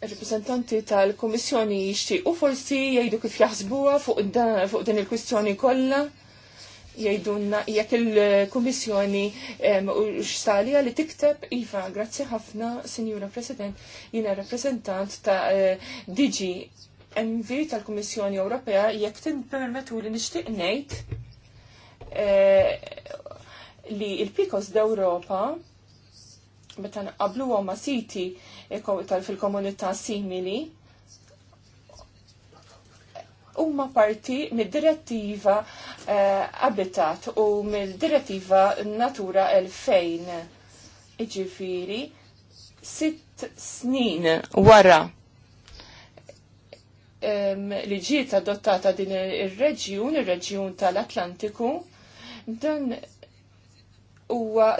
Il-reprezentanti tal-Komissjoni jixtiequ forsi jgħidu kif jaħsbuha fuq din il-kwistjoni kollha jajdunna jekk il-Kummissjoni u xtalija li tikteb Iva, grazzi ħafna, Signora President, jina rappresentant ta' eh, DG MV tal-Kummissjoni Ewropea jekk tinpermetu li nixtieq ngħid eh, li il-Pikos d'Ewropa meta nqablu ma' siti eh, fil-komunità simili huma parti mid-direttiva eh, Habitat u mid-direttiva Natura 2000. Iġifiri, sitt snin wara um, li ġiet adottata din ir-reġjun, ir-reġjun tal-Atlantiku, dan huwa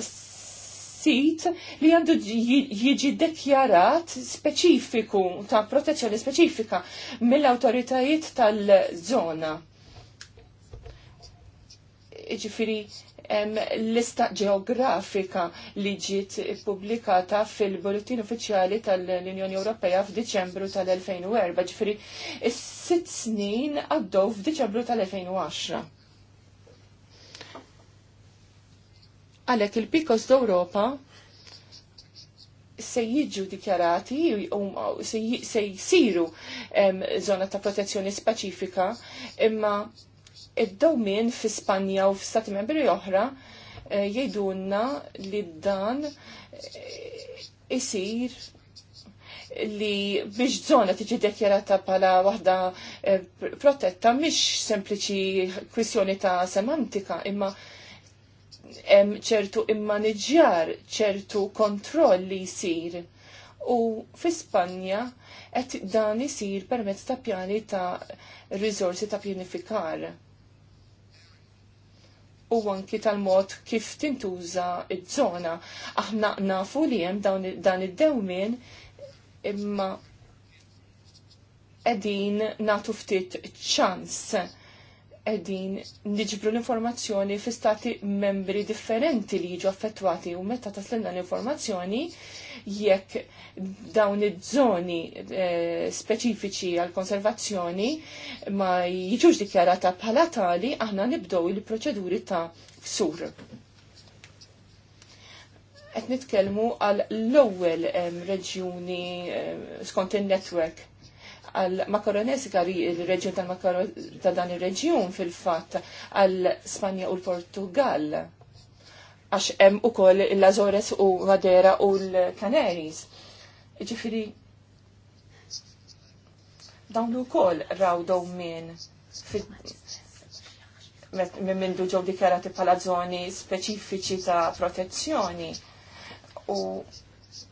sit li għandu jiġi dekjarat speċifiku ta' protezzjoni speċifika mill-autoritajiet tal-żona. l lista ġeografika li ġiet publikata fil-Bulletin Uffiċjali tal-Unjoni Ewropea f'Diċembru tal-2004, ġifiri, s sitt snin għaddew f'Diċembru tal-2010 għalek il-bikos d'Ewropa se jiġu dikjarati u se jisiru zona ta' protezzjoni speċifika, imma id-dawmin fi Spanja u fi stati membri oħra eh, jgħidulna li dan eh, isir li biex zona tiġi dekjarata pala waħda eh, protetta, mhix sempliċi kwissjoni ta' semantika, imma hemm ċertu immaneġjar ċertu kontroll li jsir. U fi Spanja qed dan isir permezz ta' pjani ta' riżorsi ta' pjanifikar. U anki tal-mod kif tintuża id-żona. Aħna nafu li hemm dan id-dewmien imma qegħdin nagħtu ftit ċans edin niġbru l-informazzjoni fi stati membri differenti li jiġu affettwati u meta taslilna l-informazzjoni jekk dawn iż-żoni eh, speċifiċi għal konservazzjoni ma jiġux dikjarata bħala tali aħna nibdew il-proċeduri ta' ksur qed nitkellmu għal l-ewwel reġjuni skont in-netwerk għal makaronesika il-reġjun tal makaronesi ta' dan ir-reġjun fil-fatt għal Spanja u l-Portugal għax hemm ukoll l-Azores u Madeira u l-Canaries. Ġifieri dawn kol raw minn minn ġew dikjarati bħala zoni speċifiċi ta' protezzjoni. U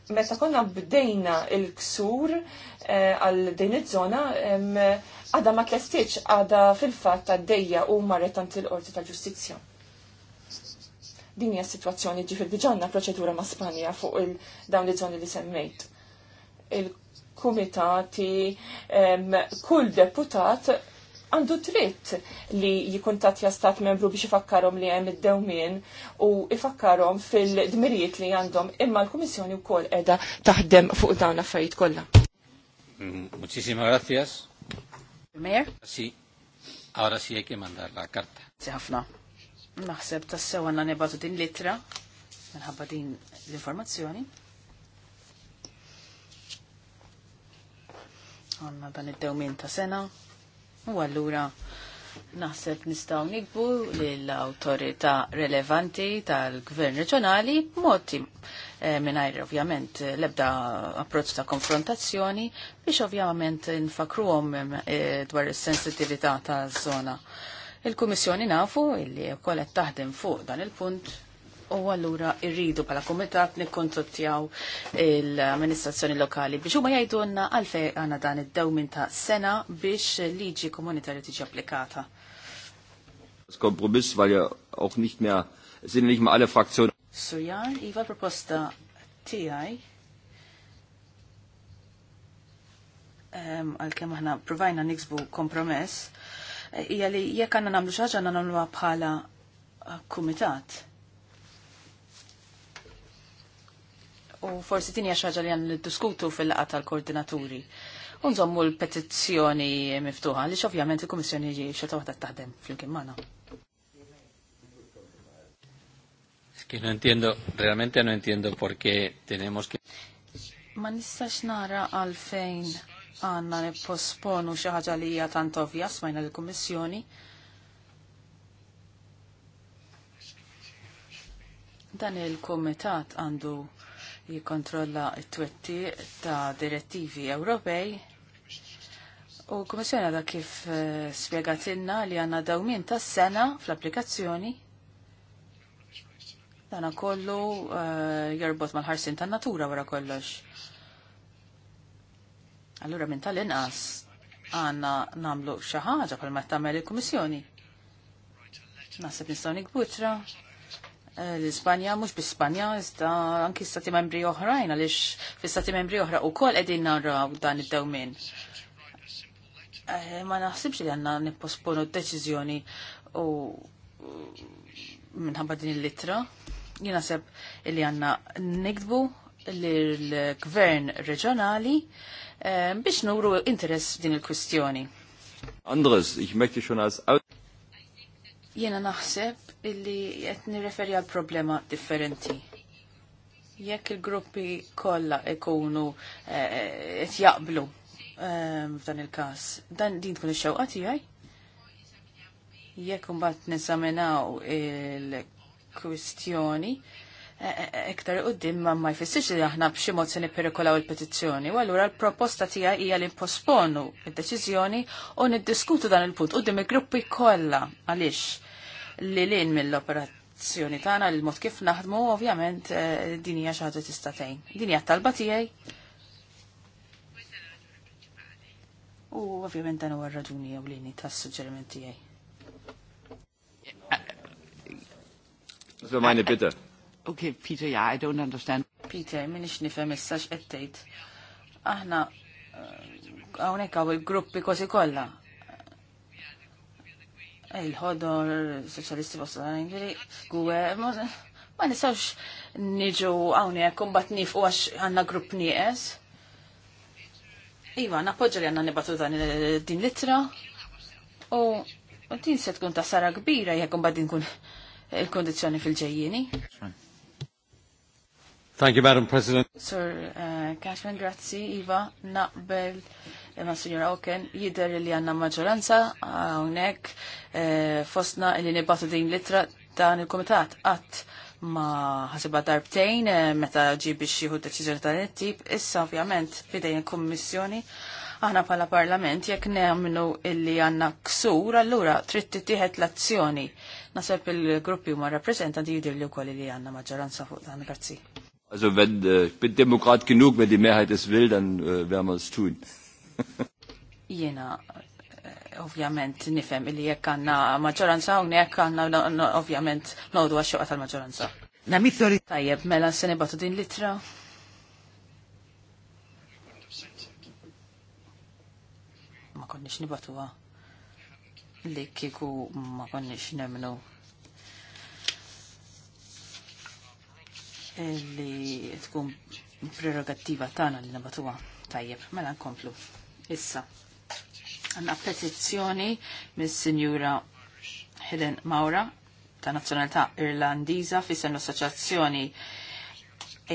meta konna bdejna il-ksur eh, għal din iż-żona għada ma tlestiċ għada fil-fatt għaddejja u marretant il-qorti tal ġustizzja. Din hija situazzjoni ġifir diġanna proċedura ma' Spanja fuq il-dawn iż-żoni li semmejt. Il-kumitati kull deputat għandu dritt li jikuntatja stat membru biex ifakkarhom li hemm id-dewmien u ifakkarhom fil-dmirijiet li għandhom imma l-Kummissjoni wkoll qiegħda taħdem fuq dawn affarijiet kollha. Mm, muchísimas gracias. Mayor? Si, ahora si hay que mandar la carta. ħafna. Naħseb tassew għanna nebatu din litra minħabba din l-informazzjoni. Għanna dan id-dewmien ta' sena, U allura naħseb nistaw nikbu l autorita relevanti tal-gvern reġjonali moti e, eh, mingħajr ovvjament l-ebda approċċ ta' konfrontazzjoni biex ovvjament nfakruhom e, dwar is-sensitività taż-żona. Il-Kummissjoni nafu illi wkoll taħdem fuq dan il-punt u allura irridu pala komitat nikkontottjaw l-amministrazzjoni lokali biex huma jgħidulna għalfej għandna dan id-dewmin ta' sena biex liġi komunitarju tiġi applikata. Skompromiss valja ja auch nicht mehr sind nicht mehr alle Fraktionen. Sujan, iva proposta tiegħi għal-kem aħna provajna niksbu kompromess, hija li jekk għandna nagħmlu xi ħaġa nagħmluha bħala kumitat. u forsi tinja xaġa li għan diskutu fil-laqa tal-koordinaturi. Unżommu l-petizzjoni miftuħa li ovvjament il-Komissjoni xorta waħda taħdem fl-imkien magħna. Que no entiendo, realmente no entiendo por qué tenemos que... Ma nistax nara għalfejn għanna nipposponu xi ħaġa li hija tant ovvja smajna l-Kummissjoni. Dan il-Kumitat għandu jikontrolla t-twetti ta' direttivi Ewropej. U kummissjoni għadha kif eh, spiegatilna li għanna dawmin ta' sena fl-applikazzjoni. Dana kollu eh, jirbot mal-ħarsin ta' natura wara kollox. Allura minn tal-inqas għanna namlu xaħġa pal bħalma tagħmel il-Kummissjoni. Nasib nistgħu nikbutra l-Ispanja, mux bi-Spanja, iżda anki stati membri oħrajn, għalix fi stati membri oħra u kol edin narraw dan id-dawmin. Eh, ma naħsibx li għanna nipposponu d-deċizjoni u minħabba din il-litra. Jina seb li għanna nikdbu l-gvern reġjonali eh, biex nuru interess din il-kwistjoni. Andres, ich möchte schon als Jena naħseb illi qed nirreferi għal problema differenti. Jekk il-gruppi kollha ikunu eh, qed jaqblu eh, f'dan il-każ, dan din tkun ix-xewqa tiegħi? Jekk imbagħad niżaminaw il-kwistjoni, eh, Iktar u dimma ma jfissirx li aħna b'xi mod se nippirikolaw il-petizzjoni, u allura l-proposta tiegħi hija li nposponu d deċiżjoni u niddiskutu dan il-punt u dim il-gruppi kollha għaliex li lin mill-operazzjoni tagħna l mod kif naħdmu ovvjament eh, din hija xi ħaġa tista' tgħin. Din hija talba tiegħi. U ovvjament dan huwa r-raġuni lini tas suġġerimenti tiegħi. So meine Bitte. Okay, Peter, ja, yeah, I don't understand. Peter, minix nifhem issa x'qed tgħid. Aħna eh, hawnhekk hawn il-gruppi kosi kollha il-ħodor, soċjalisti vostra Angeli, gwe, ma nistawx niġu bat nif u għax għanna grupp nieqes. Iva, nappoġġa li għanna nibatu dan eh, din litra. U din se tkun ta' sara kbira jekk bat din kun il-kondizjoni fil-ġejjini. Thank you, Madam President. Sir uh, Cashman, grazzi, Iva, naqbel ma' Signora Oken, jider li għanna maġoranza għonek, uh, eh, fostna li nibatu din litra dan il-komitat għat ma ħasibba darbtejn eh, meta ġi biex jieħu deċiżjoni ta' tip issa ovvjament bidejn il-kummissjoni aħna pala parlament jekk nemnu illi għanna ksur, allura trid titieħed l-azzjoni. Naseb il-gruppi huma rappreżentanti jidir li wkoll li għandna maġġoranza fuq dan grazzi. Also wenn äh, ich bin Demokrat genug, wenn die Mehrheit es will, dann äh, werden wir es tun. Jena, äh, ovvjament nifhem illi jekk għandna maġġoranza hawnhekk għandna ovvjament nodu għax-xoqa tal-maġġoranza. Namithori. Tajjeb, mela se nibatu din litra. Ma konniex nibatuha. Li kieku ma konniex nemmnu li tkun prerogattiva tagħna li nabatuha tajjeb. Mela nkomplu. Issa. Għandna petizzjoni mis-Sinjura Helen Maura ta' nazzjonalità Irlandiża fis-sen l-Assoċjazzjoni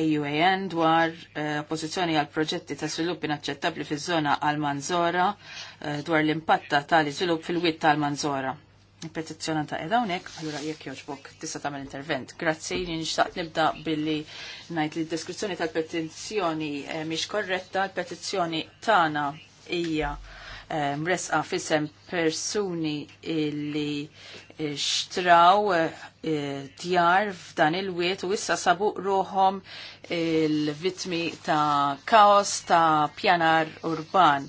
AUAN dwar eh, oppożizzjoni pozizjoni għal proġetti ta' svilupp inaċċettabbli fiż-żona għal-Manzora uh, eh, dwar l-impatta tal-iżvilupp fil-witt tal-Manzora il-petizzjoni ta' edawnek, għallura jek joġbok tista' tagħmel intervent. Grazzi li nixtaqt nibda billi ngħid li d-deskrizzjoni tal-petizzjoni eh, mhix korretta, l-petizzjoni tagħna hija eh, mresqa fisem persuni illi eh, xtraw djar f'dan il-wiet u issa sabu ruħom il-vitmi ta' kaos ta' pjanar urban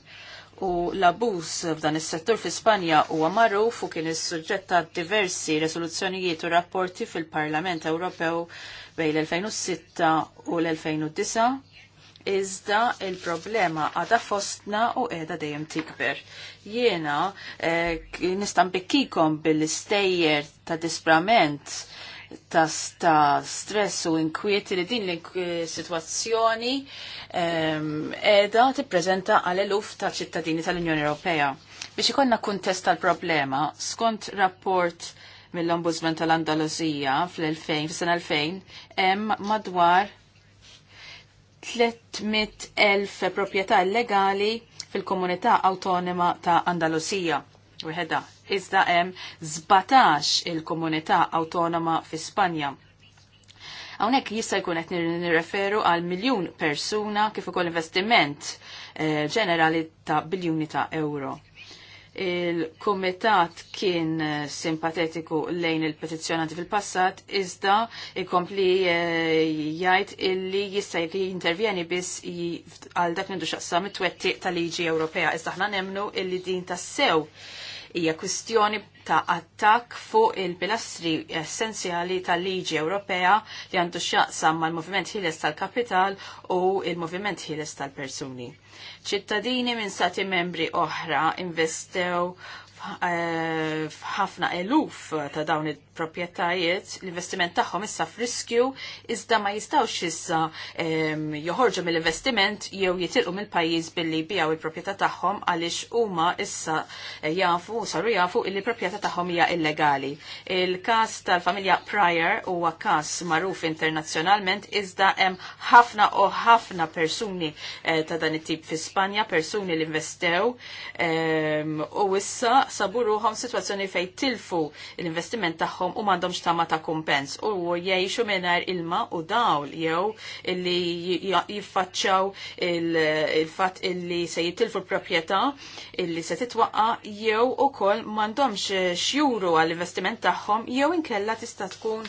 u l-abuż f'dan is-settur fi Spanja huwa magħruf u kien is-suġġett ta' diversi resoluzzjonijiet u rapporti fil-Parlament Ewropew bejn l-2006 u l-2009 iżda il-problema għada fostna u edha dejjem tikber. Jiena eh, nistan bikkikom bil-istejjer ta' disprament ta' stress u inkwieti li din l-situazzjoni ehm, edha ti tippreżenta għal eluf ta' ċittadini tal-Unjoni Ewropea. Biex ikonna kuntest tal-problema, skont rapport mill-Ombudsman tal-Andalusija fl-2000, fis-sena 2000, hemm madwar 300.000 proprjetà illegali fil-komunità autonoma ta' Andalusija. Weħeda, iżda hemm 17 il-komunità awtonoma fi Spanja. Hawnhekk jista' jkun qed nirreferu għal miljun persuna kif ukoll investiment eh, ġenerali ta' biljuni ta' euro. Il-komitat kien eh, simpatetiku lejn il petizzjonati fil-passat, iżda ikompli eh, jgħid illi jista' jintervjeni biss għal dak mindu xaqsam it-twetti tal-liġi Ewropea. Iżda ħna nemnu illi din tassew sew hija kwistjoni ta' attakk fuq il-pilastri essenzjali tal-liġi Ewropea li għandu x'jaqsam mal-moviment ħieles tal-kapital u il-moviment ħieles tal-persuni. ċittadini minn stati membri oħra investew f'ħafna eh, eluf ta' dawn il-propietajiet, l-investiment tagħhom issa f'riskju iżda ma jistawx issa joħorġu mill-investiment jew jitilqu mill-pajjiż billi bijaw il-proprjetà tagħhom għaliex huma issa jafu saru jafu li l proprjetà tagħhom hija illegali. Il-każ tal-familja Pryor huwa każ magħruf internazzjonalment iżda hemm ħafna u ħafna persuni eh, ta' dan it-tip fi Spanja, persuni li investew u issa sabu ruħom situazzjoni fej tilfu l-investiment tagħhom u m'għandhomx tama ta' kumpens u jgħixu mingħajr ilma u dawl jew illi jiffaċċaw il-fatt illi se jitilfu l-proprjetà illi se titwaqqa jew kol m'għandhomx xjuru għall-investiment tagħhom jew inkella tista' tkun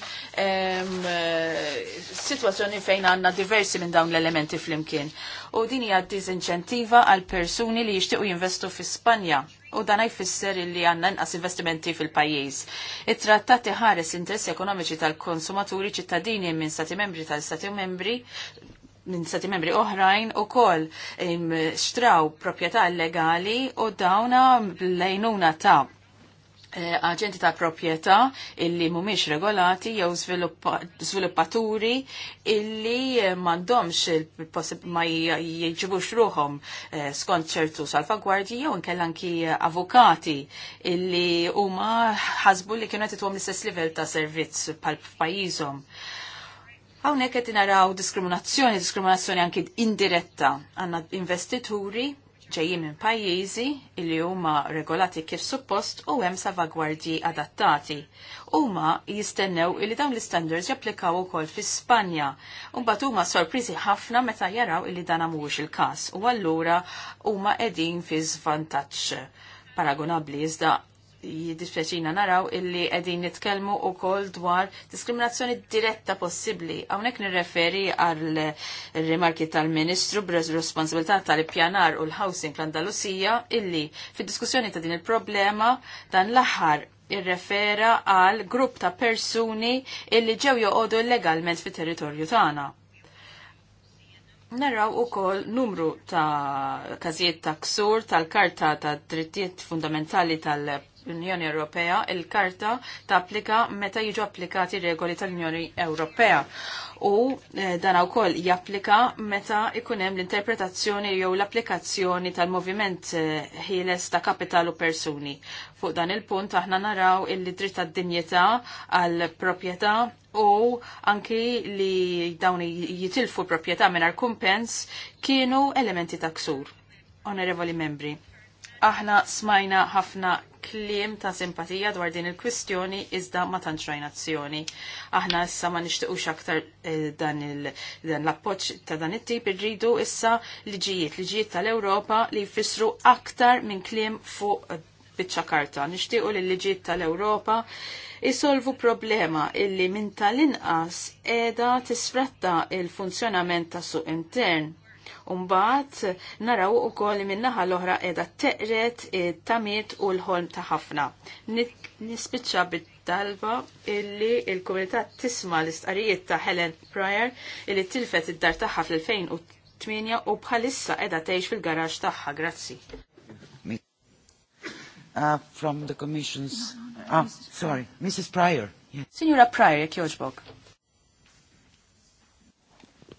situazzjoni fejn għandna diversi minn dawn l-elementi flimkien. U din hija d-dizinċentiva għal persuni li jixtiequ jinvestu fi Spanja u dan jfisser li għanna nqas investimenti fil-pajjiż. It-trattati ħares interessi ekonomiċi tal-konsumaturi ċittadini minn stati membri tal-stati membri minn stati membri oħrajn u koll xtraw proprjetà illegali u dawna lejnuna ta' Eh, aġenti ta' proprjetà illi mhumiex regolati jew sviluppaturi illi eh, m'għandhomx ma jieġibux ruhom eh, skont ċertu salfagwardji jew inkella anki avukati illi huma ħasbu li kienu qed l-istess livell ta' servizz bħal f'pajjiżhom. Hawnhekk qed naraw diskriminazzjoni, diskriminazzjoni anki indiretta għandna investituri ġejjin minn pajjiżi li huma regolati kif suppost u hemm salvagwardji adattati. Huma jistennew li dawn l istandards japplikaw ukoll fi Spanja. Mbagħad huma sorpriżi ħafna meta jaraw li dan mhuwiex il-każ u allura huma qegħdin fi żvantaġġ paragonabli iżda jiddispjaċina naraw illi qegħdin nitkellmu wkoll dwar diskriminazzjoni diretta possibbli. Hawnhekk nirreferi għal rimarki tal-Ministru b'responsabilità tal-ippjanar u l-housing fl-Andalusija illi fid-diskussjoni ta' din il-problema dan l-aħħar irrefera għal grupp ta' persuni illi ġew joqogħdu illegalment fit-territorju tagħna. Naraw u kol numru ta' kazijiet ta' ksur tal-karta ta' drittijiet fundamentali tal l-Unjoni Ewropea, il-karta tapplika meta jiġu applikati regoli tal-Unjoni Ewropea. U eh, dan wkoll japplika meta ikun hemm l-interpretazzjoni jew l-applikazzjoni tal-moviment eh, ħieles ta' kapital u persuni. Fuq dan il-punt aħna naraw il-dritt tad-dinjità għal proprjetà u anki li dawn jitilfu proprjetà mingħajr kumpens kienu elementi ta' ksur. Onorevoli membri, Aħna smajna ħafna kliem ta' simpatija dwar din il-kwistjoni iżda ma tantx azzjoni. Aħna issa ma nixtiequx aktar eh, dan l-appoġġ ta' dan it-tip irridu issa liġijiet, liġijiet tal-Ewropa li jfissru aktar minn kliem fuq eh, biċċa karta. Nixtiequ li liġijiet tal-Ewropa isolvu problema illi minn tal-inqas qiegħda tisfretta il-funzjonament ta' suq intern Umbat naraw u koll minnaħa l-oħra edha teqret, tamiet u l-ħolm ta' ħafna. Nispiċċa bit-talba illi il-komunità tisma l-istqarijiet ta' Helen Pryor illi tilfet id-dar tagħha fl-2008 u bħalissa edha tgħix fil-garaġġ tagħha. Grazzi. Uh, from the commission's... Ah, oh, sorry, Mrs. Pryor. Yes. Signora Pryor, jek joġbog.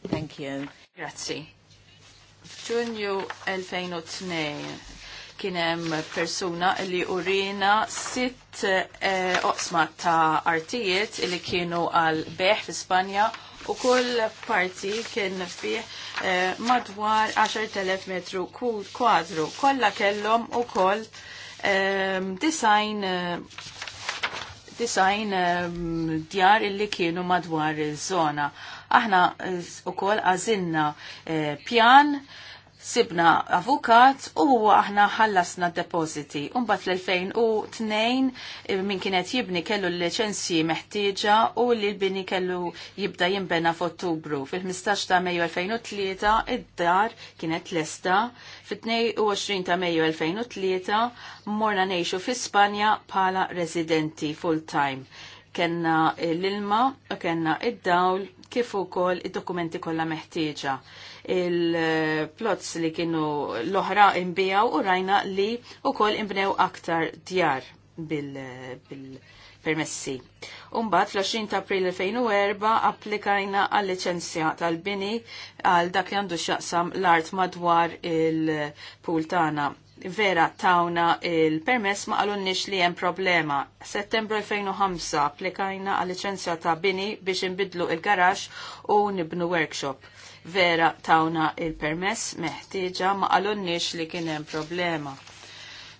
Thank you. Grazzi ġunju 2002 kienem persuna li urina sitt eh, oqsma ta' artijiet li kienu għal beħ fi Spanja u kull parti kien fih eh, madwar 10.000 metru kwadru. Kolla kellom u koll eh, design eh, design eh, djar illi kienu madwar iż-żona. Aħna eh, u koll għazinna pjan sibna avukat u aħna ħallasna depositi. Umbat l-2002 eh, min kienet jibni kellu l-licenzji meħtieġa u li l-bini kellu jibda jimbena f'Ottubru. Fil-15 ta' Mejju 2003 id-dar kienet lesta. Fit-22 ta' Mejju 2003 morna neħxu fi Spanja pala residenti full-time. Kenna l-ilma u kenna id-dawl kif ukoll id-dokumenti kollha meħtieġa. Il-plots li kienu l-oħra imbijaw u rajna li ukoll imbnew aktar djar bil-permessi. Bil Umbat fl-20 ta' april 2004 applikajna għal licenzja tal-bini għal dak li għandu xaqsam l-art madwar il pultana vera tawna il-permess ma għalunnix li jem problema. Settembru 2005 applikajna għal licenzja ta' bini biex nbidlu il-garax u nibnu workshop. Vera tawna il-permess meħtieġa ma għalunnix li kien hemm problema.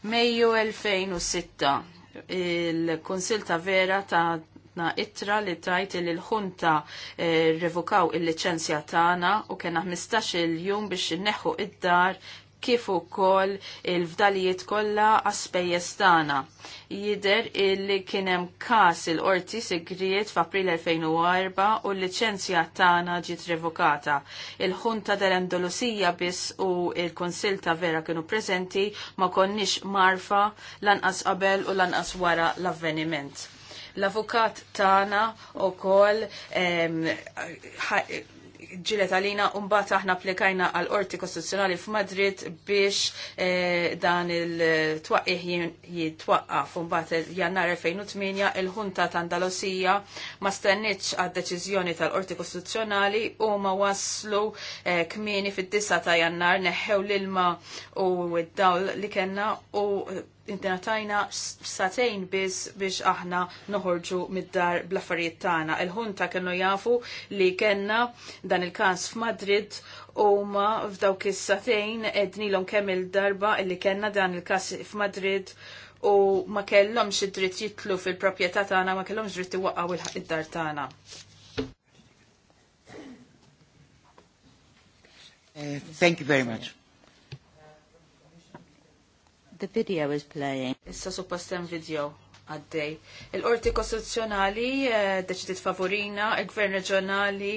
Mejju 2006 il-Konsil ta' Vera ta' na itra li tajt li l-ħunta eh, revokaw il-licenzja tagħna u kena 15 il-jum biex neħu id-dar kif ukoll il-fdalijiet kollha għaspejjeż tagħna. Jider illi kien hemm każ il-qorti sigriet f'April 2004 u l-liċenzja tagħna ġiet revokata. Il-Ħunta tal-Andalusija biss u il-Kunsill ta' Vera kienu preżenti ma konniex marfa lanqas qabel u lanqas wara l-avveniment. L-avukat tagħna ukoll ġilet għalina un-bata aħna applikajna għal orti kostituzzjonali f'Madrid biex eh, dan il-twaqih jitwaqqaf un-bata jannar 2008 il-ħunta ta' Andalusija ma stenniċ għad deċiżjoni tal-orti kostituzzjonali u ma waslu eh, kmini fid-9 ta' jannar neħħew l-ilma u id dawl li kena u intenatajna satejn biz biex aħna noħorġu mid-dar bl-affarijiet tagħna. Il-ħunta kellu jafu li kenna dan il-każ f'Madrid huma f'dawk is-satejn ednilhom kemm il-darba li kenna dan il-każ f'Madrid u ma kellhomx id-dritt jitlu fil-proprjetà tagħna, ma kellhomx dritt iwaqgħu id-dar tagħna. Eh, thank you very much. The video is playing. Issa hemm video għaddej. Il-qorti kostituzzjonali eh, deċidit favorina, il-gvern reġjonali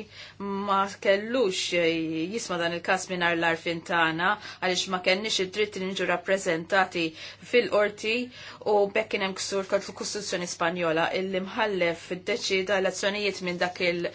ma kellux eh, jisma dan il-kas minar l-arfin tagħna, għalix ma kennix id-dritt li rappresentati fil-qorti u bekkin hemm ksur kont l-Kostituzzjoni Spanjola illi mħallef iddeċida deċida l-azzjonijiet minn dak il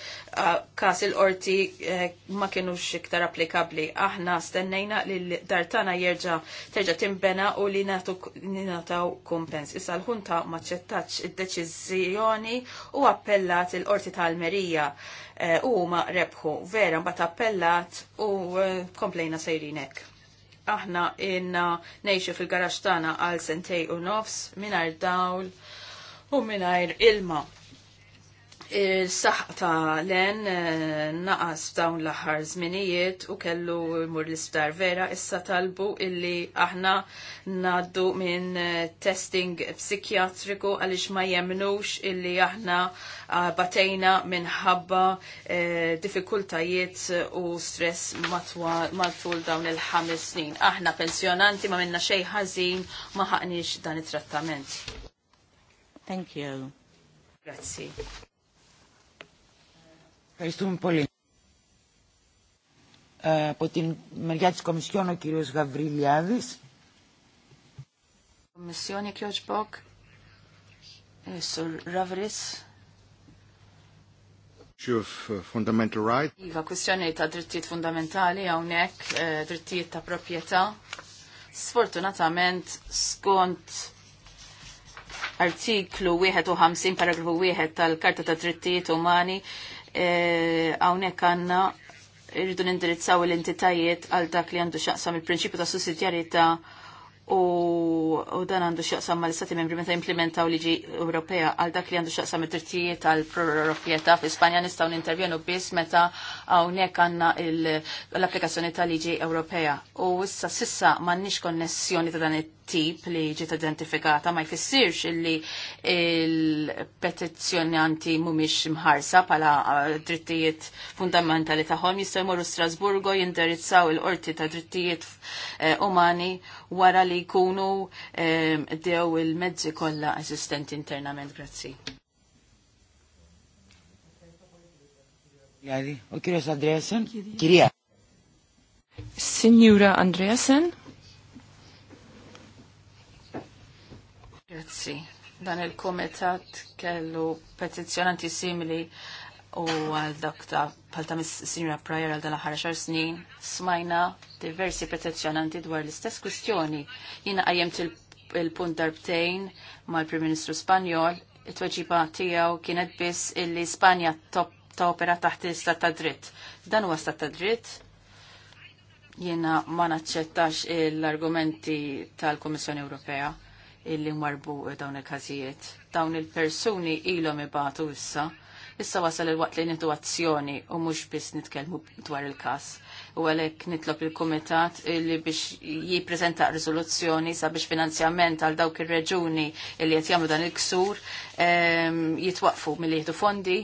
kas il-qorti eh, ma kienux iktar applikabli. Aħna stennejna li dartana jerġa terġa timbena u li nataw kumpens. Issa l-ħunta ma ċettax id-deċizjoni u appellat il-qorti tal-Merija eh, u ma rebħu. Vera, mbata appellat u eh, komplejna sejrinek aħna inna nejxu fil-garax tagħna għal sentej u nofs mingħajr dawl u mingħajr ilma il-saħq ta' len eh, naqas f'dawn l-aħħar żminijiet u kellu mur l-isptar vera issa talbu illi aħna naddu minn eh, testing psikjatriku għaliex ma jemnux illi aħna eh, batejna minħabba ħabba difikultajiet u stress matul dawn il-ħames snin. Aħna pensjonanti ma minna xej ħażin ma ħaqniex dan it-trattament. Thank you. Grazie. Ευχαριστούμε πολύ. από την μεριά της Κομισιόν ο κύριος Γαβριλιάδης. Κομισιόν, κύριος Μποκ, Sur Ravris. fundamental right. Iva, kwestjoni ta' drittijiet fundamentali hawnhekk, e, drittijiet ta' proprjetà. Sfortunatament, skont artiklu 51 paragrafu 1 tal-Karta ta' Drittijiet Umani, hawnhekk eh, għandna rridu nindirizzaw l-entitajiet għal dak li għandu xaqsam il-prinċipju ta' sussidjarjetà u, dan għandu xaqsam ma l-istati membri meta implementaw liġi Ewropea għal dak li għandu xaqsam it-tirtijiet għal proprjetà fi Spanja nistgħu nintervjenu biss meta hawnhekk għandna l-applikazzjoni ta' liġi Ewropea. U issa sissa m'għandniex konnessjoni ta' dan it tip li ġiet identifikata ma jfissirx illi il-petizzjonanti mhumiex mħarsa bħala uh, drittijiet fundamentali tagħhom jista' jmorru Strasburgo jindirizzaw il-qorti ta' drittijiet eh, umani wara li jkunu eh, dew il-mezzi kollha eżistenti internament. Grazzi. Kirja. Signora Andreasen? Grazzi. Dan il-komitat kellu petizjonanti simili u għal dak ta' palta mis-sinjura Pryor għal dala ħarxar xar snin smajna diversi petizjonanti dwar l-istess kustjoni. Jina għajem il-punt darbtejn mal-Prim Ministru Spanjol, it-tweġiba tiegħu kienet biss illi Spanja ta' opera taħt l-istat ta' dritt. Dan huwa stat ta' dritt, jiena ma naċċettax l-argumenti tal-Kummissjoni Ewropea illi marbu dawn il-każijiet. Dawn il-persuni ilhom ibatu issa. Issa wasal il-waqt li nitu azzjoni u mhux biss nitkellmu dwar il-każ u għalek nitlob il-komitat li biex jiprezenta rizoluzzjoni sabiex finanzjament għal dawk il-reġuni li qed jagħmlu dan il-ksur ehm, jitwaqfu mill jieħdu fondi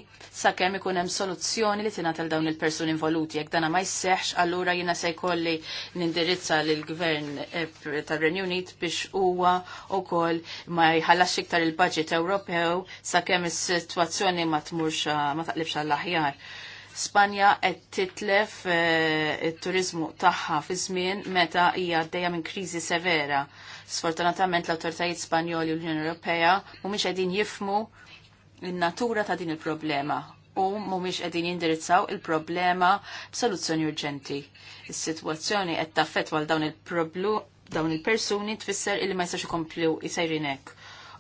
sakemm ikun hemm soluzzjoni li tingħata dawn il-persuni involuti. Jekk dana ma jseħħx, allura jiena se jkolli nindirizza lill gvern eh, tar-Renju Unit biex huwa wkoll ma jħallax iktar il-budget Ewropew sakemm is-sitwazzjoni ma tmurx ma taqlibx għall-aħjar Spanja qed titlef eh, it-turizmu tagħha fi żmien meta hija għaddejja minn kriżi severa. Sfortunatament l-awtoritajiet Spanjoli u l-Unjoni Ewropea mhumiex qegħdin jifmu in-natura ta' din il-problema u mhumiex qegħdin jindirizzaw il-problema b'soluzzjoni urġenti. Is-sitwazzjoni qed taffettwa għal dawn il-problu dawn il-persuni tfisser illi ma jistax ikomplu hekk.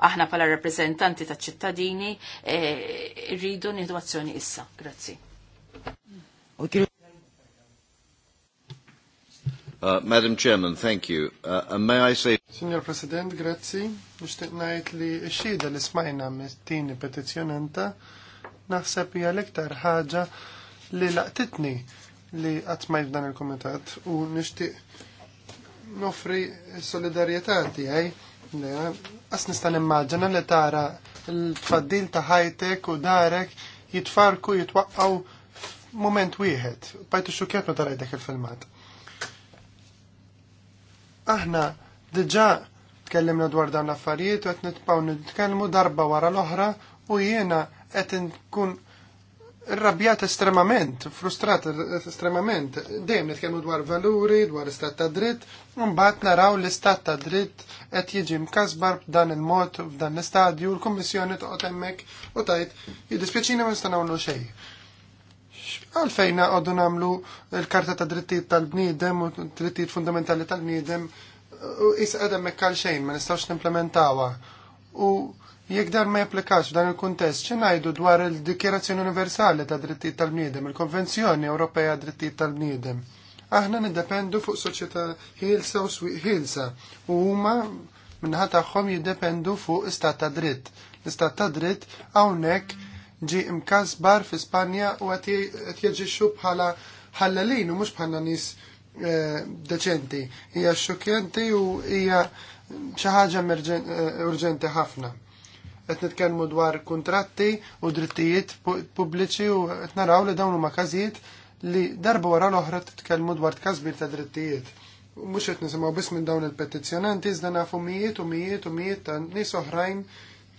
aħna pala rappresentanti ta' ċittadini eh, rridu e, azzjoni issa. Grazzi. Uh, Madam Chairman, thank you. Uh, and may I say... Signor President, grazzi. Nishtiq najt li xida li smajna mit-tini petizjonanta naħseb hija l-iktar ħaġa li laqtitni li għatmajt dan il-komitat u nishtiq nofri solidarietà tiegħi li għas eh, nista' nimmaġina li tara l-tfaddil ta' ħajtek u darek jitfarku jitwaqqaw moment wieħed, bajtu xukjat meta rajdak il-filmat. Aħna diġà tkellimna dwar dan l-affarijiet u qed nitbgħu nitkellmu darba wara l-oħra u jiena qed nkun rrabjat estremament, frustrat estremament, dejjem nitkellmu dwar valuri, dwar istat ta' dritt, un mbagħad naraw l-istat ta' dritt qed jiġi mkasbar b'dan il-mod f'dan l-istadju, l-Kummissjoni toqgħod hemmhekk u tajt jiddispjaċina ma nista' nagħmlu xejn għalfejn għoddu namlu l-karta ta' drittijiet tal-bniedem u drittijiet fundamentali tal-bniedem u is għadem mekkal xejn ma nistawx n-implementawa. U jekk dan ma japplikax f'dan il-kuntest, ċenajdu dwar il-Dikjerazzjoni Universali ta' drittijiet tal-bniedem, il-Konvenzjoni Ewropea drittijiet tal-bniedem. Aħna niddependu fuq soċjetà ħilsa u ħilsa u huma minnaħa tagħhom jiddependu fuq istat ta' dritt. L-istat ta' dritt hawnhekk ġi bar fi Spanja u għat jieġiċu bħala ħallalin u mux bħala nis eh, deċenti. Hija xukjenti u hija xaħġa eh, urġenti ħafna. Qed nitkellmu dwar kontratti u drittijiet pubbliċi u qed naraw li dawn huma każijiet li darba wara l-oħra titkellmu dwar kazbir ta' drittijiet. Mhux qed nisimgħu biss minn dawn il-petizzjonanti iżda nafu mijiet u mijiet u mijiet ta' nies oħrajn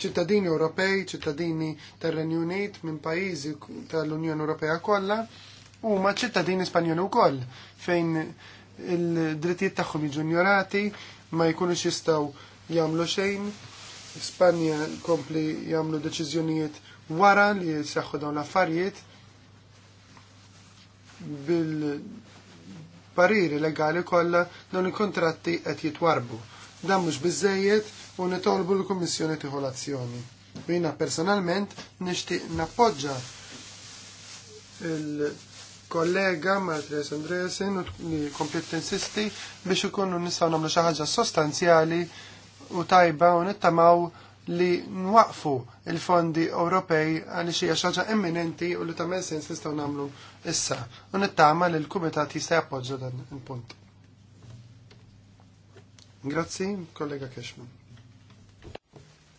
ċittadini Ewropej, ċittadini tal-Renju Unit minn pajjiżi tal-Unjoni Ewropea kollha huma ċittadini Spanjoli wkoll fejn il-drittijiet tagħhom jiġu ignorati, ma jkunux jistgħu jagħmlu xejn. Spanja kompli jagħmlu deċiżjonijiet wara li jsaħħu dawn l-affarijiet bil-pariri legali kollha dawn il-kontratti qed jitwarbu. Dan mhux biżejjed u nitolbu l-Kummissjoni tiħol azzjoni Jina personalment nixtieq nappoġġa il-kollega Martres Andresen u li kompetenzisti biex ikunu nistgħu nagħmlu xi ħaġa sostanzjali u tajba u nittamaw li nwaqfu il-fondi Ewropej hija xi ħaġa imminenti u li tagħmel sens nistgħu nagħmlu issa u nittama li l-kumitat jista' jappoġġa dan il-punt. Grazzi, kollega Cashman.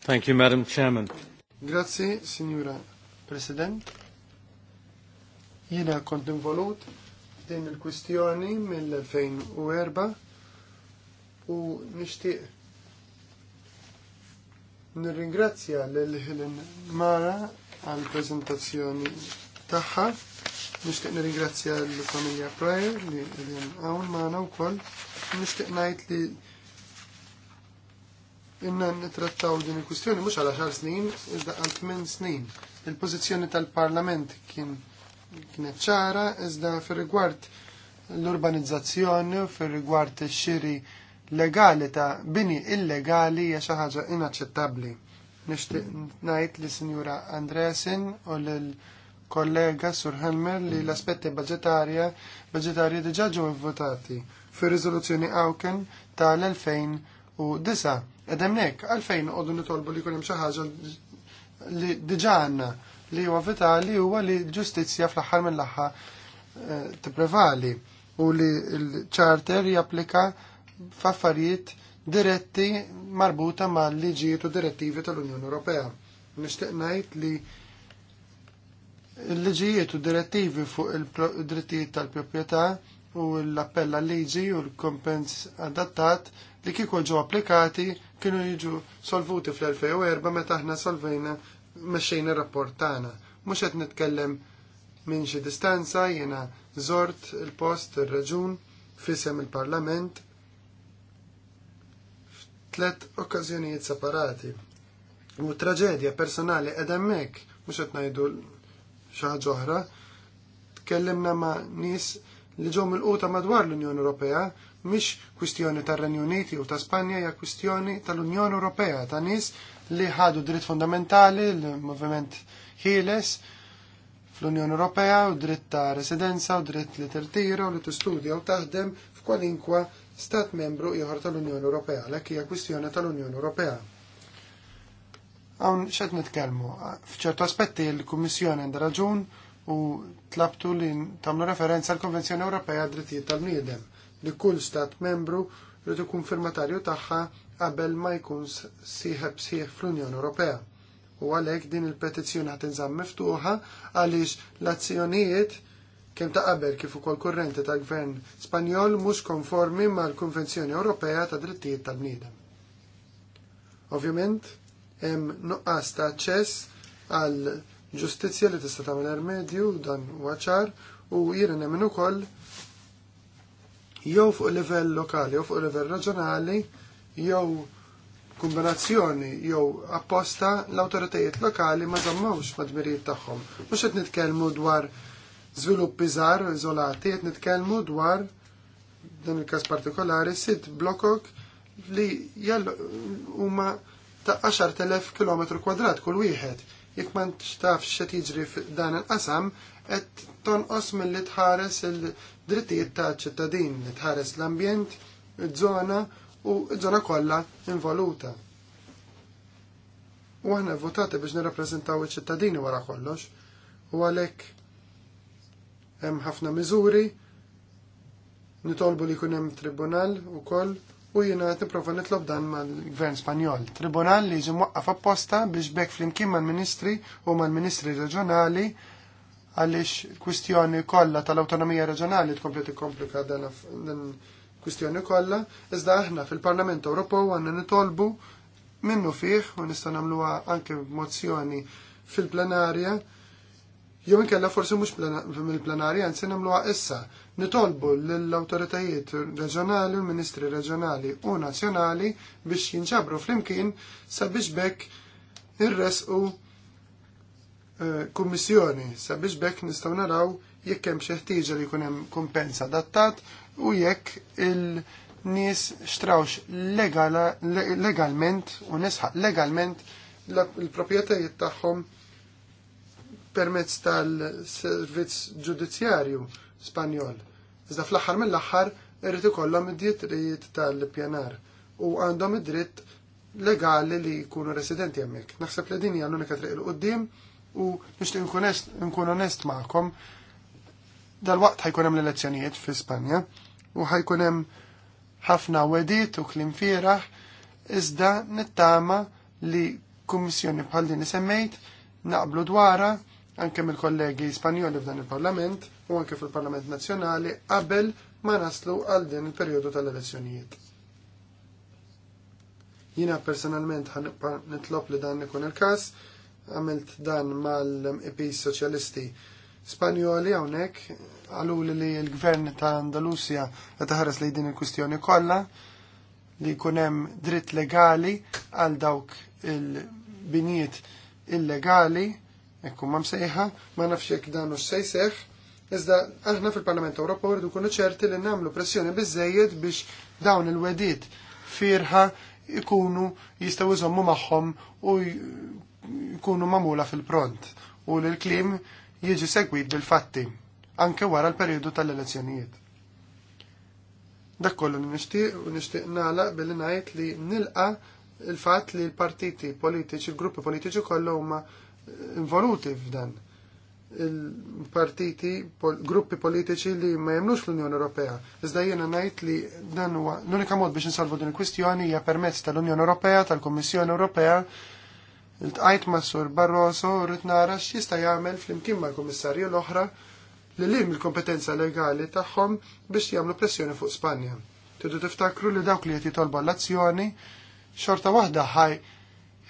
Thank you, Madam Chairman. Grazie, Signora President. Jena kont involut din il-kwistjoni mill-2004 u nixtieq nirringrazzja l Helen Mara għal prezentazzjoni tagħha. Nixtieq nirringrazzja l-familja Pryor li qegħdin hawn magħna wkoll. Nixtieq ngħid li inna nitrattaw din il-kustjoni mux għal 10 snin, iżda għal 8 snin. Il-pozizjoni tal-parlament kien kienet ċara, iżda fir rigward l-urbanizzazzjoni, fil rigward xiri legali ta' bini illegali hija xi ħaġa inaċċettabbli. Nixtieq ngħid li Sinjura Andresin u l kollega Sur Helmer li l-aspetti budgetarja budgetarji diġà ġew votati fir-riżoluzzjoni Awken tal-2009 Edemnek, għalfejn għodun nitolbu li kunem xaħġa li diġanna li huwa vitali huwa li l-ġustizzja fl-aħħar mill-aħħar eh, tipprevali u li l-charter japplika f'affarijiet diretti marbuta mal-liġijiet u direttivi tal-Unjoni Ewropea. Nixtieq ngħid li l-liġijiet u direttivi fuq il-drittijiet tal-proprjetà u l-appella liġi u l-kompens adattat li kieku ġo applikati kienu jiġu solvuti fl-2004 meta aħna solvejna meċċejna rapport tagħna. Mhux qed nitkellem minn xi distanza jiena żort il-post ir-raġun fisem il-Parlament f'tlet okkażjonijiet separati. U traġedja personali edemmek, hemmhekk mhux qed ngħidu oħra, tkellimna ma' nis li ġew mill madwar l-Unjoni Ewropea mhix kwistjoni tar-Renju Uniti u ta' Spanja hija kwistjoni tal-Unjoni Ewropea ta' nies li ħadu dritt fundamentali l movement ħieles fl-Unjoni Ewropea u dritt ta' residenza u dritt li tirtira u li tistudja u taħdem f'kwalinkwa stat membru ieħor tal-Unjoni Ewropea, l hija kwistjoni tal-Unjoni Ewropea. Hawn x'għed nitkellmu, f'ċertu aspetti l-Kummissjoni għandha raġun u tlabtu li tamlu referenza l Konvenzjoni Ewropea għad-Drittijiet tal-Niedem li kull stat membru rrid ikun firmatarju tagħha qabel ma jkun sieħeb sieħ fl-Unjoni Ewropea u għalek din il-petizzjoni ħat inżamm miftuħa għaliex l-azzjonijiet kemm ta' qabel kif ukoll kurrenti ta' gvern Spanjol mhux konformi mal-Konvenzjoni Ewropea ta' Drittijiet tal-Bniedem. Ovvjament, hemm nuqqas ta' aċċess għal ġustizzja li tista' tagħmel medju dan huwa ċar u jiena nemmen ukoll jew fuq livell lokali jew fuq livell raġjonali jew kombinazzjoni jew apposta l awtoritajiet lokali ma żammawx mad-dmirijiet tagħhom. Mhux qed nitkellmu dwar żviluppi żgħar iżolati, qed nitkellmu dwar dan il-każ partikolari sit blokok li huma ta' 10,000 km kwadrat kull wieħed jekk ma taf x'qed tiġri f'dan il-qasam qed tonqos milli tħares il-drittijiet ta' ċittadin li tħares l-ambjent, iż-żona u ż-żona kollha involuta. U aħna votati biex nirrappreżentaw iċ-ċittadini wara kollox u għalhekk hemm ħafna miżuri nitolbu li jkun hemm tribunal ukoll u jiena tipprova nitlob dan mal-Gvern Spanjol. Tribunal li jizum mwaqqaf apposta biex bekk flimkien mal-Ministri u mal-Ministri Reġjonali għaliex kwistjoni kollha tal-awtonomija reġjonali tkompli tikkomplika dan kwistjoni kollha, iżda aħna fil-Parlament Ewropew għandna nitolbu minnu fih u nista' nagħmluha anke mozzjoni fil-plenarja jew inkella forsi mhux mill-plenarja anzi nagħmluha issa Nitolbu l-autoritajiet reġjonali, l-ministri reġjonali u nazzjonali biex jinġabru flimkien sabiex bekk irresqu eh, kummissjoni sabiex bekk nistgħu naraw jekk hemm xi ħtieġa li jkun hemm kumpens adattat u jekk il-nies xtrawx legalment u nisħaq legalment il-proprjetajiet tagħhom permezz tal-servizz ġudizzjarju Spanjol. Iżda fl-aħħar mill-aħħar irrid ikollhom id-dietrijiet tal-pjanar u għandhom id-dritt legali li jkunu residenti hemmhekk. Naħseb li din hija l-unika triq il qudiem u nixtieq nkun onest magħkom dal-waqt ħajkun hemm l-elezzjonijiet fi Spanja u ħajkun hemm ħafna wedit u klim fieraħ iżda nittama li kummissjoni bħal din semmejt naqblu dwara anke mill-kollegi Spanjoli f'dan il-Parlament u anke fil-Parlament Nazzjonali qabel ma naslu għal din il-perjodu tal-elezzjonijiet. Jina personalment nitlob li dan ikun il-kas, għamilt dan mal-EPs Soċjalisti Spanjoli hawnhekk għaluli li l-gvern ta' Andalusja qed taħares li din il-kwistjoni kollha li jkun hemm dritt legali għal dawk il-binijiet illegali, ekku mam msejħa, ma nafx jekk dan u sejseħ, Iżda aħna fil-Parlament Ewropa rridu kunu ċerti li nagħmlu pressjoni biżejjed biex dawn il-wedid firħa ikunu jistgħu jżommu magħhom u jkunu magħmula fil-pront u li l-klim jiġi segwit bil-fatti anke wara l-perjodu tal-elezzjonijiet. Dak kollu nixtieq u nixtieq nagħlaq billi ngħid li nilqa' il-fatt li l-partiti politiċi, l-gruppi politiċi kollha huma involuti f'dan il partiti, pol, gruppi politiċi li ma jemlux l-Unjoni Ewropea. Iżda jiena ngħid li dan huwa l-unika mod biex insalvu din il-kwistjoni hija permezz tal-Unjoni Ewropea, tal-Kummissjoni Ewropea. Iltqajt ma' Sur Barroso u rrid nara x'jista' jagħmel flimkien mal-Kummissarju l-oħra li lim il-kompetenza legali tagħhom biex jagħmlu pressjoni fuq Spanja. Tidu tiftakru li dawk li qed jitolbu l-azzjoni xorta waħda ħaj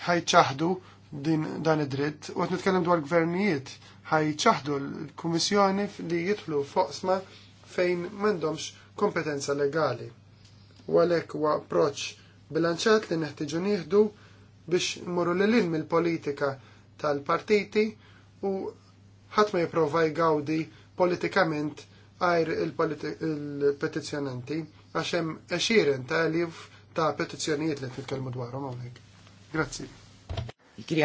ħajċaħdu din dan id-dritt u qed nitkellem dwar gvernijiet ħajċaħdu l-Kummissjoni li jitlu foqsma fejn m'għandhomx kompetenza legali. U għalhekk huwa approċċ bilanċat li neħtieġu nieħdu biex mmorru lil ilm il-politika tal-partiti u ħadd ma jipprova jgawdi politikament għajr il-petizjonanti għax hemm għexieren ta' elif ta' petizzjonijiet li nitkellmu dwarhom hawnhekk. Grazzi. Ikri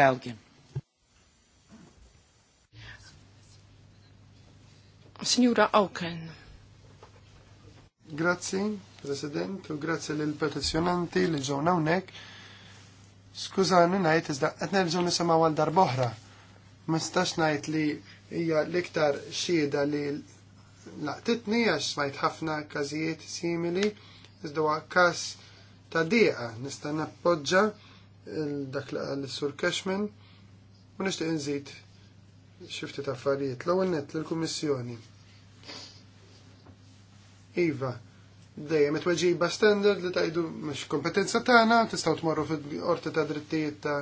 Signora Auken. Grazzi, President, u grazzi lil petizjonanti li ġew hawnhekk. Skużani ngħid iżda qed nerġgħu nisimgħu għal darb'oħra. Ma stax ngħid li hija l-iktar xieda li laqtitni għax smajt ħafna każijiet simili, iżda huwa każ ta' dieqa nista' nappoġġa dak l-sur Cashman u nixtieq inżid xifti ta' affarijiet. L-ewwel nett lill-Kummissjoni. Iva, dejjem it-tweġiba standard li tgħidu mhux kompetenza tagħna, tistgħu tmorru fil-Qorti ta' Drittijiet ta'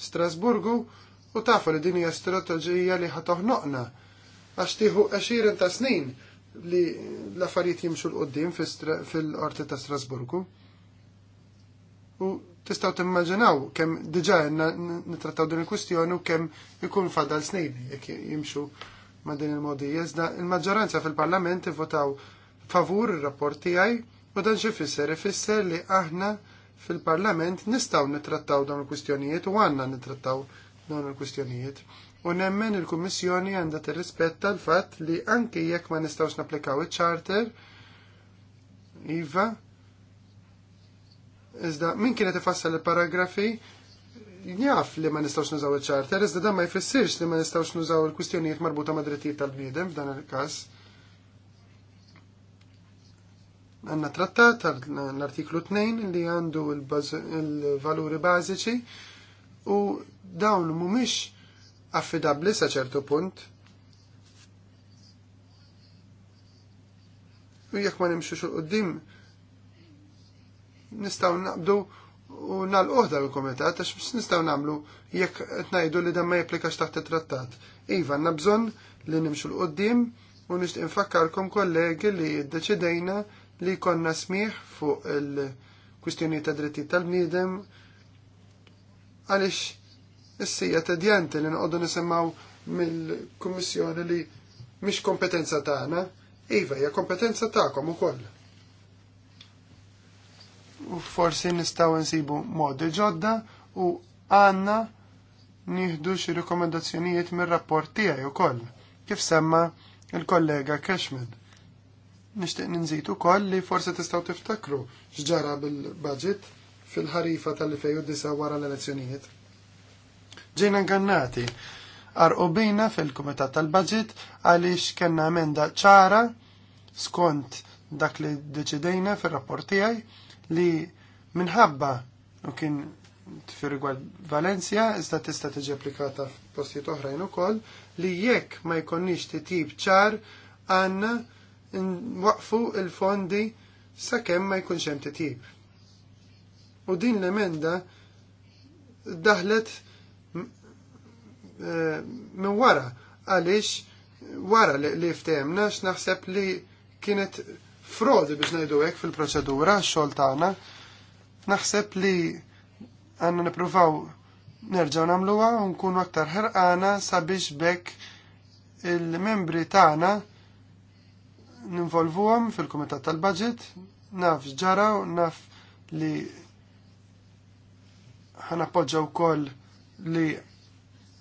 Strasburgu u tafu li din hija strateġija li ħatoħnoqna. toħnoqna għax tieħu għexieren ta' snin li l-affarijiet jimxu l-qoddim fil-Qorti ta' Strasburgu. U Tistaw timmaġinaw kemm diġà nitrattaw din il-kwistjoni u kemm ikun fadal snin jekk jimxu ma' din il-modi. Iżda il-maġġoranza fil-Parlament votaw favur ir-rapport tiegħi u dan x'ifisser fisser ifisser li aħna fil-Parlament nistgħu nitrattaw dawn il-kwistjonijiet u għandna nitrattaw dawn il-kwistjonijiet u nemmen il-Kummissjoni għandha tirrispetta l-fatt li anki jekk ma nistgħux napplikaw iċ-charter iva Iżda min kienet ifassal il-paragrafi jaf li ma nistawx nużaw il-ċarter, iżda dan ma jfissirx li ma nistawx nużaw il-kwistjonijiet marbuta ma' drittijiet tal-bniedem f'dan il-każ. Għanna trattat l-artiklu 2 li għandu il-valuri bażiċi u dawn mhumiex affidabli sa ċertu punt. U jekk ma nimxux qudiem nistaw naqbdu u nal-uħda l-komitat, għax nistaw namlu jekk ngħidu li dan ma jeplikax taħt il-trattat. Iva, nabżon li nimxu l-qoddim u nishtiq nfakkarkom kollegi li deċidejna li konna smiħ fuq il-kwistjoni ta' dritti tal-bniedem għalix issija ta' djanti li nqoddu nisimaw mill-Kummissjoni li mhix kompetenza tagħna, iva hija kompetenza tagħkom ukoll u forsi nistaw nsibu modi ġodda u għanna nieħdu xi rikomendazzjonijiet mir-rapport tiegħi ukoll. Kif semma il-kollega Cashman. Nixtieq ninżid ukoll li forsi tistgħu tiftakru x'ġara bil-budget fil-ħarifa tal-2009 wara l-elezzjonijiet. Ġejna ngannati arqobina fil-Kumitat tal-Budget għaliex kellna emenda ċara skont dak li deċidejna fir-rapport tiegħi li minħabba u kien fi rigward Valencia, iżda tista tiġi applikata f'postijiet oħrajn ukoll, li jekk ma jkunniex titjib ċar għandna waqfu il-fondi sakemm ma jkunx hemm titjib. U din l-emenda daħlet eh, minn wara għaliex wara li ftehemna x'naħseb li kienet frodi biex ngħidu hekk fil-proċedura x-xogħol tagħna. Naħseb li għandna nippruvaw nerġgħu nagħmluha u nkunu aktar ħerqana sabiex bekk il-membri tagħna ninvolvuhom fil-Kumitat tal-Budget, naf ġara u naf li ħanappoġġa wkoll li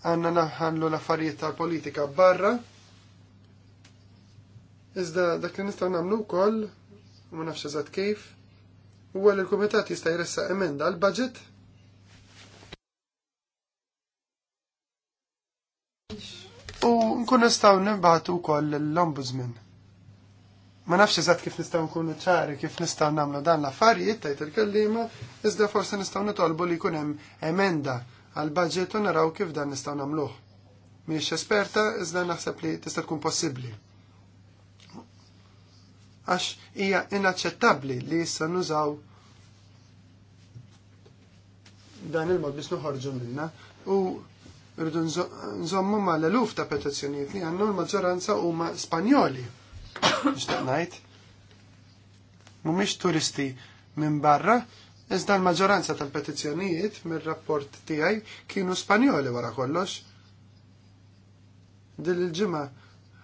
għanna naħanlu l-affarijiet tal-politika barra Iżda dak li nistgħu nagħmlu wkoll, ma nafx eżatt kif, huwa li l-kumitat jista' jressaq emenda għal budget U nkun nistgħu nibgħatu wkoll l-ombudsman. Ma nafx eżatt kif nistgħu nkunu ċari kif nistgħu nagħmlu dan l-affarijiet tajt il-kellima, iżda forsi nistgħu nitolbu li jkun hemm emenda għal budget u naraw kif dan nistgħu nagħmluh. Mhiex esperta iżda naħseb li tista' tkun possibbli għax hija inaċċettabbli li issa nużaw dan il-mod biex noħorġu minna u rridu nżommu ma l-eluf ta' petizzjonijiet li għandhom l-maġġoranza huma Spanjoli. Nixtaq ngħid. Mhumiex turisti minn barra, iżda l-maġġoranza tal-petizzjonijiet mir-rapport tiegħi kienu Spanjoli wara kollox. Din il-ġimgħa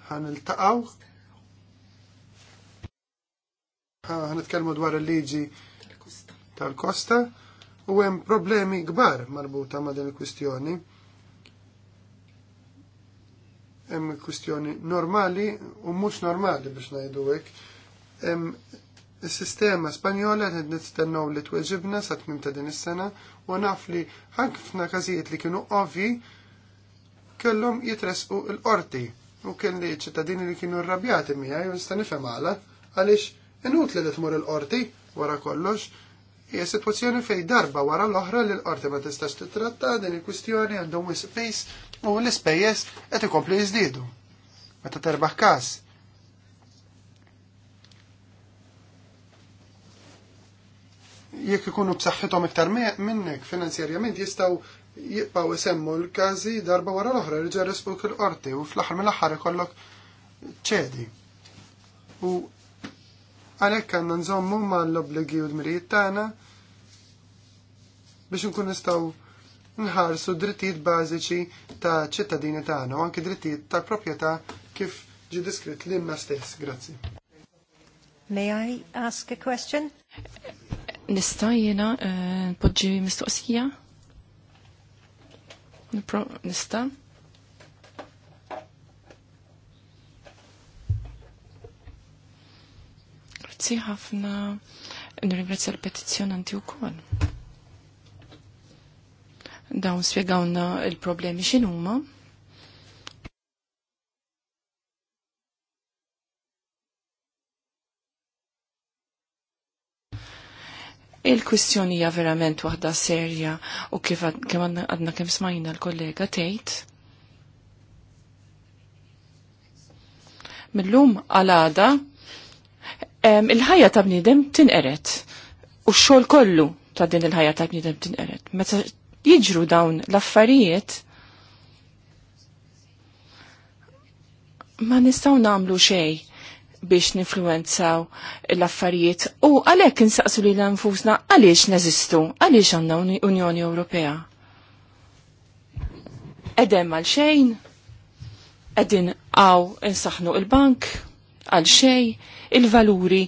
ħaniltaqgħu Għanitkelmu dwar il-liġi tal-kosta u hemm problemi kbar marbuta ma' din il-kwistjoni. Hemm kwistjoni normali u mhux normali biex ngħidu hekk. Hemm Is-sistema Spanjola qed nistennew li twieġibna sa tmim ta' din is-sena u naf li ħafna każijiet li kienu ovvi kellhom jitresqu l-qorti u kien li ċittadini li kienu rrabjati miegħi u nista' nifhem għala għaliex Inut li tmur il-qorti wara kollox, hija sitwazzjoni fej darba wara l-oħra li l-qorti ma tistax titratta din il-kwistjoni għandhom wisqis u l-ispejjeż qed ikompli jiżdiedu. Meta terbaħ każ. Jekk ikunu b'saħħithom iktar minnek finanzjarjament jistgħu jibqgħu isemmu l-każi darba wara l-oħra li resqu il-qorti u fl-aħħar mill-aħħar ikollok ċedi. U Għalhekk għandna nżommu l obbligi u d-mirijiet tagħna biex nkun nistaw nħarsu drittijiet bażiċi ta' ċittadini tagħna u anke drittijiet ta' proprjetà kif ġi diskrit l-imna stess. Grazzi. May I ask a question? Nista' jiena eh, poġġi mistoqsija? Nista' Grazzi ħafna. Nirringrazzja l-petizzjonanti wkoll. Dawn spjegawna il-problemi x'inhuma. Il-kwistjoni hija verament waħda serja u kif kemm għadna kemm smajna l-kollega tgħid. Millum għal għada il-ħajja ta' bniedem tinqeret u x-xogħol kollu ta' din il-ħajja ta' bniedem tinqeret. Meta jiġru dawn l-affarijiet ma nistgħu nagħmlu xejn biex ninfluenzaw l-affarijiet u għalhekk insaqsu li l-anfusna għaliex neżistu, għaliex għandna Unjoni Ewropea. Edem għal xejn, edin għaw insaħnu il-bank, għal xej il-valuri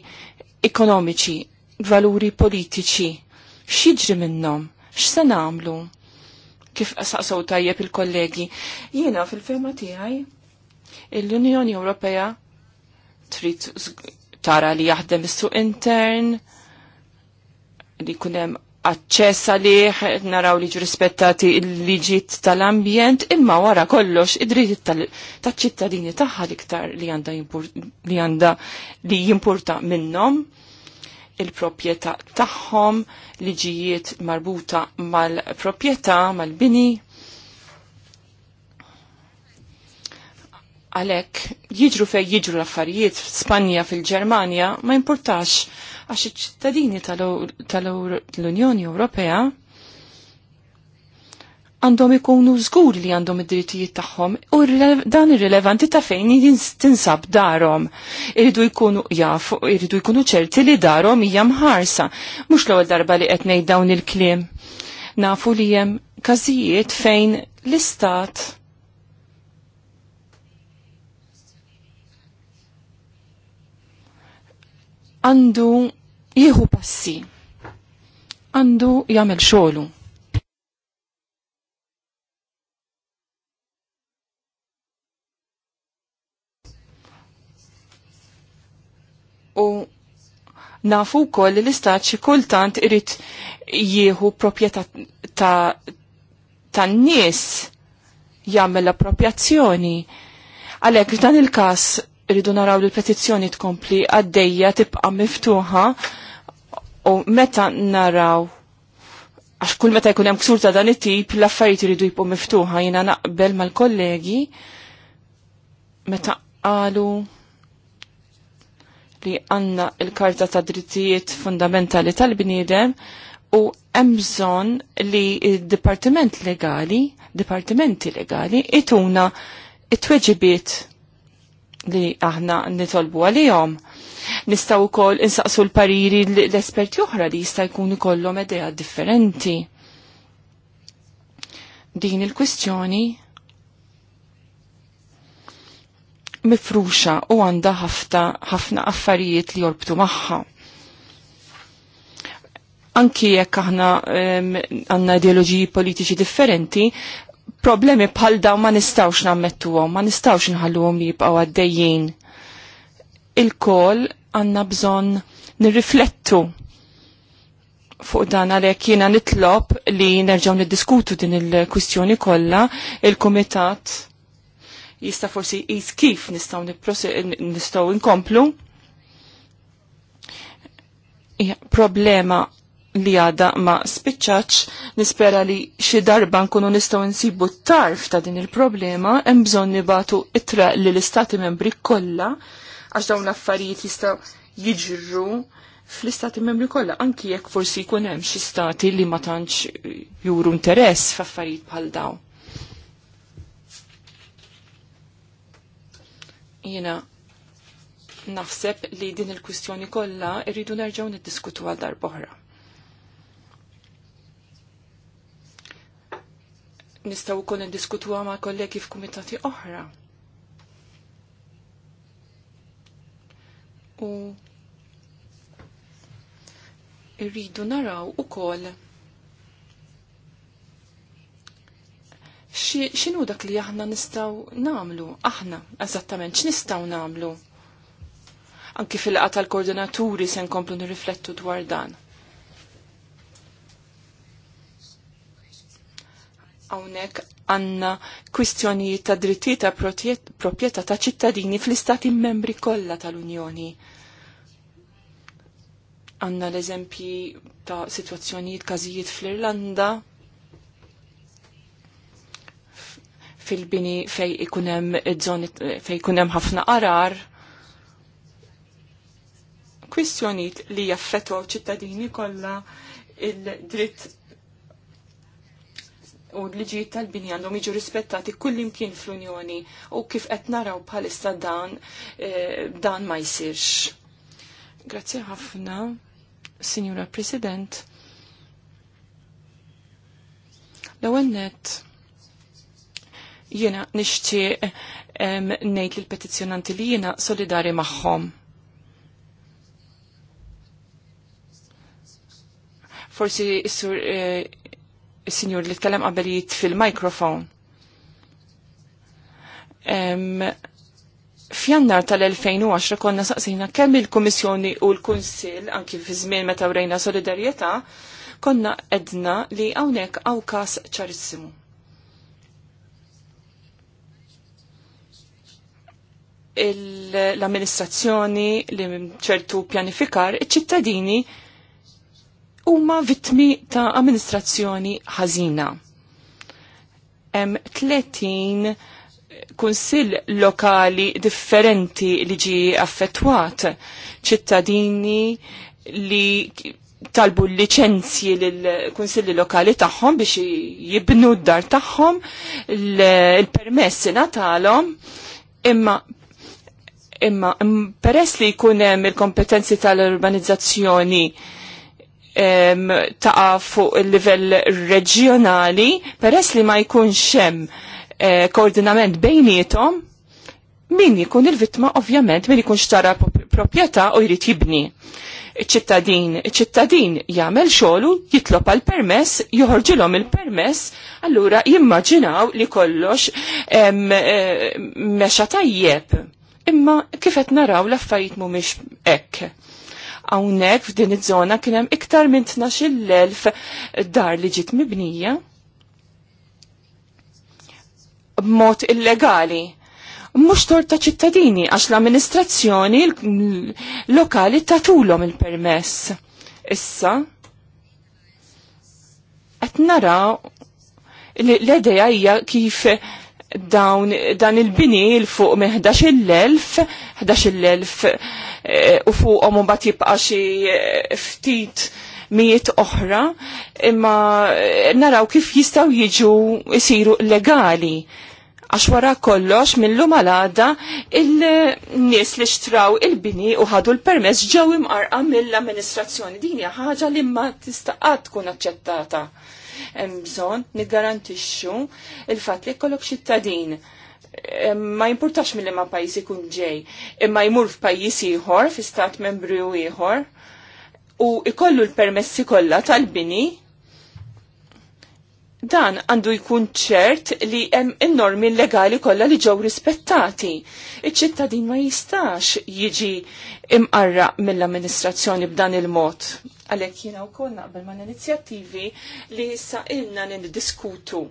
ekonomiċi, valuri politiċi. X'jiġri minnhom? X'se nagħmlu? Kif saqsaw tajjeb il-kollegi. Jiena fil firma tiegħi l-Unjoni Ewropea trid tara li jaħdem is-suq intern, li kunem aċċess għalih, naraw li rispettati l-liġit tal-ambjent, imma wara kollox id-dritt tal-ċittadini tagħha l-iktar li għandha li għanda li jimporta minnhom il propieta tagħhom, liġijiet marbuta mal propieta mal-bini, Għalek, jiġru fej jiġru l-affarijiet f'Spanja fil-Ġermanja ma importax għax iċ-ċittadini tal-Unjoni Ewropea għandhom ikunu żgur li għandhom id-drittijiet tagħhom u dan ir-rilevanti ta' fejn tinsab darhom. Iridu jkunu jafu, iridu jkunu ċerti li darhom hija mħarsa, mhux l-ewwel darba li qed ngħid dawn il-kliem. Nafu li hemm każijiet fejn l-istat għandu jieħu passi, għandu jagħmel xogħlu. U nafu wkoll li l-istat kultant irid jieħu proprjetà ta' tan-nies jagħmel l-appropjazzjoni. Għalhekk dan il-każ rridu naraw li l-petizzjoni tkompli għaddejja tibqa' miftuħa u meta naraw għax kull meta jkun hemm ksur ta' dan it-tip l-affarijiet iridu jibqgħu miftuħa jiena naqbel mal-kollegi meta qalu li għanna il-karta ta' drittijiet fundamentali tal-bniedem u hemm bżonn li d dipartiment Legali, Dipartimenti Legali, ituna it-tweġibiet li aħna nitolbu għalihom. Nistaw kol insaqsu l-pariri l-esperti oħra li jista' jkun ikollhom idea differenti. Din il-kwistjoni mifruxa u għanda ħafna affarijiet li jorbtu maħħa. Anki jekk aħna għanna ideoloġiji politiċi differenti, problemi bħal dawn ma nistawx nammettuhom, ma nistawx għom jibqgħu għaddejjien. Il-kol għandna bżonn nirriflettu fuq dan għalhekk jiena nitlob li nerġgħu niddiskutu din il-kwistjoni kollha, il-kumitat jista' forsi jis kif nistgħu nistgħu nkomplu. Problema li għada ma spiċċaċ nispera li xi darba nkunu nistgħu nsibu tarf ta' din il-problema hemm bżonn nibatu ittra li l-istati membri kollha għax dawn l-affarijiet jistgħu jiġru fl-istati membri kollha anki jekk forsi jkun hemm xi stati li ma tantx juru interess f'affarijiet bħal dawn. jina naħseb li din il-kwistjoni kollha irridu nerġgħu niddiskutu għal oħra. nistaw ukoll diskutu ma' kollegi f'kumitati oħra. U irridu naraw ukoll xinu dak li aħna nistgħu nagħmlu, aħna eżattament x'nistgħu nagħmlu. Anki fil qata tal-koordinaturi se nkomplu nirriflettu dwar dan. Hawnhekk għandna kwistjonijiet ta' dritti ta' proprjetà ta' ċittadini fl-istati membri kollha tal-Unjoni. Għanna l-eżempji ta' situazzjonijiet każijiet fl-Irlanda, fil-bini fej ikunem zoni fej ikunem ħafna qarar Kwistjonijiet li jaffetu ċittadini kollha il-dritt u l-liġijiet tal-bini għandhom jiġu rispettati kull imkien fl-Unjoni u kif qed naraw bħalissa dan e, dan ma jsirx. Grazzi ħafna, Signora President. L-ewwel nett jiena nixtieq ngħid lill-petizzjonanti li jiena solidari magħhom. forsi s-sur e, il-sinjur li tkellem qabel fil-mikrofon. Fjannar tal-2010 konna saqsina kemm il-Kummissjoni u l-Kunsil, anki fi żmien meta wrejna solidarjetà, konna edna li hawnhekk hawn każ ċarissimu. l-amministrazzjoni li ċertu pjanifikar, iċ-ċittadini huma vittmi ta' amministrazzjoni ħażina. Hemm 30 kunsill lokali differenti li ġi affettwat, ċittadini li talbu licenzji l-kunsilli lokali tagħhom biex jibnu d-dar tagħhom il-permess natalhom imma imma peress li jkun hemm il-kompetenzi tal-urbanizzazzjoni taqa' fuq il-livell reġjonali peress li ma jkunx hemm eh, koordinament bejnietom min jkun il-vittma ovvjament min jkun xtara proprjetà u jrid jibni. ċittadin, ċittadin jagħmel xogħlu, jitlob għal permess, joħorġilhom il-permess, allura jimmaġinaw li kollox eh, mexa tajjeb. Imma kif qed naraw l-affarijiet mhumiex hekk Hawnhekk f'din iż-żona kien hemm iktar minn 12,000 dar li ġiet mibnija b'mod illegali. Mhux tort ta' ċittadini għax l-amministrazzjoni lokali tatulhom il-permess. Issa qed naraw l-idea hija kif dawn dan il-bini l-fuq me 11.000 11.000 u fuqhom u mbagħad jibqa' xi eh, ftit mijiet oħra, imma eh, naraw kif jistaw jiġu jisiru legali. Għax wara kollox mill malada il-nies li xtraw il-bini u ħadu l-permess ġew imqarqa mill-amministrazzjoni. Din hija ħaġa li ma tista' qatt tkun aċċettata. Hemm bżonn niggarantixxu il-fatt li jkollok ċittadin ma jimpurtax mill ma pajis ikun ġej, imma jmur f'pajis ieħor, f'istat membru ieħor, u ikollu l-permessi kollha tal-bini, dan għandu jkun ċert li hemm in-normi legali kollha li ġew rispettati. Iċ-ċittadin ma jistax jiġi imqarra mill-amministrazzjoni b'dan il-mod. Għalhekk jiena wkoll naqbel ma' inizjattivi li issa ilna niddiskutu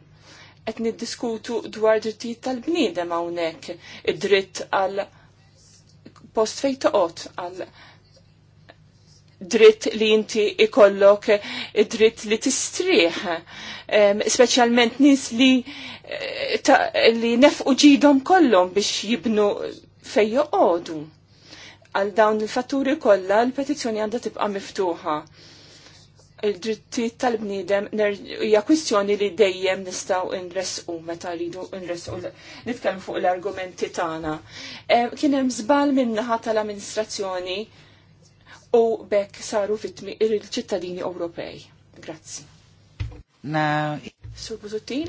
qed niddiskutu dwar drittijiet tal-bniedem hawnhekk, id-dritt għal post fejn toqgħod għal dritt li inti ikollok id dritt li tistrieħ, speċjalment specialment nis li, eh, li nefqu ġidhom kollhom biex jibnu fejn joqogħdu. Għal dawn il-fatturi kollha l-petizzjoni għandha tibqa' miftuħa il dritti tal bnidem hija kwistjoni li dejjem nistgħu nresqu meta rridu nresqu nitkellmu fuq l-argumenti tagħna. E, kien hemm żball min-naħa tal-amministrazzjoni u bekk saru fitmi il-ċittadini Ewropej. Grazzi. Now... Sur Buzuttin?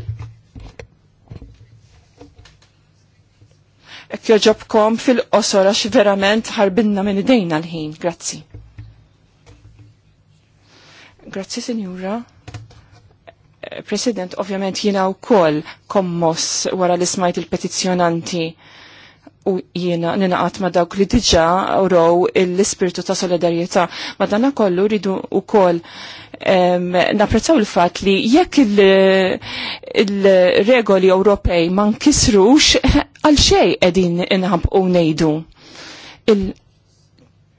Ek joġobkom fil-qosora x verament ħarbinna minn idejna l-ħin. Grazzi. Grazzi, Signora. President, ovvjament jiena wkoll kommos wara li smajt il-petizzjonanti u jiena ninaqat ma dawk li diġa row l-ispirtu ta' solidarjetà. Ma danna kollu ridu u koll napprezzaw il-fat li jekk il-regoli Ewropej ma nkisrux għal xej edin inħab u nejdu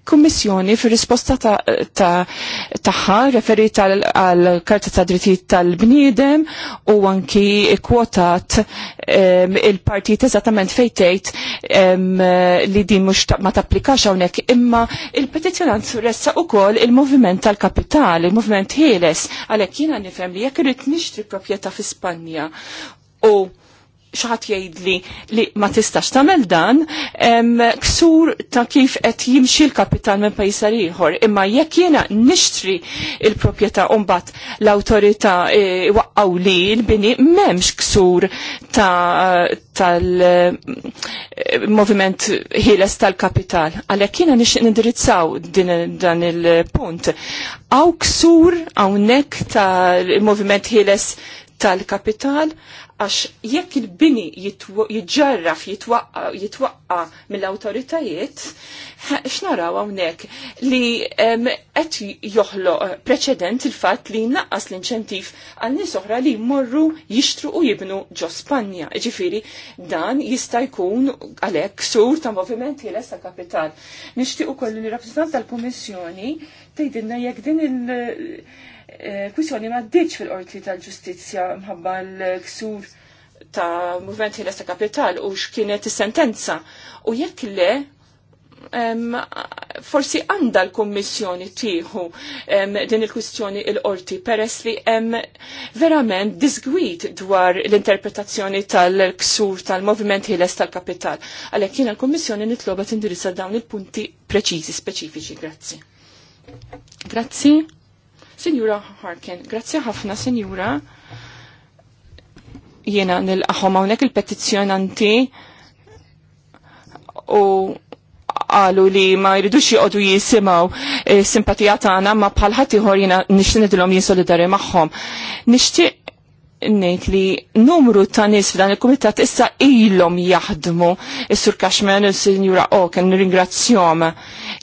kummissjoni fir risposta taħħa referit għal karta ta' drittijiet tal-bniedem u anki kwotat il-partit eżattament fejtejt li din mux ma tapplikax hawnhekk imma il-petizjonant ressa ukoll il-moviment tal-kapital, il-moviment ħieles għalhekk jiena nifhem li jekk irid nixtri proprjetà fi Spanja u xaħat jgħidli li ma tistax tamel dan, ksur ta' kif qed jimxi l-kapital minn pajjiż ieħor, imma jekk jiena nixtri il-proprjetà umbat mbagħad l-awtorità e, waqqaw li l-bini m'hemmx ksur tal-moviment e, ħieles tal-kapital. Għalhekk jiena nixtieq nindirizzaw dan il-punt. Aw ksur hawnhekk tal-moviment ħieles tal-kapital għax jekk il-bini jitġarraf, jitwaqqa mill-autoritajiet, x'naraw hawnhekk li qed joħloq preċedent il-fatt li naqqas l-inċentiv għal nies oħra li jmorru jixtru u jibnu ġo Spanja. Ġifiri, dan jista' jkun għalhekk sur ta' moviment jelessa ta' kapital. Nixtieq kollu li rappreżentant tal-Kummissjoni tgħidilna jekk din il- kwissjoni ma ddiċ fil-qorti tal-ġustizja mħabba l-ksur ta' movimenti l kapital u x'kienet is-sentenza. U jekk le, forsi għanda l-kommissjoni tiħu din il-kwistjoni il-qorti peress li hemm verament disgwit dwar l-interpretazzjoni tal-ksur tal-moviment ħiles tal-kapital. għalhekk jina l-kommissjoni nitlobet indirizza dawn il-punti preċizi, speċifiċi. Grazzi. Grazzi. Senjura Harkin, grazzi ħafna, senjura. Jena nil ħom hawnhekk il-petizzjonanti u qalu li ma jridux joqogħdu jisimgħu e, simpatija tagħna ma bħalħat ħadd ieħor jiena nixtieq nidilhom jien solidari magħhom. Nixtieq nejt li numru ta' nis f'dan il-komitat issa ilhom jaħdmu is-Sur Cashman u s-Sinjura Oken ringrazzjom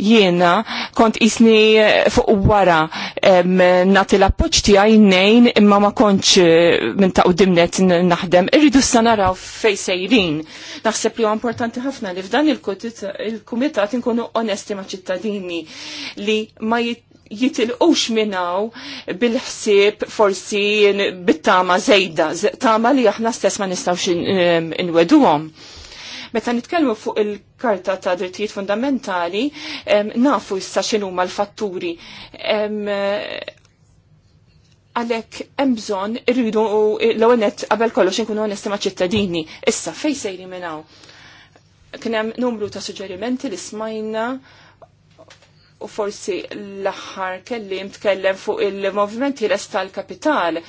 jiena kont isni eh, fuq wara nagħti l-appoġġ tiegħi nejn imma ma kontx eh, minn ta' qudimnet naħdem irridu issa naraw fejn sejrin. Naħseb li huwa importanti ħafna li f'dan il-kumitat inkunu onesti ma' ċittadini li ma jit jitilqux minnaw bil-ħsieb forsi bit-tama zejda, tama li aħna stess ma nistawx inweduhom. Meta nitkellmu fuq il-Karta ta' Drittijiet Fundamentali, nafu issa x'inhuma l-fatturi. Għalek hemm bżonn irridu l-ewwel nett qabel kollox inkunu onesti ma' ċittadini. Issa fejn sejri minnaw. Kien hemm numru ta' suġġerimenti li smajna u forsi l-axħar kellim tkellem fuq il-movimenti rest tal-kapital,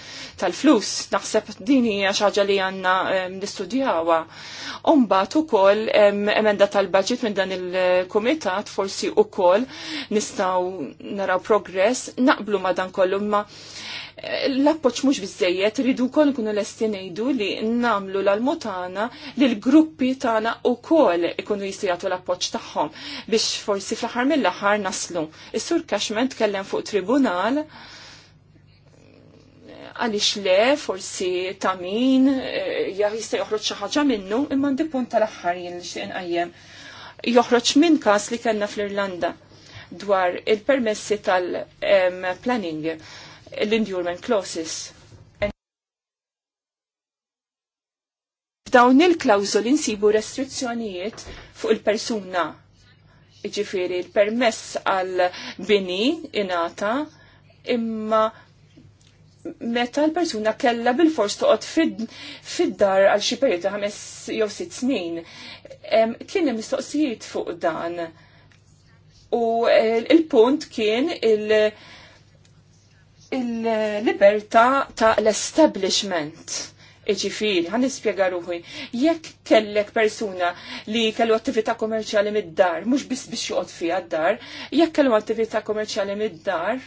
tal-flus, naħseb din hija xaġa li għanna ehm, nistudjawa. Umbat ukoll ehm, emenda tal-budget minn dan il-komitat forsi ukoll nistaw naraw progress naqblu ma dan kollu ma l-appoċ mux bizzejiet rridu kon kunu l-esti li namlu l-almotana li l-gruppi tana u kol ikunu jistijatu l-appoċ taħħom biex forsi fl-ħar mill-ħar naslu. Is-sur kaxment kellem fuq tribunal għalix le, forsi tamin, eh, ja jista joħroġ xi ħaġa minnu, imma di punt tal-aħħar jien li xin inqajjem. Joħroġ minn każ li kellna fl-Irlanda dwar il-permessi tal-planning l-endurement clauses. F'dawn il-klawżoli nsibu restrizzjonijiet fuq il-persuna. Ġifiri, il-permess għal-bini inata imma meta l-persuna kella bil-fors toqgħod fid-dar għal xi perjodu ta' ħames jew sitt snin. Kien hemm mistoqsijiet fuq dan. U eh, il-punt kien il-, -il il-libertà ta' l-establishment. Iġifiri, għan nispiega ruħi, jekk kellek persuna li kellu attività kommerċjali mid-dar, mux bis biex joqgħod fiha d-dar, jekk kellu attività kommerċjali mid-dar,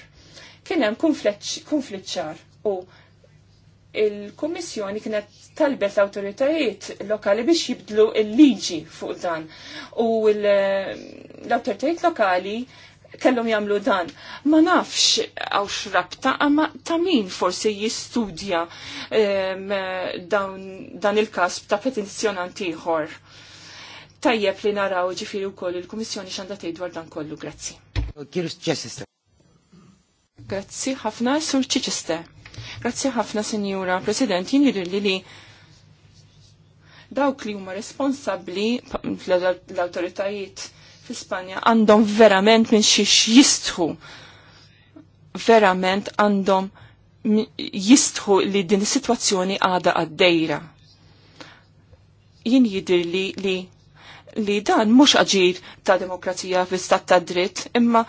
kien hemm u il-Kummissjoni kienet talbet l-autoritajiet lokali biex jibdlu il-liġi fuq dan. U l-autoritajiet lokali kellhom jagħmlu dan. Ma nafx għawx rabta, ma ta' min forsi jistudja dan il-kasb ta' petizjonant ieħor. Tajjeb li naraw ġifiri wkoll il-Kummissjoni x'għandha tgħid dwar dan kollu, grazzi. Grazzi ħafna, Sur Ċiċiste. Grazzi ħafna, Senjura President, jien jirilli li dawk li huma responsabbli l-awtoritajiet fl-Ispanja għandhom verament minn xiex jistħu. Verament għandhom jistħu li din is-sitwazzjoni għada għaddejra. Jien jidir li li dan mhux aġir ta' demokrazija fi stat ta' dritt, imma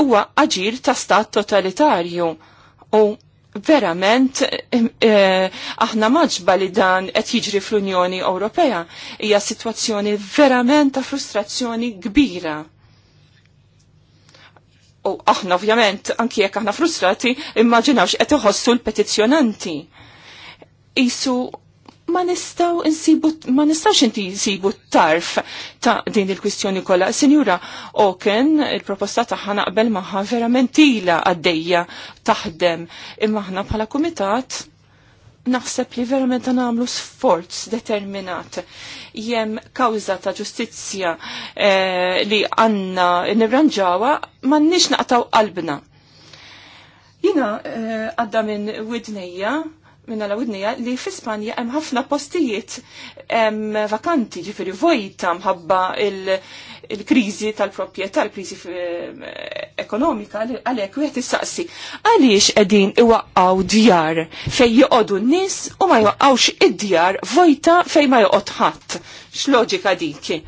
huwa aġir ta' stat totalitarju. U verament eh, eh, aħna maġba li dan qed jiġri fl-Unjoni Ewropea hija sitwazzjoni verament ta' frustrazzjoni kbira. U aħna ovvjament anki jekk aħna frustrati immaġinawx qed iħossu l-petizzjonanti. Isu ma nistaw insibu, ma nistawx inti insibu tarf ta' din il-kwistjoni kolla. Sinjura Oken, il-proposta taħħa naqbel maħħa verament tila għaddejja taħdem imma ħna bħala kumitat naħseb li verament għamlu sforz determinat jem kawza ta' ġustizzja eh, li għanna nirranġawa ma' nix naqtaw qalbna. Jina eh, għadda minn widnejja minna l-awdnija li fl Spanja hemm ħafna postijiet vakanti ġifiri vojta mħabba il-krizi tal-proprjetà, il krizi eh, ekonomika għalhekk wieħed issaqsi għaliex qegħdin iwaqgħu djar fejn joqogħdu n-nies u ma joqgħux id-djar vojta fejn ma joqgħod ħadd. X'loġika dikki?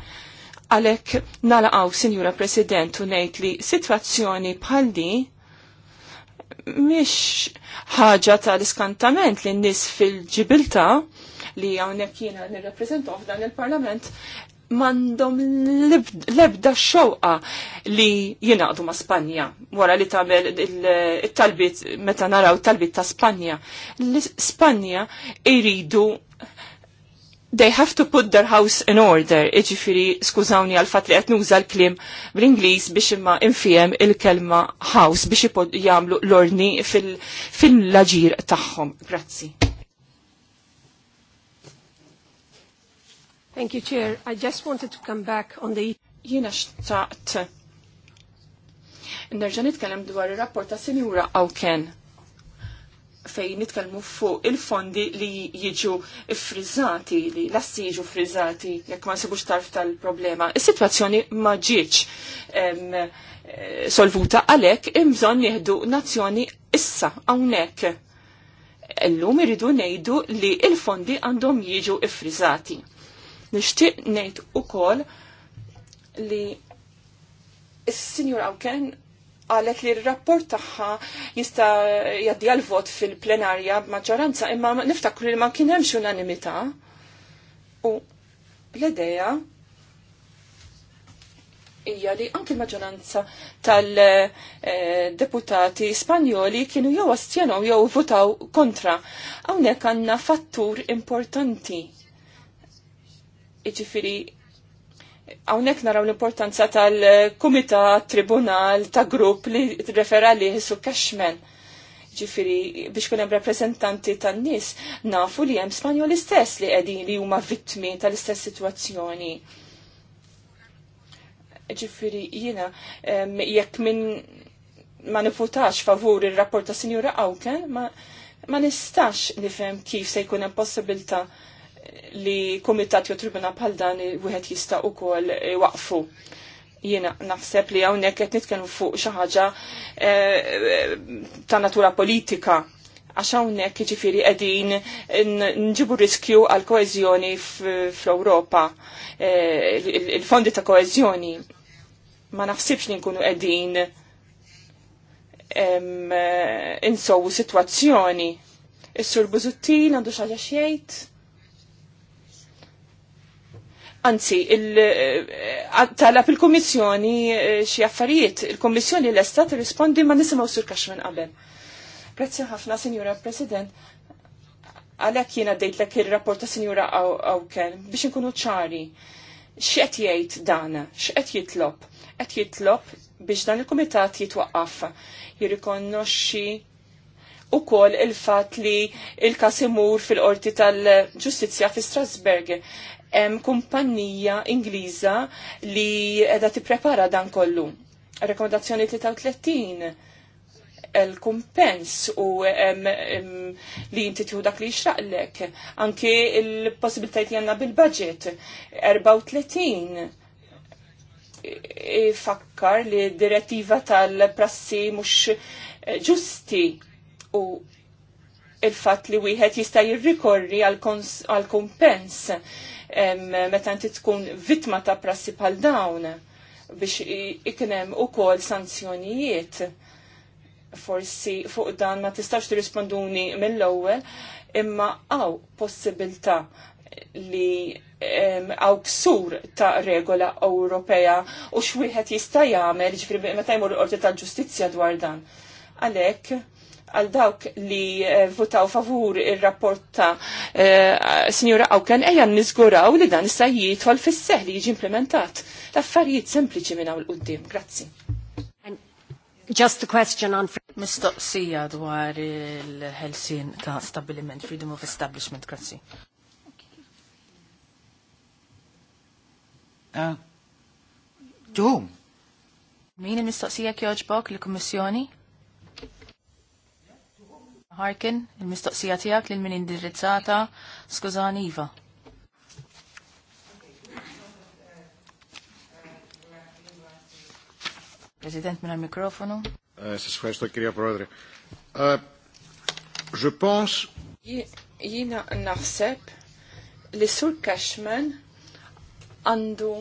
Għalhekk nalaqgħu, Sinjura President, u ngħid li sitwazzjoni bħal din Mhix ħaġa tal-iskantament li n-nis fil-ġibilta li għawnek jena nir-reprezentu f'dan il-parlament mandom lebda xewqa li jinaqdu ma' Spanja wara li tagħmel it-talbit meta naraw talbit ta' Spanja. Spanja iridu they have to put their house in order, iġifiri skużawni għal fat li qed nuża l-klim bl-Ingliż biex imma infijem il-kelma house biex jagħmlu l-orni fil-laġir fil tagħhom. Grazzi. Thank you, Chair. I just wanted to come back on the... Jina xtaqt. Nerġa nitkellem dwar ir rapport ta' Sinjura Awken fejn nitkellmu fuq il-fondi li jiġu frizzati, li lassi jiġu frizzati, jekk ma nsibux tarf tal-problema. Is-sitwazzjoni ma ġietx eh, solvuta għalhekk imżon nieħdu nazzjoni issa hawnhekk. Illum iridu ngħidu li il-fondi għandhom jiġu ifriżati. Nixtieq ngħid ukoll li s-Sinjur Awken qalet li r-rapport tagħha jista' jaddi għal vot fil-plenarja b'maġġoranza imma niftakru li ma kien hemmx unanimità. U l-idea hija li anke l-maġġoranza tal-deputati Spanjoli kienu jew astjenaw jew votaw kontra. Hawnhekk għandna fattur importanti. Iġifieri Għawnek naraw l-importanza tal komita tribunal, ta' grupp li refera li su cashman. Ġifiri, biex kunem rappresentanti tan-nis, nafu li jem spanjoli stess li għedin li huma vittmi tal-istess situazzjoni. Ġifiri, jina, jekk minn ma nifutax favur il-rapport ta' Sinjura Awken, ma, ma nistax nifhem kif se jkun hemm possibilità li komitat jew tribuna bħal dan wieħed jista' ukoll waqfu. Jiena naħseb li hawnhekk qed nitkellmu fuq xi ħaġa eh, ta' natura politika għax hawnhekk jiġifieri qegħdin nġibu riskju għal koeżjoni fl-Ewropa. Eh, Il-fondi ta' koeżjoni ma naħsibx li nkunu qegħdin eh, insowu sitwazzjoni. Is-sur Buzuttin għandu xaġa xejt? Anzi, eh, talab il-Komissjoni eh, xi affarijiet, il-Komissjoni l-Estat rispondi ma nisimgħu sur Kaxman qabel. Grazzi ħafna, Signora President. Għalhekk jiena dejtlek ir-rapport ta' Sinjura Awken biex inkunu ċari. X'qed jgħid dana, x'qed jitlob? Qed jitlob biex dan il-Kumitat jitwaqqaf, jirrikonnoxxi u kol il-fat li il kasimur imur fil-qorti tal-ġustizja fi Strasberg hemm kumpanija Ingliża li qiegħda tipprepara dan kollu. Rekomendazzjoni 33 il-kumpens u em, em, li jinti tiħu dak li jixraqlek. Anki il-possibilitajt li bil-budget. 34 fakkar li direttiva tal-prassi mux eh, ġusti u il-fat li wieħed jista' jirrikorri għal-kumpens. għal kumpens meta inti tkun vittma ta' prassi pal dawn biex iknem u kol sanzjonijiet forsi fuq dan ma tistax tirrisponduni mill-ewwel imma għaw possibilità li għaw ksur ta' regola Ewropea u xwieħed jista' jagħmel ġifri meta jmur l-Qorti tal-Ġustizzja dwar dan. Għalhekk għal dawk li eh, votaw favur il-rapport ta' eh, Signora Awken eja nizguraw li dan issa jidħol fis li jiġi implementat. L-affarijiet sempliċi minn hawn l-qudiem. Grazzi. Just a question on Mistoqsija dwar il-ħelsin ta' stabiliment, freedom of establishment, grazzi. Uh, Min il-mistoqsija kjoġbok l-Kommissjoni? Harkin, il-mistoqsija tijak lil min indirizzata, skużani Iva. President, minna mikrofonu. Eh, Sisħeċta, kirja prodri. Eh, je pense... Jina naħseb li sur Cashman għandu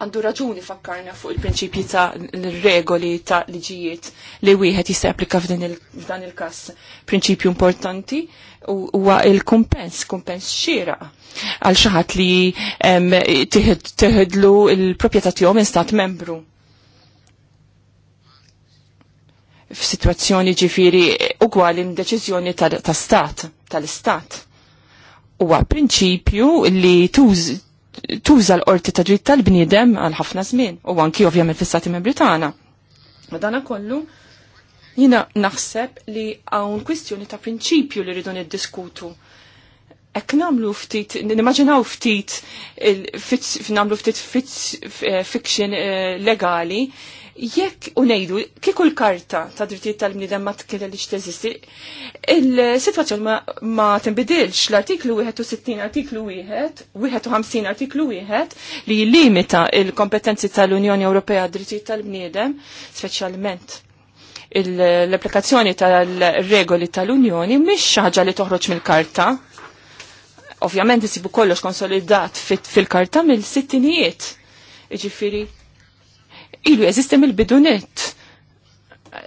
għandu raġuni fakkarna fuq il-prinċipji ta' regoli ta' liġijiet li wieħed jista' applika f'dan il-każ prinċipju importanti huwa il-kumpens, kumpens xira għal xi ħadd li teħedlu il-proprjetà tiegħu minn stat membru. F'sitwazzjoni ġifiri ugwali deċiżjoni ta' stat, tal-istat. Huwa prinċipju li tuż tuża l-qorti ta' dritt tal-bniedem għal ħafna żmien u anki ovvjament fis-Stati Membri tagħna. Madana kollu jina naħseb li hawn kwistjoni ta' prinċipju li rridu niddiskutu. Ek namlu ftit, nimmaġinaw ftit, namlu ftit fiction eh, legali, jekk unejdu, kieku l-karta ta' drittijiet tal-bniedem ma lix teżisti, il-situazzjoni ma, tinbidilx l-artiklu 61 artiklu 1, 51 artiklu 1 li limita il-kompetenzi tal-Unjoni Ewropea drittijiet tal-bniedem, speċjalment l-applikazzjoni tal-regoli tal-Unjoni mhix ħaġa li toħroġ mill-karta. Ovvjament isibu kollox konsolidat fil-karta mill-sittinijiet. Iġifiri, ilu jeżisti mill-bidunet.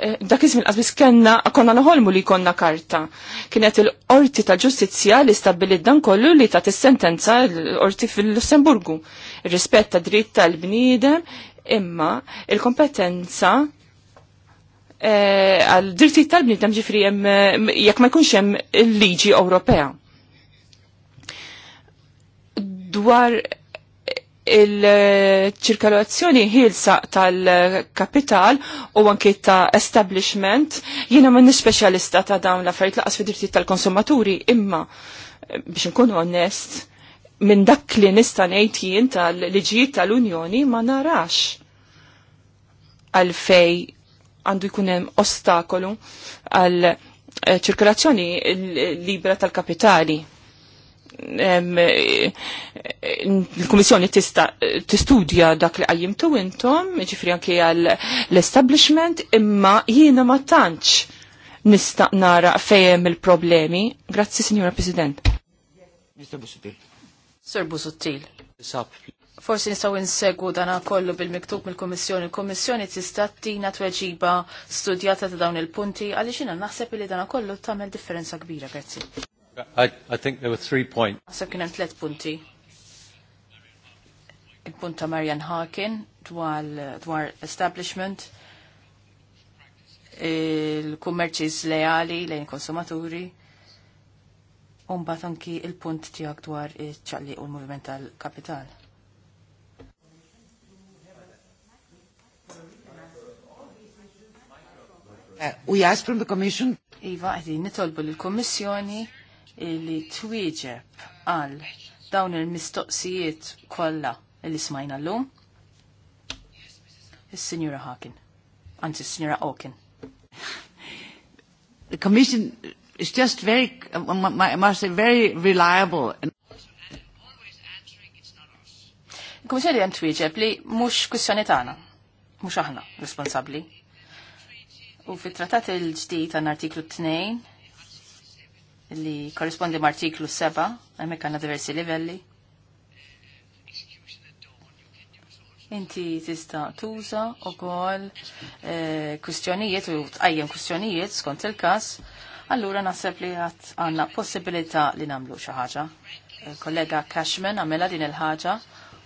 Eh, dak iżmin qasbis kena konna naħolmu li konna karta. Kienet il-qorti ta' ġustizzja li stabbilit dan kollu li ta' sentenza l-qorti fil-Lussemburgu. Rispett ta' dritt tal-bniedem imma il-kompetenza eh, għal e, dritti tal bnidem ġifri jekk ma jkunx hemm il-liġi Ewropea. Dwar il-ċirkolazzjoni ħilsa tal-kapital u anki ta' establishment, jiena minn speċjalista ta' dawn l-affarijiet laqas fi drittijiet tal-konsumaturi, imma biex nkunu onest, minn dak li nista' ngħid jien tal-liġijiet tal-Unjoni ma narax għalfej għandu jkun hemm ostakolu għal eh, ċirkolazzjoni libera tal-kapitali il-Kummissjoni tistudja dak li qajjimtu intom, ġifri anki għal l-establishment, imma jiena ma tantx nista' nara fejem il-problemi. Grazzi, Signora President. Mr. Busuttil. Sir Busuttil. Forsi nistaw insegu dana kollu bil-miktub mill-Kommissjoni. Il-Kommissjoni tista' tina tweġiba studjata ta' dawn il-punti għaliex jiena naħseb li dana kollu tagħmel differenza kbira, grazzi. I, I think there were three points. Għasab kienem tlet punti. il punta ta' Marian Harkin dwar establishment, il-kummerċi leali lejn konsumaturi, unbat anki il-punt tijak dwar il-ċalli u l movement tal-kapital. Uh, we asked from the Commission. Iva, għedin nitolbu l-Kommissjoni li twieġeb għal dawn il-mistoqsijiet kollha li smajna l-lum? Il-Signora Hawkin. Anzi, il-Signora Hawkin. The Commission is just very, I must say, very reliable. Il-Kommissjoni għan twieġeb li mux kussjoni tagħna, mux aħna responsabli. U fit-trattat il ġdijt għan artiklu 2 li korrispondi mal-artiklu 7, hemmhekk għandna diversi livelli. Inti tista tuża wkoll eh, kwistjonijiet u tqajjem kwistjonijiet skont il-każ, allura naħseb li għat għandna possibilità li nagħmlu xi ħaġa. Eh, kollega Cashman għamela din il-ħaġa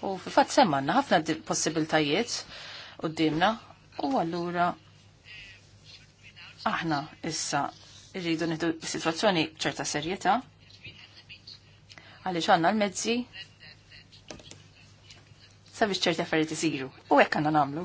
u fil-fatt semmanna ħafna possibiltajiet dimna u allura aħna issa irridu nidu situazzjoni ċerta serjeta Għalli ċanna l medzi sabiex ċerti affarijiet isiru u għek għanna namlu.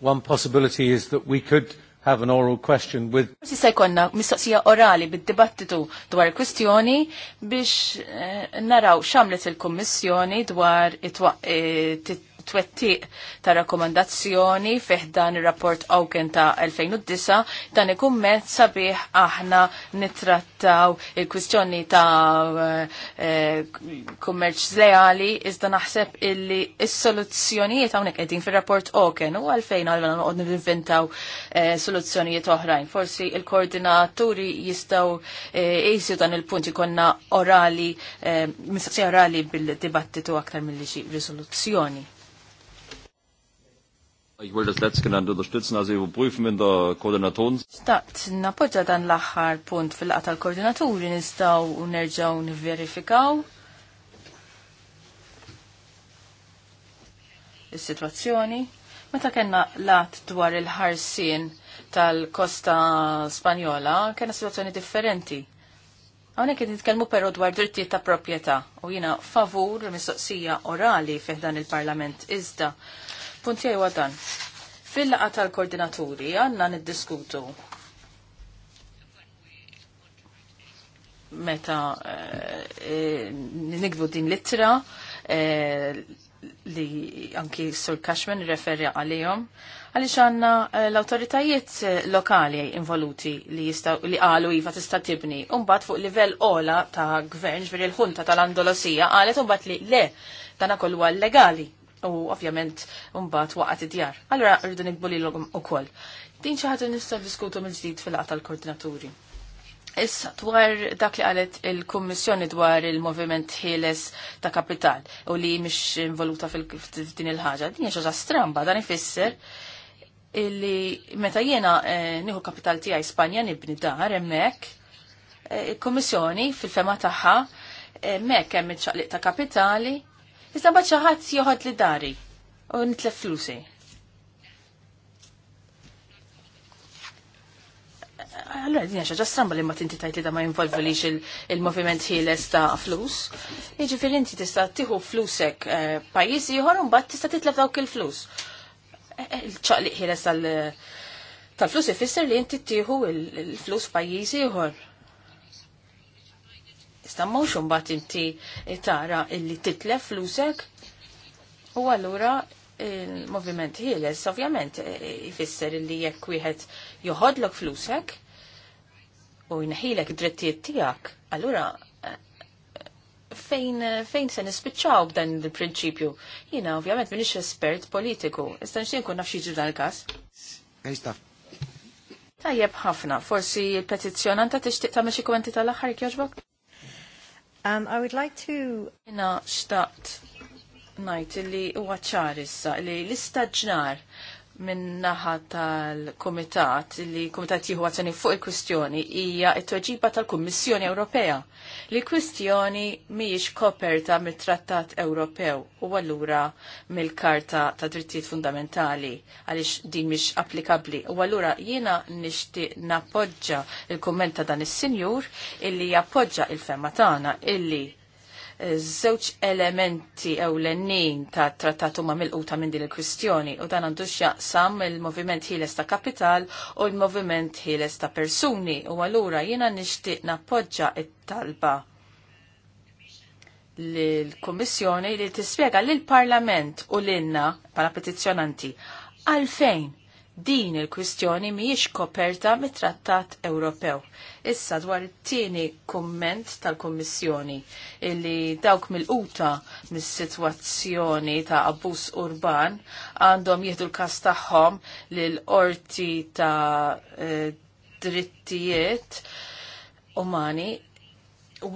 One possibility is that we could have an oral question with. Forsi se jkollna mistoqsija orali bid-dibattitu dwar kwistjoni biex eh, naraw xamlet il kommissjoni dwar eh, it twettiq ta' rakkomandazzjoni fih dan ir-rapport Awken ta' 2009 dan ikun mezz sabiħ aħna nittrattaw il-kwistjoni ta' eh, eh, kummerċ zleali iżda naħseb illi is-soluzzjonijiet hawnhekk qegħdin fir-rapport Awken u għalfejn għalma noqgħod nivvintaw soluzzjonijiet oħrajn. Forsi il-koordinaturi jistgħu eh, jgħisu dan il-punt ikonna orali, mistaqsija orali bil-dibattitu aktar mill-li xi Ich wollte das letzte genannt unterstützen, also überprüfen in der Koordinatoren. Stat, napoġġa dan l-aħħar punt fil-qata l-koordinaturi nistgħu nerġgħu nivverifikaw is-sitwazzjoni. Meta kellna lat dwar il-ħarsien tal-kosta Spanjola, kellna sitwazzjoni differenti. Għawne kien nitkellmu però dwar drittijiet ta' proprjetà u jiena favur mistoqsija orali fih dan il-Parlament iżda Punti għu dan. Fil-laqa tal-koordinaturi għanna niddiskutu meta eh, eh, nikbu din litra eh, li anki Sur Cashman referja għalihom għaliex għandna l-awtoritajiet lokali involuti li jistaw li qalu iva tista' tibni umbat fuq livell ola ta' gvern ġifieri l-ħunta tal-Andolosija qalet umbat li le dan kollu legali u ovvjament mbagħad waqgħet id-djar. Allura rridu nikbu lilhom ukoll. Din xi ħaġa nistgħu diskutu mill-ġdid fil-laqgħa tal-koordinaturi. Issa dwar dak li qalet il-Kummissjoni dwar il-Moviment Ħieles ta' Kapital u li mhix involuta fil-din il-ħaġa, din hija xi stramba dan ifisser illi meta jiena eh, nieħu kapital tiegħi Spanja nibni dar hemmhekk, eh, il-Kummissjoni fil-fema tagħha eh, mekk hemm iċ-ċaqliq ta' kapitali Issa bħat ħadd joħat li dari u nitlef flusi. Allora, din xaġa stramba li ma tinti tajt li da ma li il-moviment ħieles ta' flus. fil jiġifieri inti tista' tiħu flusek eh, pajis ieħor u mbagħad tista' titlef dawk il-flus. Eh, eh, il-ċaqliq ħieles tal-flus ifisser li inti tiħu il-flus pajjiż ieħor tista' mhux imbagħad inti tara illi titlef flusek u allura il-moviment ħieles ovvjament jfisser e, illi jekk wieħed joħodlok flusek u jneħilek drittijiet tiegħek, allura e, fejn, fejn se nispiċċaw b'dan il-prinċipju? Jiena ovvjament minix espert politiku, iżda xin kun nafxie xi dan il-każ. Tajjeb ħafna, forsi il-petizzjonanta tixtieq ta' meċi kommenti tal-aħħar jogħġbok? Um, I would like to... Jena xtaqt najt li huwa ċar issa li l-istaġnar minn naħa tal-Komitat li Komitat jieħu għatani fuq il-kwistjoni hija t-tweġiba tal-Kummissjoni Ewropea li kwistjoni mhijiex koperta mit-Trattat Ewropew u allura mill-Karta ta' Drittijiet Fundamentali għaliex din mhix applikabbli. U allura jiena nixtieq nappoġġa il-kumment ta' dan is-Sinjur illi jappoġġa il-fema tagħna illi żewġ elementi ewlenin ta' trattatu ma' milquta minn din il-kwistjoni u dan għandu jaqsam il-moviment ħieles ta' kapital u l-moviment ħieles ta' persuni u allura jiena nixtieq nappoġġa it-talba l-Kommissjoni li tispjega lill-Parlament u l-inna bħala petizzjonanti għalfejn din il-kwistjoni mhijiex koperta mit-Trattat Ewropew. Issa dwar it-tieni kumment tal-Kummissjoni illi dawk mill-quta mis-sitwazzjoni ta' abbuż urban għandhom jieħdu l-każ tagħhom lill qorti ta' eh, drittijiet umani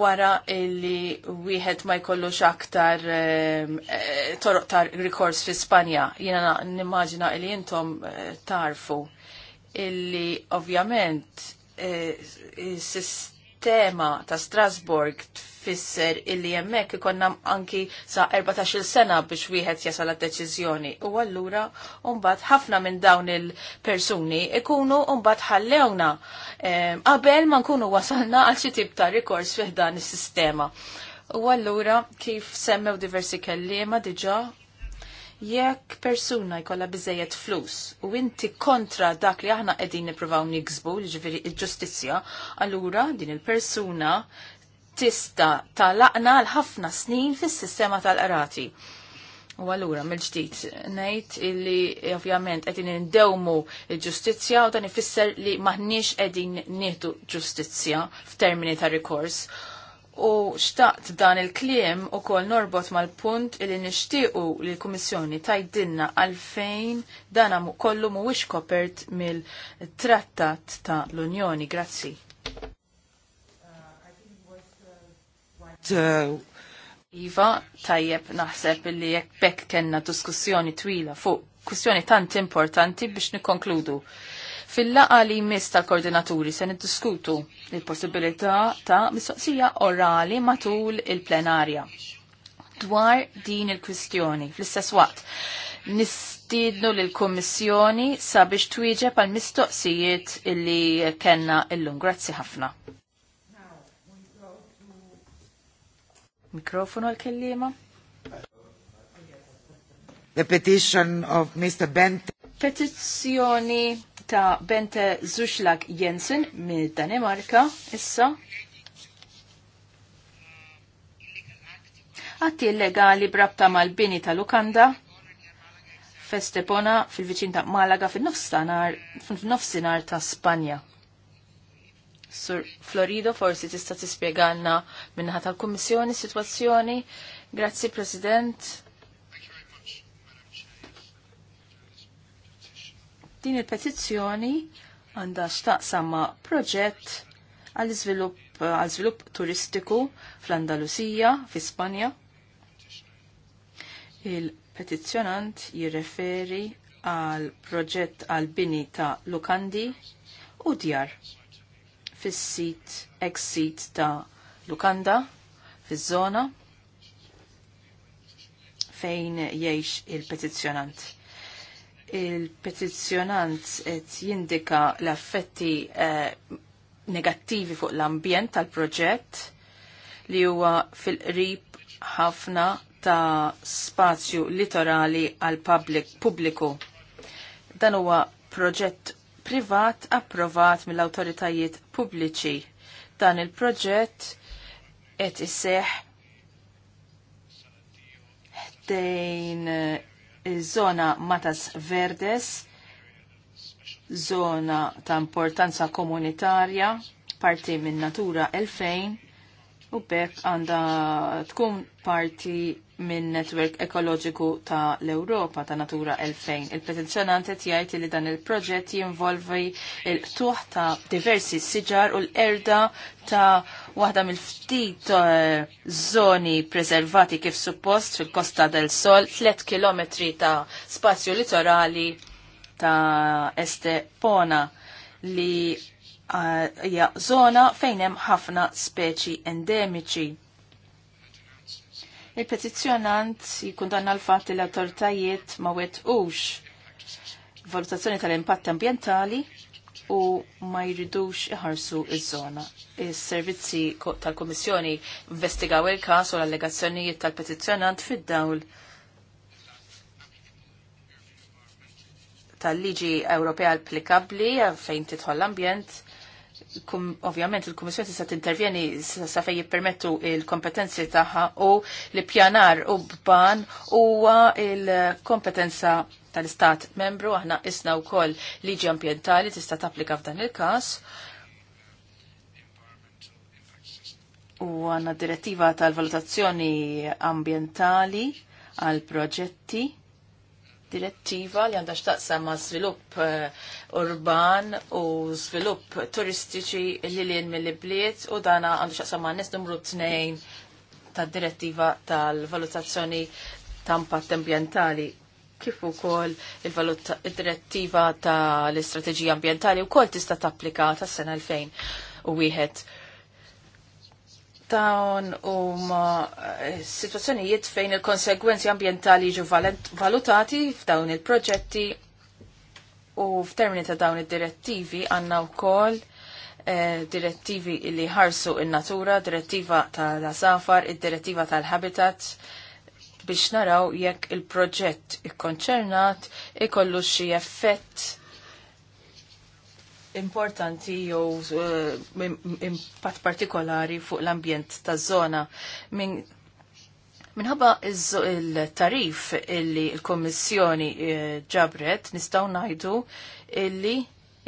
wara illi wieħed ma jkollux aktar eh, eh, toroq ta' rikors fi Spanja. Jiena nimmaġina li intom tarfu illi ovvjament Eh, sistema ta' Strasbourg tfisser illi jemmek ikonna anki sa' 14 sena biex wieħed jasal għad-deċiżjoni. U allura mbagħad ħafna minn dawn il-persuni ikunu mbagħad ħallewna eh, qabel ma nkunu wasalna għal xi tip ta' rikors fih dan is-sistema. U allura kif semmew diversi kellima diġà jekk persuna jkollha biżejjed flus u inti kontra dak li aħna qegħdin nippruvaw niksbu, ġifieri l-ġustizzja, allura din il-persuna tista talaqna għal ħafna snin fis-sistema tal-qrati. U allura mill-ġdid ngħid illi ovvjament qegħdin indewmu l-ġustizzja u dan ifisser li maħniex qegħdin nieħdu ġustizzja f'termini ta' rikors. U xtaqt dan il-kliem u kol norbot mal-punt il nishtiqu li l-Kummissjoni tajdinna għalfejn dan mu kollu mu wix kopert mill-trattat ta' l-Unjoni. Grazzi. Uh, iva, tajjeb naħseb li jekk bekk kenna diskussjoni twila fuq kwistjoni tant importanti biex nikonkludu. Fil-laqa li jmiss tal-koordinaturi se niddiskutu il-possibilità ta' mistoqsija orali matul il-plenarja dwar din il-kwistjoni fl-istess waqt. Nistidnu l-Kommissjoni sabiex twieġeb għal mistoqsijiet illi kenna illum. Grazzi ħafna. Mikrofonu l kellima The petition of Mr. Bent. Petizzjoni ta' Bente Zuxlag Jensen minn Danimarka issa. Atti illegali brabta mal-bini ta' Lukanda festepona fil-viċin ta' Malaga fil-nofsinar fil ta' Spanja. Sur Florido forsi tista' tispjegalna minnaħa tal-Kummissjoni situazzjoni. Grazzi President. Din il-petizzjoni għandha x'taqsam ma' proġett għal iżvilupp għal żvilupp turistiku fl-Andalusija, fl-Ispanja. Il-petizzjonant jirreferi għal proġett għal bini ta' lukandi u djar fis-sit ex-sit ta' lukanda fiż-żona fejn jgħix il-petizzjonant il petizjonant qed jindika l-affetti eh, negattivi fuq l-ambjent tal-proġett li huwa fil-qrib ħafna ta' spazju litorali għal pubbliku. Dan huwa proġett privat approvat mill-awtoritajiet pubbliċi. Dan il-proġett qed iseħħ ħdejn eh, zona Matas Verdes, zona ta' importanza komunitarja, parti minn Natura 2000, u bekk għanda tkun parti minn netwerk ekoloġiku ta' l-Europa ta' Natura 2000. il prezenzjonant qed jgħid li dan il-proġett jinvolvi il-tuħ ta' diversi siġar u l-erda ta' waħda mill-ftit eh, zoni preservati kif suppost fil-Kosta del Sol, 3 km ta' spazju litorali ta' Estepona li eh, hija zona fejn hemm ħafna speċi endemiċi Il-petizzjonant jikundanna l-fatt li l-autoritajiet ma ux valutazzjoni tal-impatt ambientali u ma jridux iħarsu iż-żona. Is-servizzi tal-Kummissjoni investigaw il-każ u l-allegazzjonijiet tal-petizzjonant fid-dawl tal-liġi Ewropea applikabli eh, fejn titħol l-ambjent ovvjament il-Kummissjoni tista' tintervjeni sa fejn jippermettu il-kompetenzi tagħha u l-ippjanar u b'ban huwa il-kompetenza tal-Istat membru aħna isna wkoll liġi ambjentali tista' tapplika f'dan il-każ. U għanna direttiva tal-valutazzjoni ambjentali għal proġetti direttiva li għandha xtaqsam ma' svilupp eh, urban u svilupp turistiċi li lien mill ibliet u dana għandu xtaqsam ma' nis numru tnejn ta' direttiva tal-valutazzjoni ta' impatt ambientali kif ukoll il-direttiva tal-istrateġija ambientali wkoll tista' tapplika tas-sena 2000 u wieħed Dawn huma eh, situazzjonijiet fejn il-konsegwenzi ambientali ġu valutati f'dawn il-proġetti u f'termini ta' dawn id-direttivi għandna wkoll kol eh, direttivi li ħarsu in-natura, direttiva tal-safar, id-direttiva tal-habitat biex naraw jekk il-proġett ikkonċernat ikollu xi effett importanti jew eh, impatt partikolari fuq l-ambjent taż-żona. Min Minħabba il-tarif illi il-Kommissjoni eh, ġabret nistaw najdu illi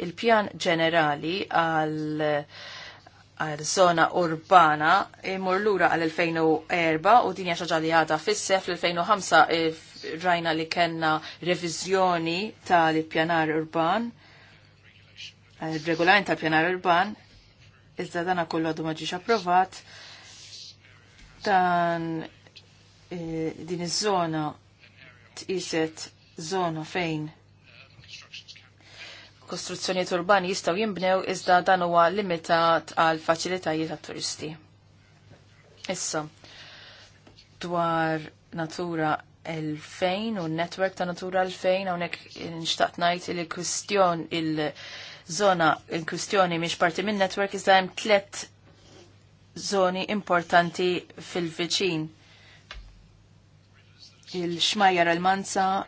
il-pjan ġenerali għal zona urbana imur lura għal 2004 u dinja xaġa li għada fisse fl-2005 eh, rajna li kena revizjoni tal-pjanar urban regolament tal-pjanar urban, iżda dana kollu għadu maġiġ approvat, dan e, din iż-żona tqiset żona fejn kostruzzjonijiet urbani jistgħu jinbnew iżda dan huwa limitat għal faċilitajiet għat-turisti. Issa, dwar Natura 2000 u n-netwerk ta' Natura 2000 hawnhekk nixtaqt ngħid il-kwistjon il-, -kwistjon, il zona il-kwistjoni miex parti minn network iżda hemm tliet zoni importanti fil-viċin. Il-xmajjar al manza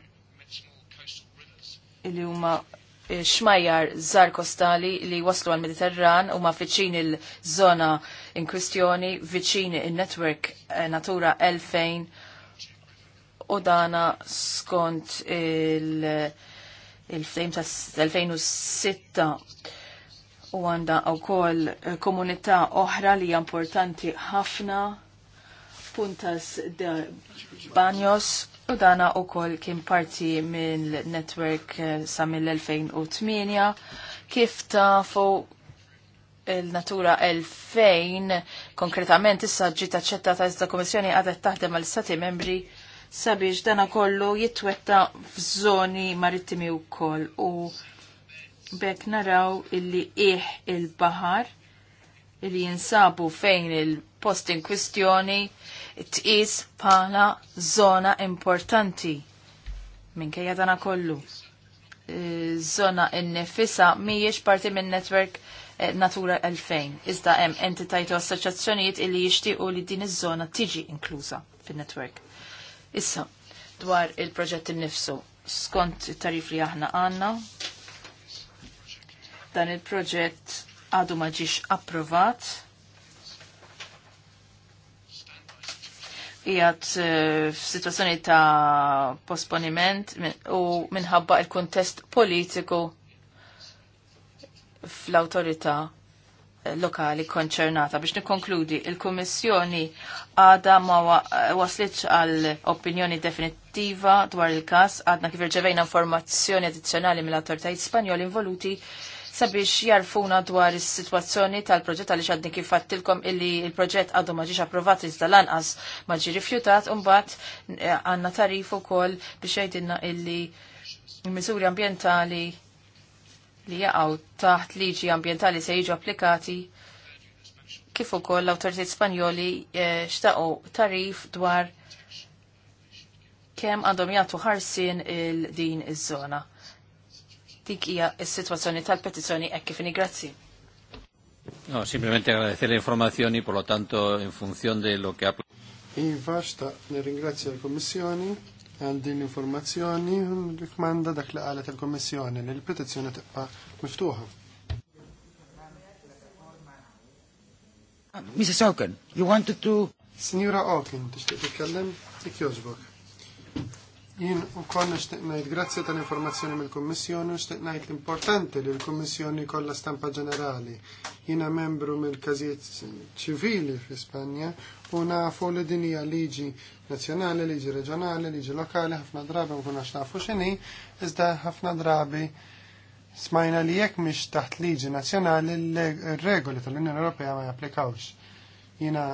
il huma xmajjar zar kostali li waslu għal mediterran u ma fiċin il-zona in kwistjoni, viċin il-network eh, Natura 2000 u dana skont il- il-fejm ta' 2006 u għanda u kol komunità oħra li importanti ħafna Puntas de Banjos u dana u kol kien parti mill netwerk sa' mill-2008 kif ta' fu il-Natura 2000 konkretament issa ġiet aċċettata iżda Komissjoni għadet taħdem għal sati membri sabiex dana kollu jitwetta f'żoni marittimi wkoll u bekk naraw illi iħ il-bahar illi jinsabu fejn il-post in kwistjoni tqis bħala zona importanti minkejja dana kollu. E, zona innifisa mhijiex parti minn netwerk e, Natura 2000. Iżda hemm entitajt u assoċjazzjonijiet illi jixtiequ li din iż-żona tiġi inkluża fin-netwerk. Issa, dwar il-proġett innifsu, skont it-tarif li aħna għanna, dan il-proġett għadu ma ġiex approvat. Ijat eh, f-situazzjoni ta' posponiment u minħabba il-kontest politiku fl-autorita' lokali konċernata. Biex nikkonkludi, il-Kummissjoni għada ma waslitx għal opinjoni definittiva dwar il-kas, għadna kif irġevejna informazzjoni addizzjonali mill autoritajt Spanjoli involuti sabiex jarfuna dwar is-sitwazzjoni tal-proġett għaliex għadni kif fattilkom illi il-proġett għadu ma approvat iżda lanqas ma rifjutat u mbagħad eh, għandna tarif ukoll biex jgħidilna illi il-miżuri ambjentali li jaqaw taħt liġi ambientali se jiġu applikati kif ukoll l-awtoritajiet Spanjoli eh, xtaqgħu tarif dwar kemm għandhom jagħtu ħarsien il din iż-żona. Dik hija s-sitwazzjoni tal-petizzjoni hekk kif grazzi. No, simplemente agradecer la información y por lo tanto en función de lo que ha... Y basta, iva, xtaq ringrazio la kommissjoni għal din l-informazzjoni rikmanda dak li għalet il-Kommissjoni li l-petizzjoni tibqa' miftuħa. Mrs. Oaken, you wanted to... Signora Oaken, tixtieq titkellem? Dik Jien u koll nishtiq ngħid grazzi tal-informazzjoni mill-Kummissjoni u nixtieq ngħid l-importanti li l-Kummissjoni kollha stampa ġenerali. Jiena membru mill-każijiet ċivili fi Spanja, u nafu li din hija liġi nazzjonali, liġi reġjonali, liġi lokali, ħafna drabi ma kunax nafu x'inhi, iżda ħafna drabi smajna li jekk mhix taħt liġi nazzjonali l regoli tal-Unjoni Ewropea ma japplikawx. Jiena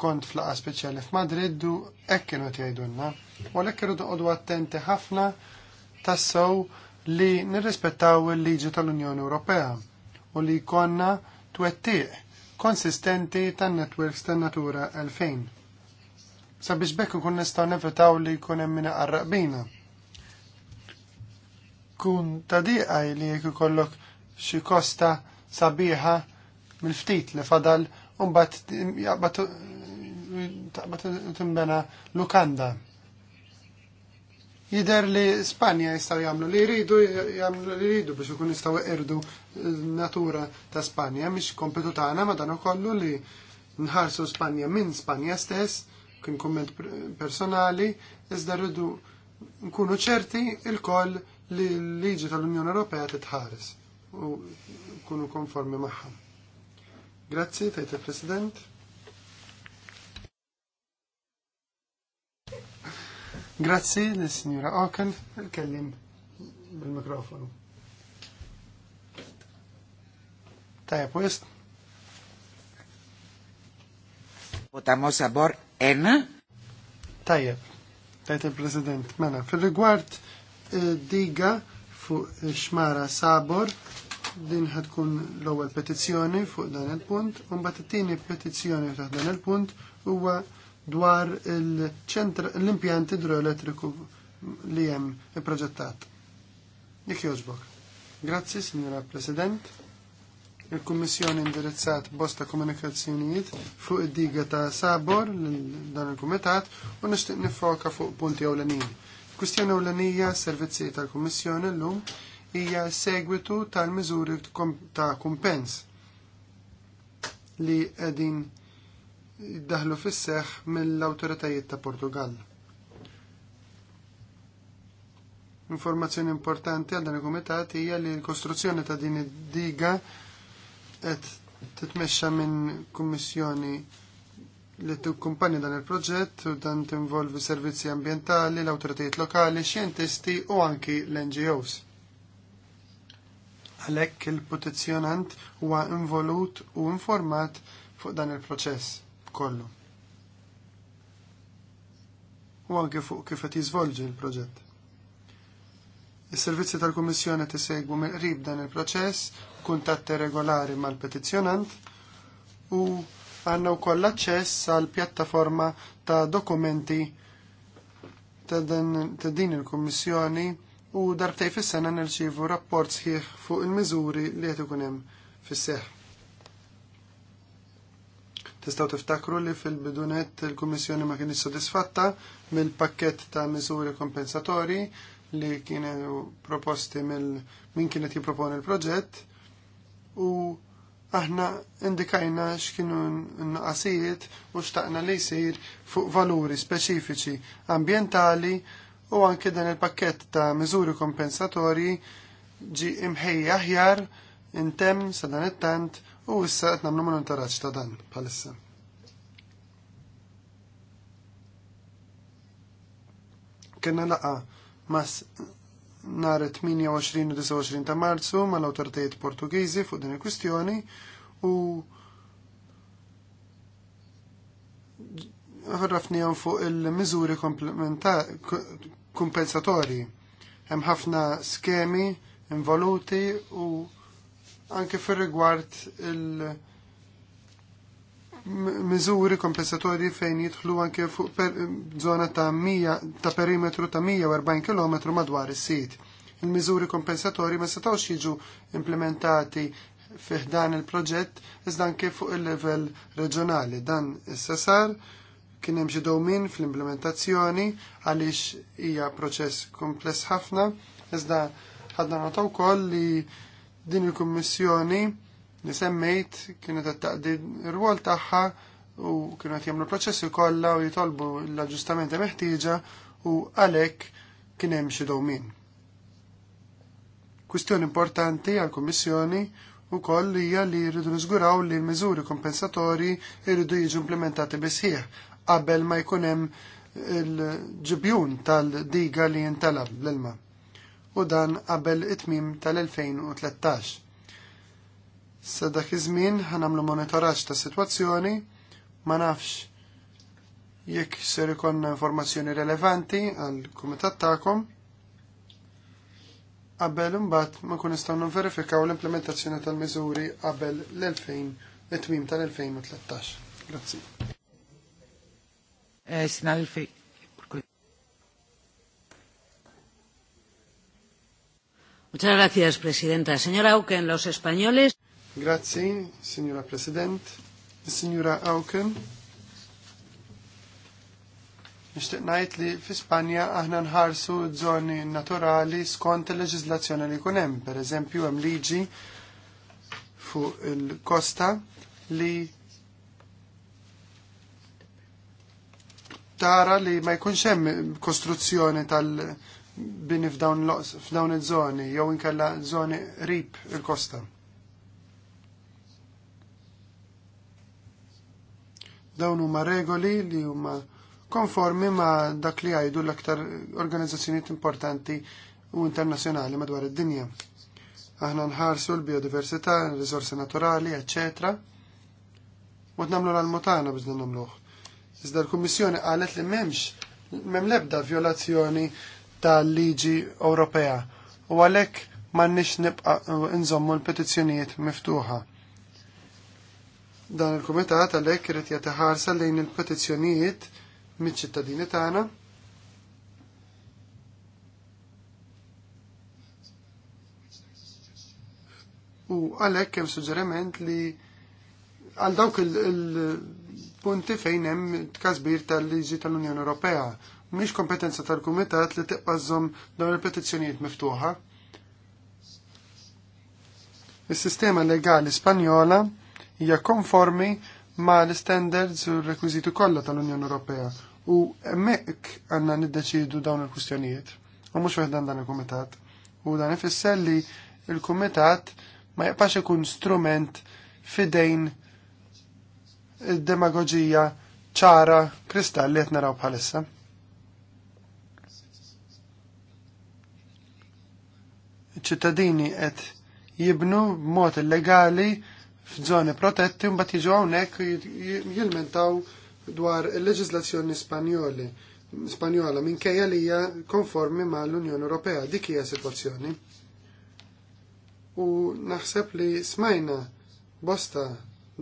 kont flaqa speċjali f'Madrid u hekk kienu jgħidulna. U għalhekk irridu toqogħdu attenti ħafna tassew li nirrispettaw il-liġi tal-Unjoni Ewropea u li jkollna twettiq konsistenti tan-networks tan-natura 2000. Sabiex bekk ikun nistgħu nevitaw li jkun hemm min qarraqbina. Kun diqaj li jekk ikollok xi kosta sabiħa mill-ftit li fadal u mbagħad timbena lukanda. Jider li Spanja jistaw jamlu li jridu, jamlu li jridu biex ikun jistaw irdu eh, natura ta' Spanja, miex kompetu tagħna ma dan kollu li nħarsu Spanja minn Spanja stess, kien komment personali, iżda rridu nkunu ċerti il-koll li l-liġi tal-Unjoni Ewropea titħares u nkunu konformi magħha. Grazzi, tajt il-President. Grazzi l-Signora Oken, il-kellim bil-mikrofonu. Tajja pwist. Votamo sabor ena? Tajja, tajt il-President, mena, fil-rigward eh, diga fuq xmara sabor, din ħatkun l-ewwel petizzjoni fuq dan il-punt, un mbagħad it-tieni petizzjoni dan il-punt huwa dwar l-impjant idroelettriku li hemm ipproġettat. Jek jogħġbok. Grazzi, Signora President. Il-Kummissjoni indirizzat bosta komunikazzjonijiet fuq id-diga ta' Sabor dan il-Kumitat u nixtieq nifoka fuq punti ewlenin. Kwistjoni ewlenija servizzi tal-Kummissjoni llum hija segwitu tal-miżuri ta' kumpens li qegħdin jiddaħlu fis seħħ mill-awtoritajiet ta' Portugal. Informazzjoni importanti għal dan il-Kumitat hija li l-kostruzzjoni ta' din id-diga qed titmexxa minn kummissjoni li tikkumpanja dan il-proġett u dan tinvolvi servizzi ambientali, l-awtoritajiet lokali, xjentisti u anki l-NGOs għalhekk il potizzjonant huwa involut u informat fuq dan il-proċess kollu. U anke fuq kif qed jiżvolġi l-proġett. Is-servizzi tal-Kummissjoni tisegwu mill-qrib dan il-proċess, kuntatti regolari mal-petizzjonant u għandna wkoll aċċess għal pjattaforma ta' dokumenti ta' din il-Kummissjoni u darbtej fis-sena nirċievu rapport sħiħ fuq il-miżuri li qed ikun hemm fis-seħħ. Tistaw tiftakru li fil-bidunet il-Kummissjoni ma kienx sodisfatta mill-pakket ta' miżuri kompensatori li kienu proposti mill min kienet jipproponi l-proġett u aħna indikajna x'kienu n naqasijiet u xtaqna li jsir fuq valuri speċifiċi ambientali u anke dan il-pakket ta' miżuri kompensatorji ġi imħejja aħjar intemm sa dan it-tant u issa qed nagħmlu monitoraġġ ta' dan bħalissa. Kenna laqa mas nar 28 u 29 ta' marzu mal-awtoritajiet Portugiżi fuq din il-kwistjoni u ħarrafni fuq il-mizuri kompensatori. Hemm ħafna skemi involuti u anke fir-rigward il- miżuri kompensatorji fejn jidħlu anke fuq żona zona ta' mija ta' perimetru ta' 140 km madwar is-sit. Il-miżuri kompensatorji ma setgħux jiġu implementati fih dan il-proġett iżda anke fuq il-level reġjonali. Dan is sar kien hemm xi dowmin fl-implementazzjoni għaliex hija proċess kompless ħafna iżda ħadna nota wkoll li Din il-Kummissjoni li semmejt kienet għattaqdi ir rwol tagħha u kienu qed jagħmlu proċessi kollha u jitolbu l-aġġustamenti meħtieġa u għalhekk kien hemm xi dowmin. Kwistjoni importanti għall-Kummissjoni wkoll hija li jridu niżguraw li l-miżuri kompensatorji jridu jiġu implementati bisħieħ qabel ma jkun hemm il-ġibjun tal-diga li jintalab l-ilma u dan qabel it-tmim tal-2013. Sa dak iż-żmien ħanamlu monitoraġġ ta' sitwazzjoni ma nafx jekk ser ikonna informazzjoni relevanti għal kumitat tagħkom qabel imbagħad ma kun nistgħu nverifikaw l-implementazzjoni tal-miżuri qabel l-2000 it-tmim tal-2013. Grazzi. Eh, Muchas gracias, Presidenta. Señora Auken, los españoles. Grazie, signora Presidente. Signora Auken. Nishtiq ngħid li f'Ispanja aħna nħarsu zoni naturali skont il leġizlazzjoni li kunem. Per eżempju, hemm liġi fuq il-kosta li tara li ma jkunx hemm kostruzzjoni tal- bini f'dawn il-żoni jew inkella żoni rip il-kosta. Dawn huma regoli li huma konformi ma' dak li għajdu l-aktar organizzazzjonijiet importanti u internazzjonali madwar id-dinja. Aħna nħarsu l-biodiversità, l-risorsi naturali, eccetera. U namlu l mutana biex namluħ. Iżda l-Kummissjoni qalet li memx, mem lebda violazzjoni tal-liġi Ewropea u għalhekk m'għandniex nibqa' nżommu l-petizzjonijiet miftuħa. Dan il-kumitat għalhekk irid jagħti lejn il-petizzjonijiet miċ-ċittadini tagħna U għalhekk hemm suġġeriment li għal dawk il-punti fejn hemm tkasbir tal-liġi tal-Unjoni Ewropea mhix kompetenza tal-kumitat li tiqbażhom dawn il-petizzjonijiet miftuħa. Is-sistema legali Spanjola hija konformi ma' l-standards u r-rekwiżiti kollha tal-Unjoni Ewropea u hemmhekk għandna niddeċidu dawn il-kwistjonijiet u mhux weħdan dan il-kumitat. U dan ifisser li il-kumitat ma jibqax ikun strument fidejn id-demagoġija ċara kristalli qed naraw bħalissa. ċittadini qed jibnu b'mod illegali f'żoni protetti mbagħad jiġu hawnhekk jilmentaw dwar il-leġiżlazzjoni Spanjoli Spanjola minkejja li hija konformi mal unjoni Ewropea dik hija sitwazzjoni. U naħseb li smajna bosta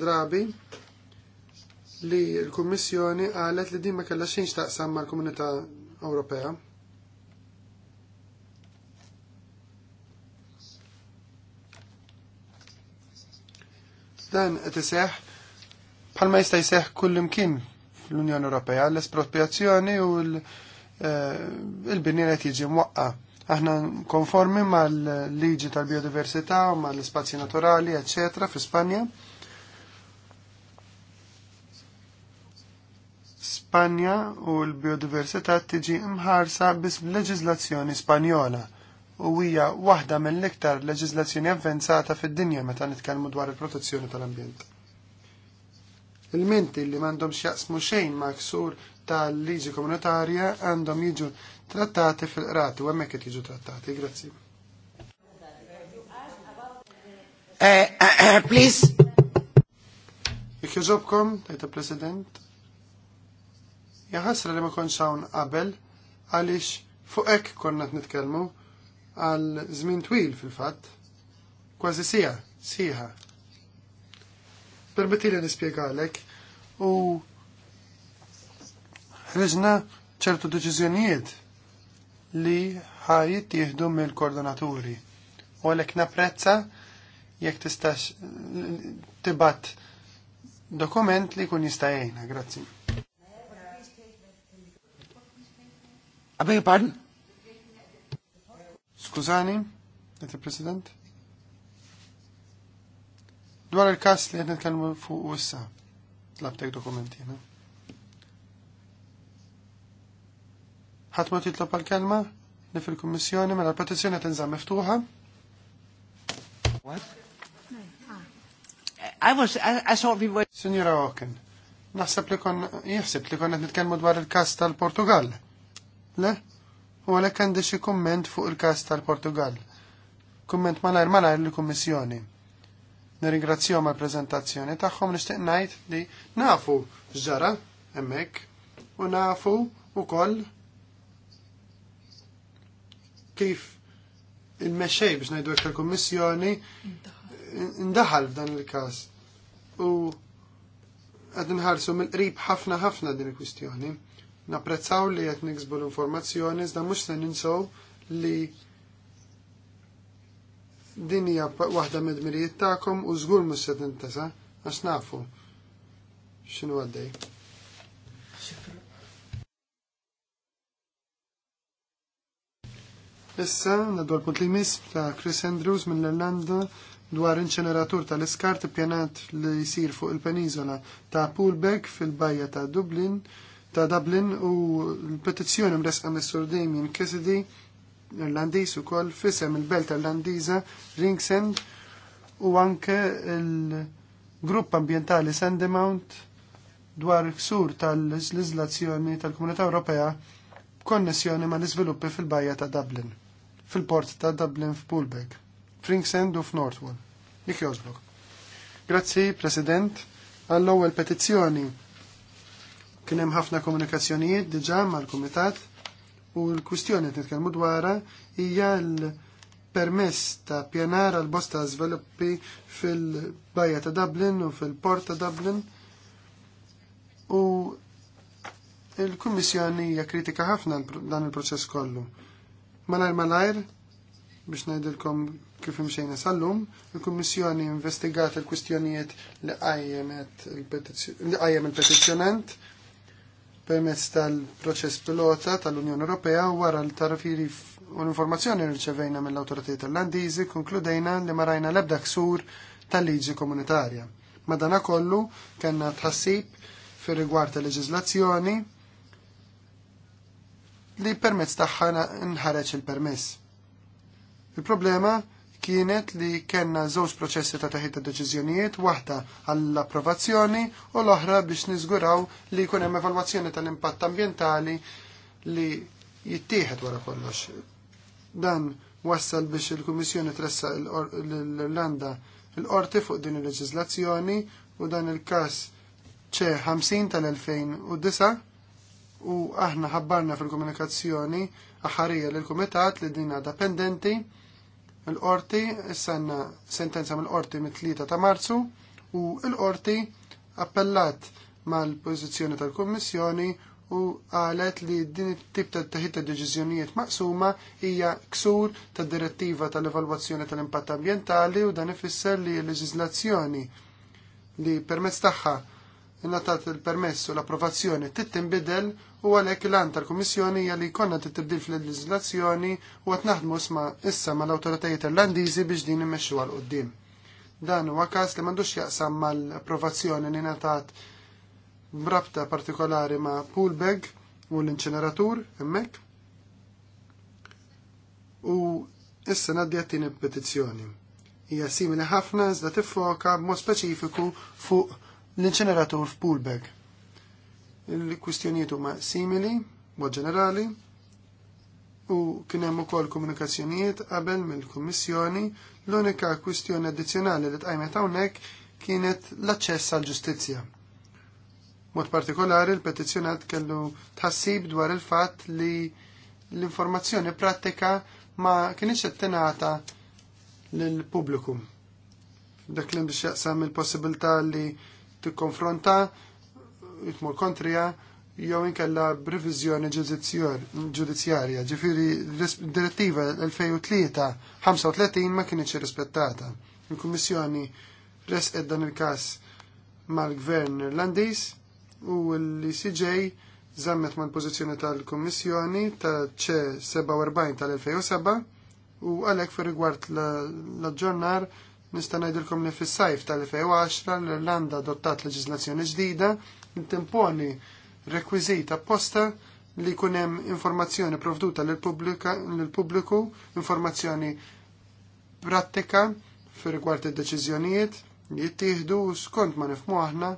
drabi li l-Kummissjoni qalet li din ma kellha xejn xtaqsam mal-Komunità Ewropea. dan qed iseħħ bħalma jista' jseħ kull imkien fl-Unjoni Ewropea l-espropjazzjoni u eh, l-binjera jiġi mwaqqa. Aħna konformi mal-liġi tal-biodiversità, mal-spazji naturali, eccetera, fi Spanja. Spanja u l-biodiversità tiġi mħarsa biss leġizlazzjoni Spanjola u hija waħda mill-iktar leġiżlazzjoni avvenzata fid-dinja meta nitkellmu dwar il-protezzjoni tal-ambjent. Il-menti li m'għandhomx jaqsmu xejn ma' ksur tal-liġi komunitarja għandhom jiġu trattati fil-qrati u hemmhekk qed jiġu trattati. Grazzi. Eh, eh, eh, please. Ikkjużobkom, tajta President. Jaħasra li ma konċawn hawn qabel għaliex fuq hekk konna nitkellmu għal żmien twil fil-fatt, kważi sija, siħa. Permettili nispjegalek u rizna ċertu deċiżjonijiet li ħajt jieħdu mill-koordinaturi. U għalhekk napprezza jekk tistax tibat dokument li kun jista' jgħinha, grazzi. pardon? Skużani, għet il-President. Dwar il-kas li għed nitkellmu fuq issa. Tlabtek dokumenti, no? ħat ma titlob għal-kelma li fil-Kommissjoni mela l petizjoni għet nżam miftuħa. I was, I, I thought we were... Signora Hawken, naħseb li kon, jihseb li kon għet nitkellmu dwar il-kas tal-Portugal. Le? u għalhekk għandi xi kumment fuq il-każ tal-Portugal. Kumment malajr malajr li kummissjoni Nirringrazzjahom għall-preżentazzjoni tagħhom nixtieq ngħid li nafu ġara hemmhekk u nafu wkoll kif il-mexxej biex najdu għek il-Kummissjoni ndaħal f'dan il-każ. U għadin ħarsu mill-qrib ħafna ħafna din il-kwistjoni. Naprezzaw li qed niksbu l-informazzjoni iżda mhux se ninsew li din hija waħda mid-dmirijiet tagħkom u żgur mhux se tintesa għax nafu x'inhu għaddej. Issa, nadu l-punt li mis ta' Chris Andrews mill-Irlanda dwar inċeneratur tal-iskart pjanat li jisir fuq il-penizola ta' Poolbeck fil-bajja ta' Dublin ta' Dublin u l-petizzjoni mresqa Mr. Damien Cassidy Irlandiż ukoll fissem il-Belt Irlandiża Ringsend u anke il-Grupp Ambientali Sandemount dwar ksur tal-leżlazzjoni tal-Komunità Ewropea b'konnessjoni ma' l-iżviluppi fil-bajja ta' Dublin, fil-port ta' Dublin f'Pulbeg, f'Ringsend u f'Northwall. Dik Grazzi, President. Għall-ewwel petizzjoni Kien hemm ħafna komunikazzjonijiet diġà mal-Kumitat u l-kwistjoni qed nitkellmu dwarha hija l-permess ta' pjanar għal bosta żviluppi fil-bajja ta' Dublin u fil-port ta' Dublin u il-Kummissjoni hija kritika ħafna dan il-proċess kollu. Malajr malajr biex ngħidilkom kif imxejna sal-lum, il-Kummissjoni investigat il-kwistjonijiet li qajjem il-petizzjonant permezz tal-proċess pilota tal-Unjoni Ewropea wara l tarfiri u l-informazzjoni rċevejna mill-autoritajiet irlandiżi konkludejna li ma rajna l-ebda ksur tal-liġi komunitarja. Madana kollu kena tħassib fir rigward tal-leġizlazzjoni li permezz tagħha nħareġ il-permess. Il-problema kienet li kellna żewġ proċessi ta' taħid ta' deċiżjonijiet, waħda għall-approvazzjoni u l-oħra biex niżguraw li jkun hemm evalwazzjoni tal-impatt ambjentali li jittieħed wara kollox. Dan wassal biex il-Kummissjoni tressa l-Irlanda l-qorti fuq din il-leġiżlazzjoni u dan il-każ ċe 50 tal-2009 u aħna ħabbarna fil-komunikazzjoni aħarija l-Kumitat li din dependenti pendenti Il-qorti sanna sentenza mill-qorti mit-3 ta' Marzu u l qorti appellat mal-pożizzjoni tal-Kummissjoni u għalet li din it-tip ta' taħit ta' deċiżjonijiet maqsuma hija ksur ta' direttiva tal-evalwazzjoni tal-impatt ambjentali u dan ifisser li l-leġiżlazzjoni li permezz tagħha innatat il-permess u l-approvazzjoni tittinbidel u għalhekk l-għan tal-Kummissjoni hija li jkollna tibdil fil-leġiżlazzjoni u qed naħdmu sma issa mal-awtoritajiet Irlandiżi biex din immexxu għal qudiem. Dan huwa każ li m'għandux jaqsam mal-approvazzjoni li ngħatat brabta partikolari ma' poolbag u l-inċineratur hemmhekk. U issa ngħaddi għattini petizzjoni. Hija simili ħafna iżda tiffoka mo' speċifiku fuq l-inċineratur f'poolbag il-kwistjonijiet huma simili, mod ġenerali, u kien hemm ukoll komunikazzjonijiet qabel mill-Kummissjoni l-unika kwistjoni addizzjonali li tqajmet hawnhekk kienet l-aċċess għall ġustizzja. Mod partikolari l-petizzjonat kellu tħassib dwar il-fatt li l-informazzjoni pratika ma kienx attenata lill pubbliku Dak li biex jaqsam il-possibilità li tikkonfronta jitmur kontrija jew inkella b'revizjoni ġudizzjarja, ġifiri direttiva 2003-35 ma kienieċi rispettata. Il-Kummissjoni resqed dan il-kas mal-Gvern Irlandiż u l-ICJ zammet mal pożizzjoni tal-Kummissjoni ta' C47 tal-2007 u għalek fi rigward l-ġurnar nista' ngħidilkom li fis-sajf tal-2010 l-Irlanda adottat leġiżlazzjoni ġdida intimponi rekwizit apposta li kunem informazzjoni provduta l-pubbliku, informazzjoni pratika fir rigward id-deċiżjonijiet li jittieħdu skont ma nifmu aħna,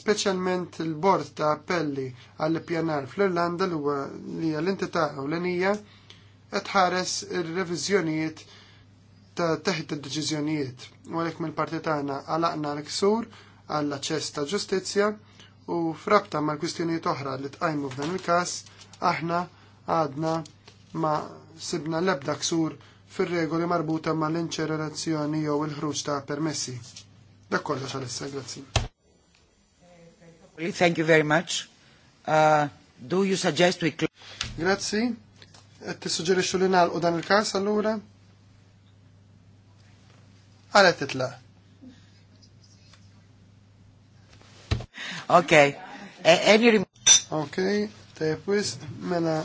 speċjalment il-bord ta' appelli għall pnr fl-Irlanda li huwa li l-entità ewlenija qed ħares ir-reviżjonijiet ta' teħid id-deċiżjonijiet. U għalhekk mill partitana tagħna għalaqna l-ksur għall-aċċess ta' ġustizzja u frabta mal kwistjonijiet oħra li tqajmu f'dan il-każ aħna għadna ma sibna l-ebda ksur fir-regoli marbuta mal-inċererazzjoni jew il-ħruġ ta' permessi. Dak kollox għalissa, grazzi. Thank you very much. Uh, do you suggest we Grazzi. Qed tissuġġerixxu li nagħlqu dan il kas allura? Għalet titlaq. ok. Any e, e Ok, tepwis, mela,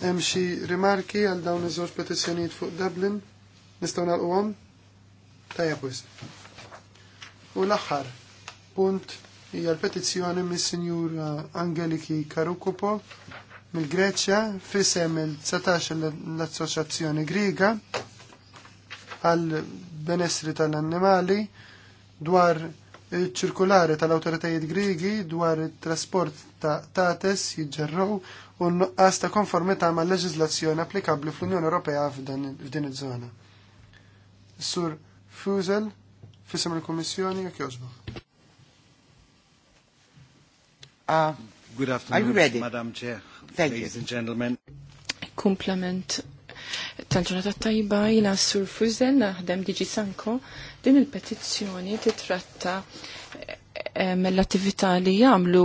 hemm xi rimarki għal dawn iż-żewġ petizzjonijiet fuq Dublin? Nistgħu nagħlquhom? Tajjeb wis. U l-aħħar punt hija l petizjoni mis senjur eh, Angeliki Karukupo mill-Greċja fisem il-19 l-Assoċjazzjoni Griega għal benessri tal-annimali dwar ċirkulari tal-autoritajiet Grigi dwar il trasport ta' tates jiġġerrow u nuqqas ta' konformità ma' leġizlazzjoni applikabli fl-Unjoni Ewropea f'din iż-żona. Sur Fusel, fissem il-Kommissjoni, jek jozbuħ. Uh, ah, Good afternoon, Madam Chair, Thank ladies you. and gentlemen. Compliment tal-ġurnata tajba jina sur Fuzel naħdem Diġi Sanko din il-petizzjoni titratta eh, mill-attività li jagħmlu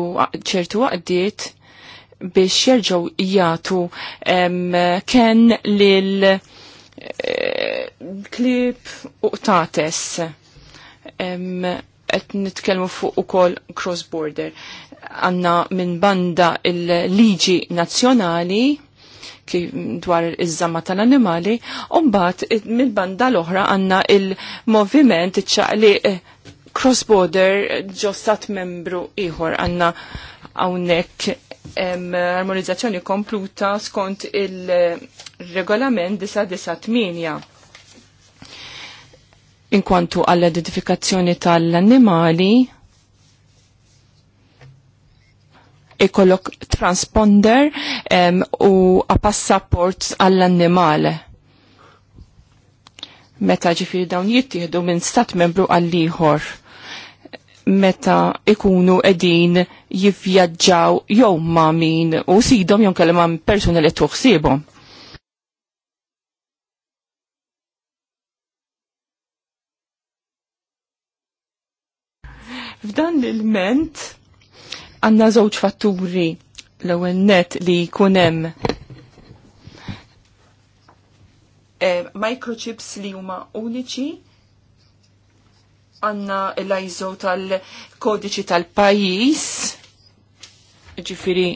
ċertu għaddiet biex jerġgħu jagħtu ken lil eh, klip uqtates qed nitkellmu fuq ukoll cross border għandna minn banda il-liġi nazzjonali dwar iż-żamma tal-annimali, u mbagħad mill-banda l-oħra għandna il-moviment ċaqli eh, cross-border ġostat membru ieħor għandna hawnhekk armonizzazzjoni kompluta skont il-regolament 998 inkwantu għall-identifikazzjoni tal-annimali ikollok transponder um, u passaport għall-annimale. Meta ġifiri dawn jittieħdu minn stat membru għall-liħor meta ikunu edin jivvjaġġaw jew ma' min u sidhom jom kellem ma' persuna li tuħsibhom. F'dan l-ment għanna żewġ fatturi l-ewwel net li jkun hemm eh, microchips li huma uniċi għanna l-ISO tal-kodiċi tal-pajis ġifiri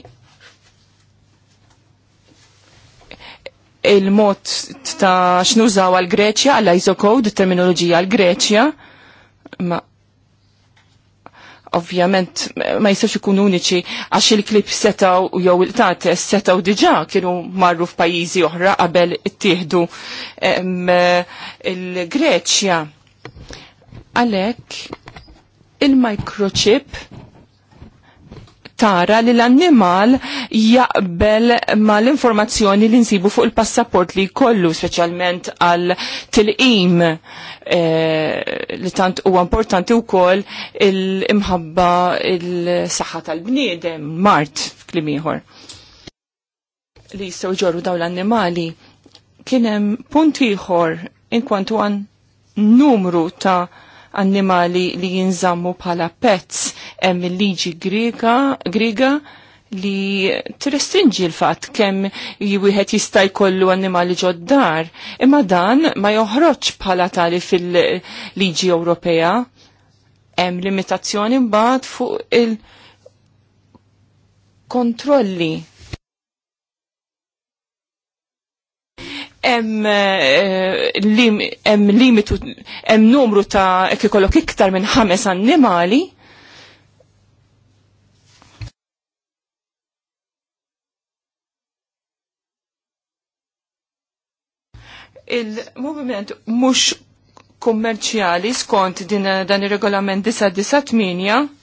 il-mod ta' xnużaw għal-Greċja, għal-ISO code, terminologija għal-Greċja, ma' ovvjament ma jistax ikun uniċi għax il-klip setaw jew il tate setaw diġa kienu marru f'pajjiżi oħra qabel ittieħdu il-Greċja. Għalhekk il-microchip tara li l-annimal jaqbel ma l-informazzjoni li nsibu fuq il-passaport li kollu, specialment għal tilqim eh, li tant u importanti u koll il-imħabba il-saħħa tal-bniedem, mart klimiħor. Li jistaw ġorru daw l-annimali kienem punt ieħor inkwantu għan numru ta' annimali li jinżammu bħala pets hemm il-liġi griga li trestringi l-fat kemm wieħed jista' jkollu annimali ġoddar, imma dan ma joħroġ bħala tali fil-liġi Ewropea. Hemm limitazzjoni mbagħad fuq il- kontrolli hemm eh, limitu hemm numru ta' jekk ikollok iktar minn ħames annimali il-moviment mhux kummerċjali skont din dan ir-regolament 998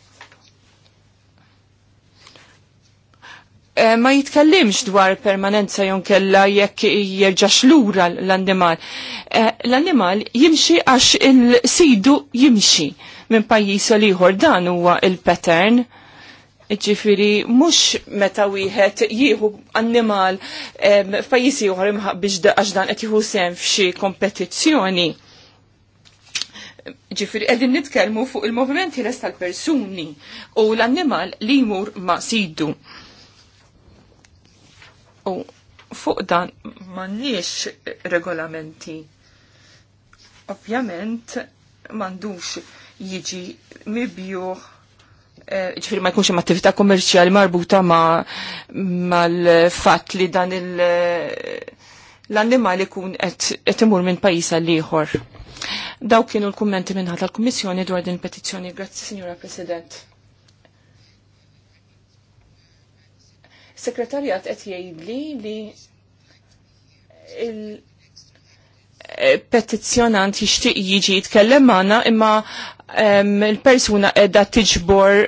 Eh, ma jitkellimx dwar permanenza jonkella jekk jirġax lura l-annimal. Eh, l-annimal jimxi għax il-sidu jimxi minn pajjiż liħor dan huwa il-pattern. Ġifiri, mux meta wieħed jieħu annimal eh, f'pajjiż oħra imħab biex għax dan qed jieħu sem f'xi kompetizzjoni. Ġifiri, qegħdin nitkellmu fuq il-movimenti res tal-persuni u l-annimal li jmur ma' sidu. U fuq dan m'għandniex regolamenti. Ovvjament m'għandux jiġi mibjuħ eh, ġifir ma jkunx hemm attività kommerċjali marbuta ma mal-fatt li dan l-annimal ikun qed imur minn pajjiż għal ieħor. Daw kienu l-kummenti minn tal-Kummissjoni dwar din il-petizzjoni. Grazzi, Signora President. Sekretarjat qed jgħidli li il e, petizzjonant jixtieq jiġi jitkellem magħna imma il-persuna qiegħda tiġbor e,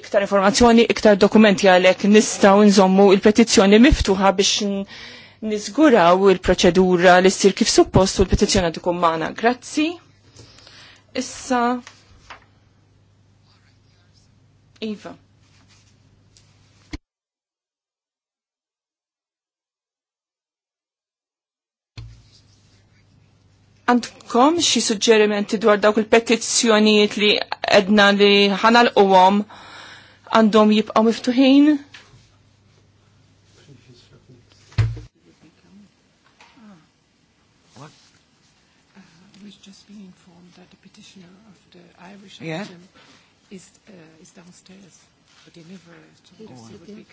iktar informazzjoni, iktar dokumenti għalhekk nistgħu nżommu il-petizzjoni miftuħa biex niżguraw il-proċedura li ssir kif suppost u l petizzjoni ikun magħna. Grazzi. Issa Iva. Għandkom xi suġġerimenti dwar dawk il-petizzjonijiet li edna li ħanal uwom għandhom jibqgħu miftuħin? yeah? is, uh, is downstairs. But deliver to oh.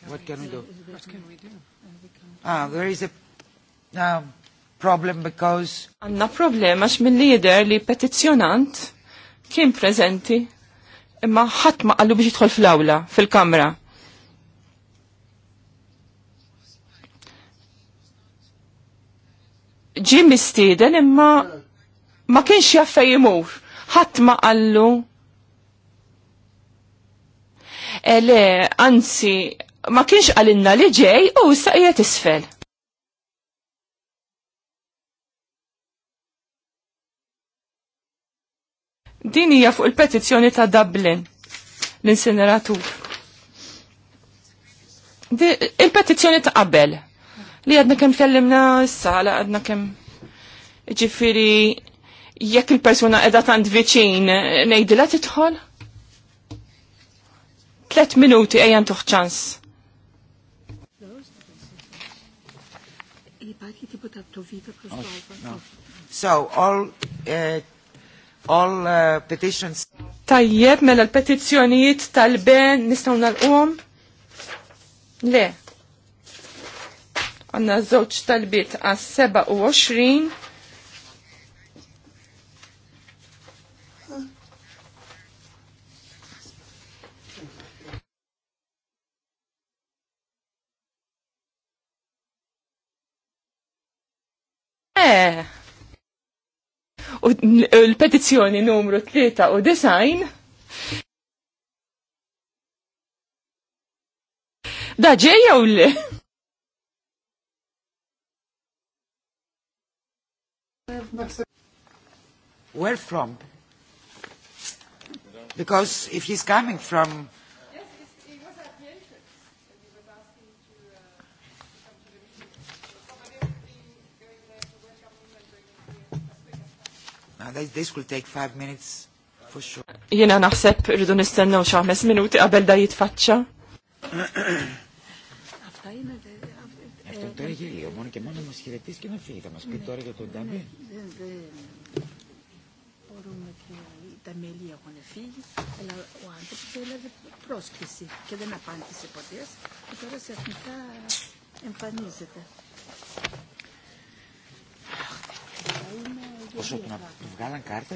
what, can we do? What can we do? we can Ah, there is a... Now, um, problem because... Għanna problema x'min lider li petizjonant kien prezenti imma ħadd ma qallu biex jidħol fl-awla, fil-kamra. Ġim mistieden imma ma kienx jaffej imur. Ħadd ma qallu Ele, eh, anzi, ma kienx qalinna li ġej u issa qiegħed isfel. Din hija fuq il-petizzjoni ta' Dublin l-insineratur. Il-petizzjoni ta' qabel li għadna kem kellimna s-sala, għadna kem ġifiri jekk il-persuna edha tant viċin nejdila titħol? Tlet minuti ejjan tuħċans. Oh, so, all uh, all uh, petitions. Tajjeb, mela l petizjonijiet tal-ben nistaw nal-qom? Le. Għanna zoċ tal-bit għas 27. Eh, Eh, l-petizzjoni numru 3 u design Da ġeja u li? Where from? Because if he's coming from This will take five minutes for sure. Jena naħseb rridu nistennaw xi ħames minuti qabel da jitfaċċa. Αυτό Όσο του να βγάλαν κάρτα,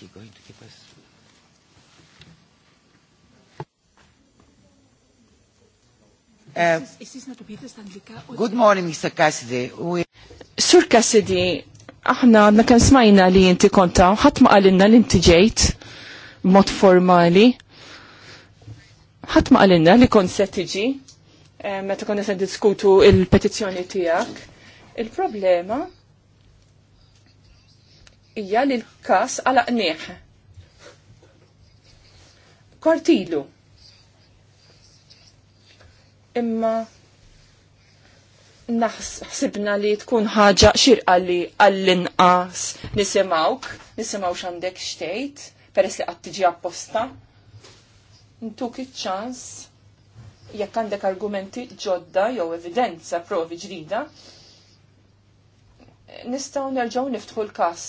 he going to give us? Uh, good morning, Mr. Cassidy. We... Sur Cassidy, aħna għadna smajna li inti konta, ħat ma li inti ġejt, mod formali. ħat ma li kon se tiġi, eh, meta konna se diskutu il-petizjoni tijak. Il-problema, hija li kas qnieħ. Kortilu. Imma naħsibna li tkun ħaġa xirqa li għall-inqas nisimawk, nisimaw xandek xtejt, peress li għattiġi apposta. Ntuk iċ-ċans, jekk għandek argumenti ġodda jew evidenza provi ġrida. nistaw nerġaw niftħu l-kas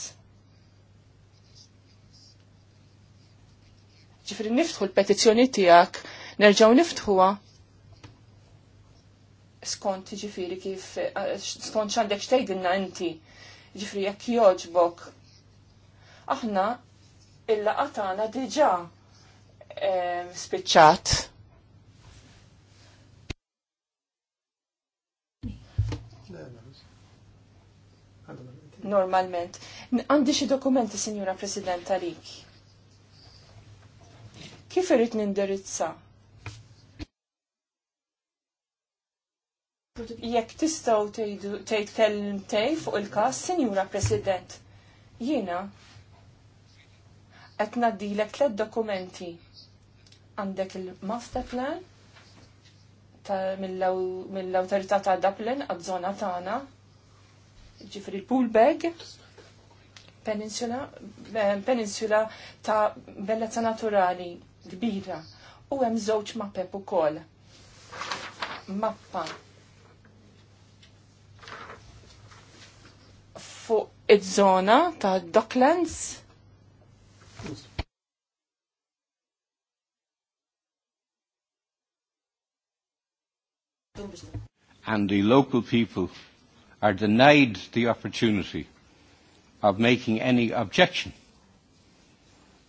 ġifri niftħu l-petizjoni tijak, nerġaw niftħuwa. Skont ġifiri kif, skont xandek xtejdinna inti, ġifri jek joġbok. Aħna, illa għatana diġa spiċċat. Normalment. Għandi xi dokumenti, Signora President, għalik Kif irrit nindirizza? Jekk tistgħu tgħid tej fuq il-każ, Sinjura President, jiena qed ngħaddilek tliet dokumenti. Għandek il-master plan mill-awtorità ta' Dublin għad-żona tagħna, ġifri l-pool bag, peninsula, eh, peninsula ta' bellezza naturali kbira. U hemm żewġ mappep ukoll. Mappa fuq iż-żona ta' Docklands. And the local people are denied the opportunity of making any objection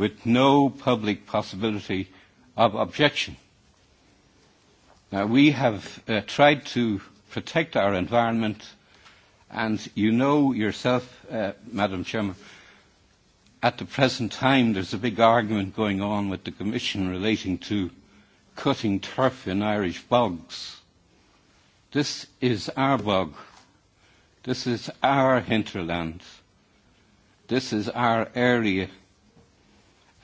with no public possibility of objection. Now, we have uh, tried to protect our environment, and you know yourself, uh, Madam Chairman, at the present time there's a big argument going on with the Commission relating to cutting turf in Irish bogs. This is our bog. This is our hinterland. This is our area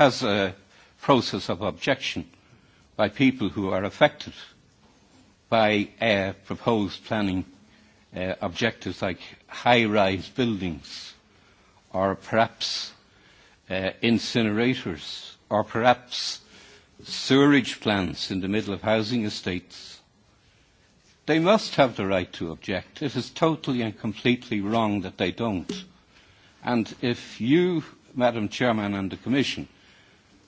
has a process of objection by people who are affected by uh, proposed planning uh, objectives like high-rise buildings or perhaps uh, incinerators or perhaps sewerage plants in the middle of housing estates. They must have the right to object. It is totally and completely wrong that they don't. And if you, Madam Chairman and the Commission,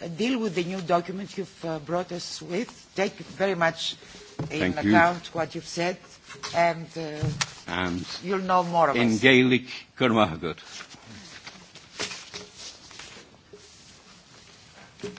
Uh, deal with the new document you've uh, brought us with. Take very much in Thank account you. what you've said, and, uh, and you'll know more of in us. In Gaelic, you.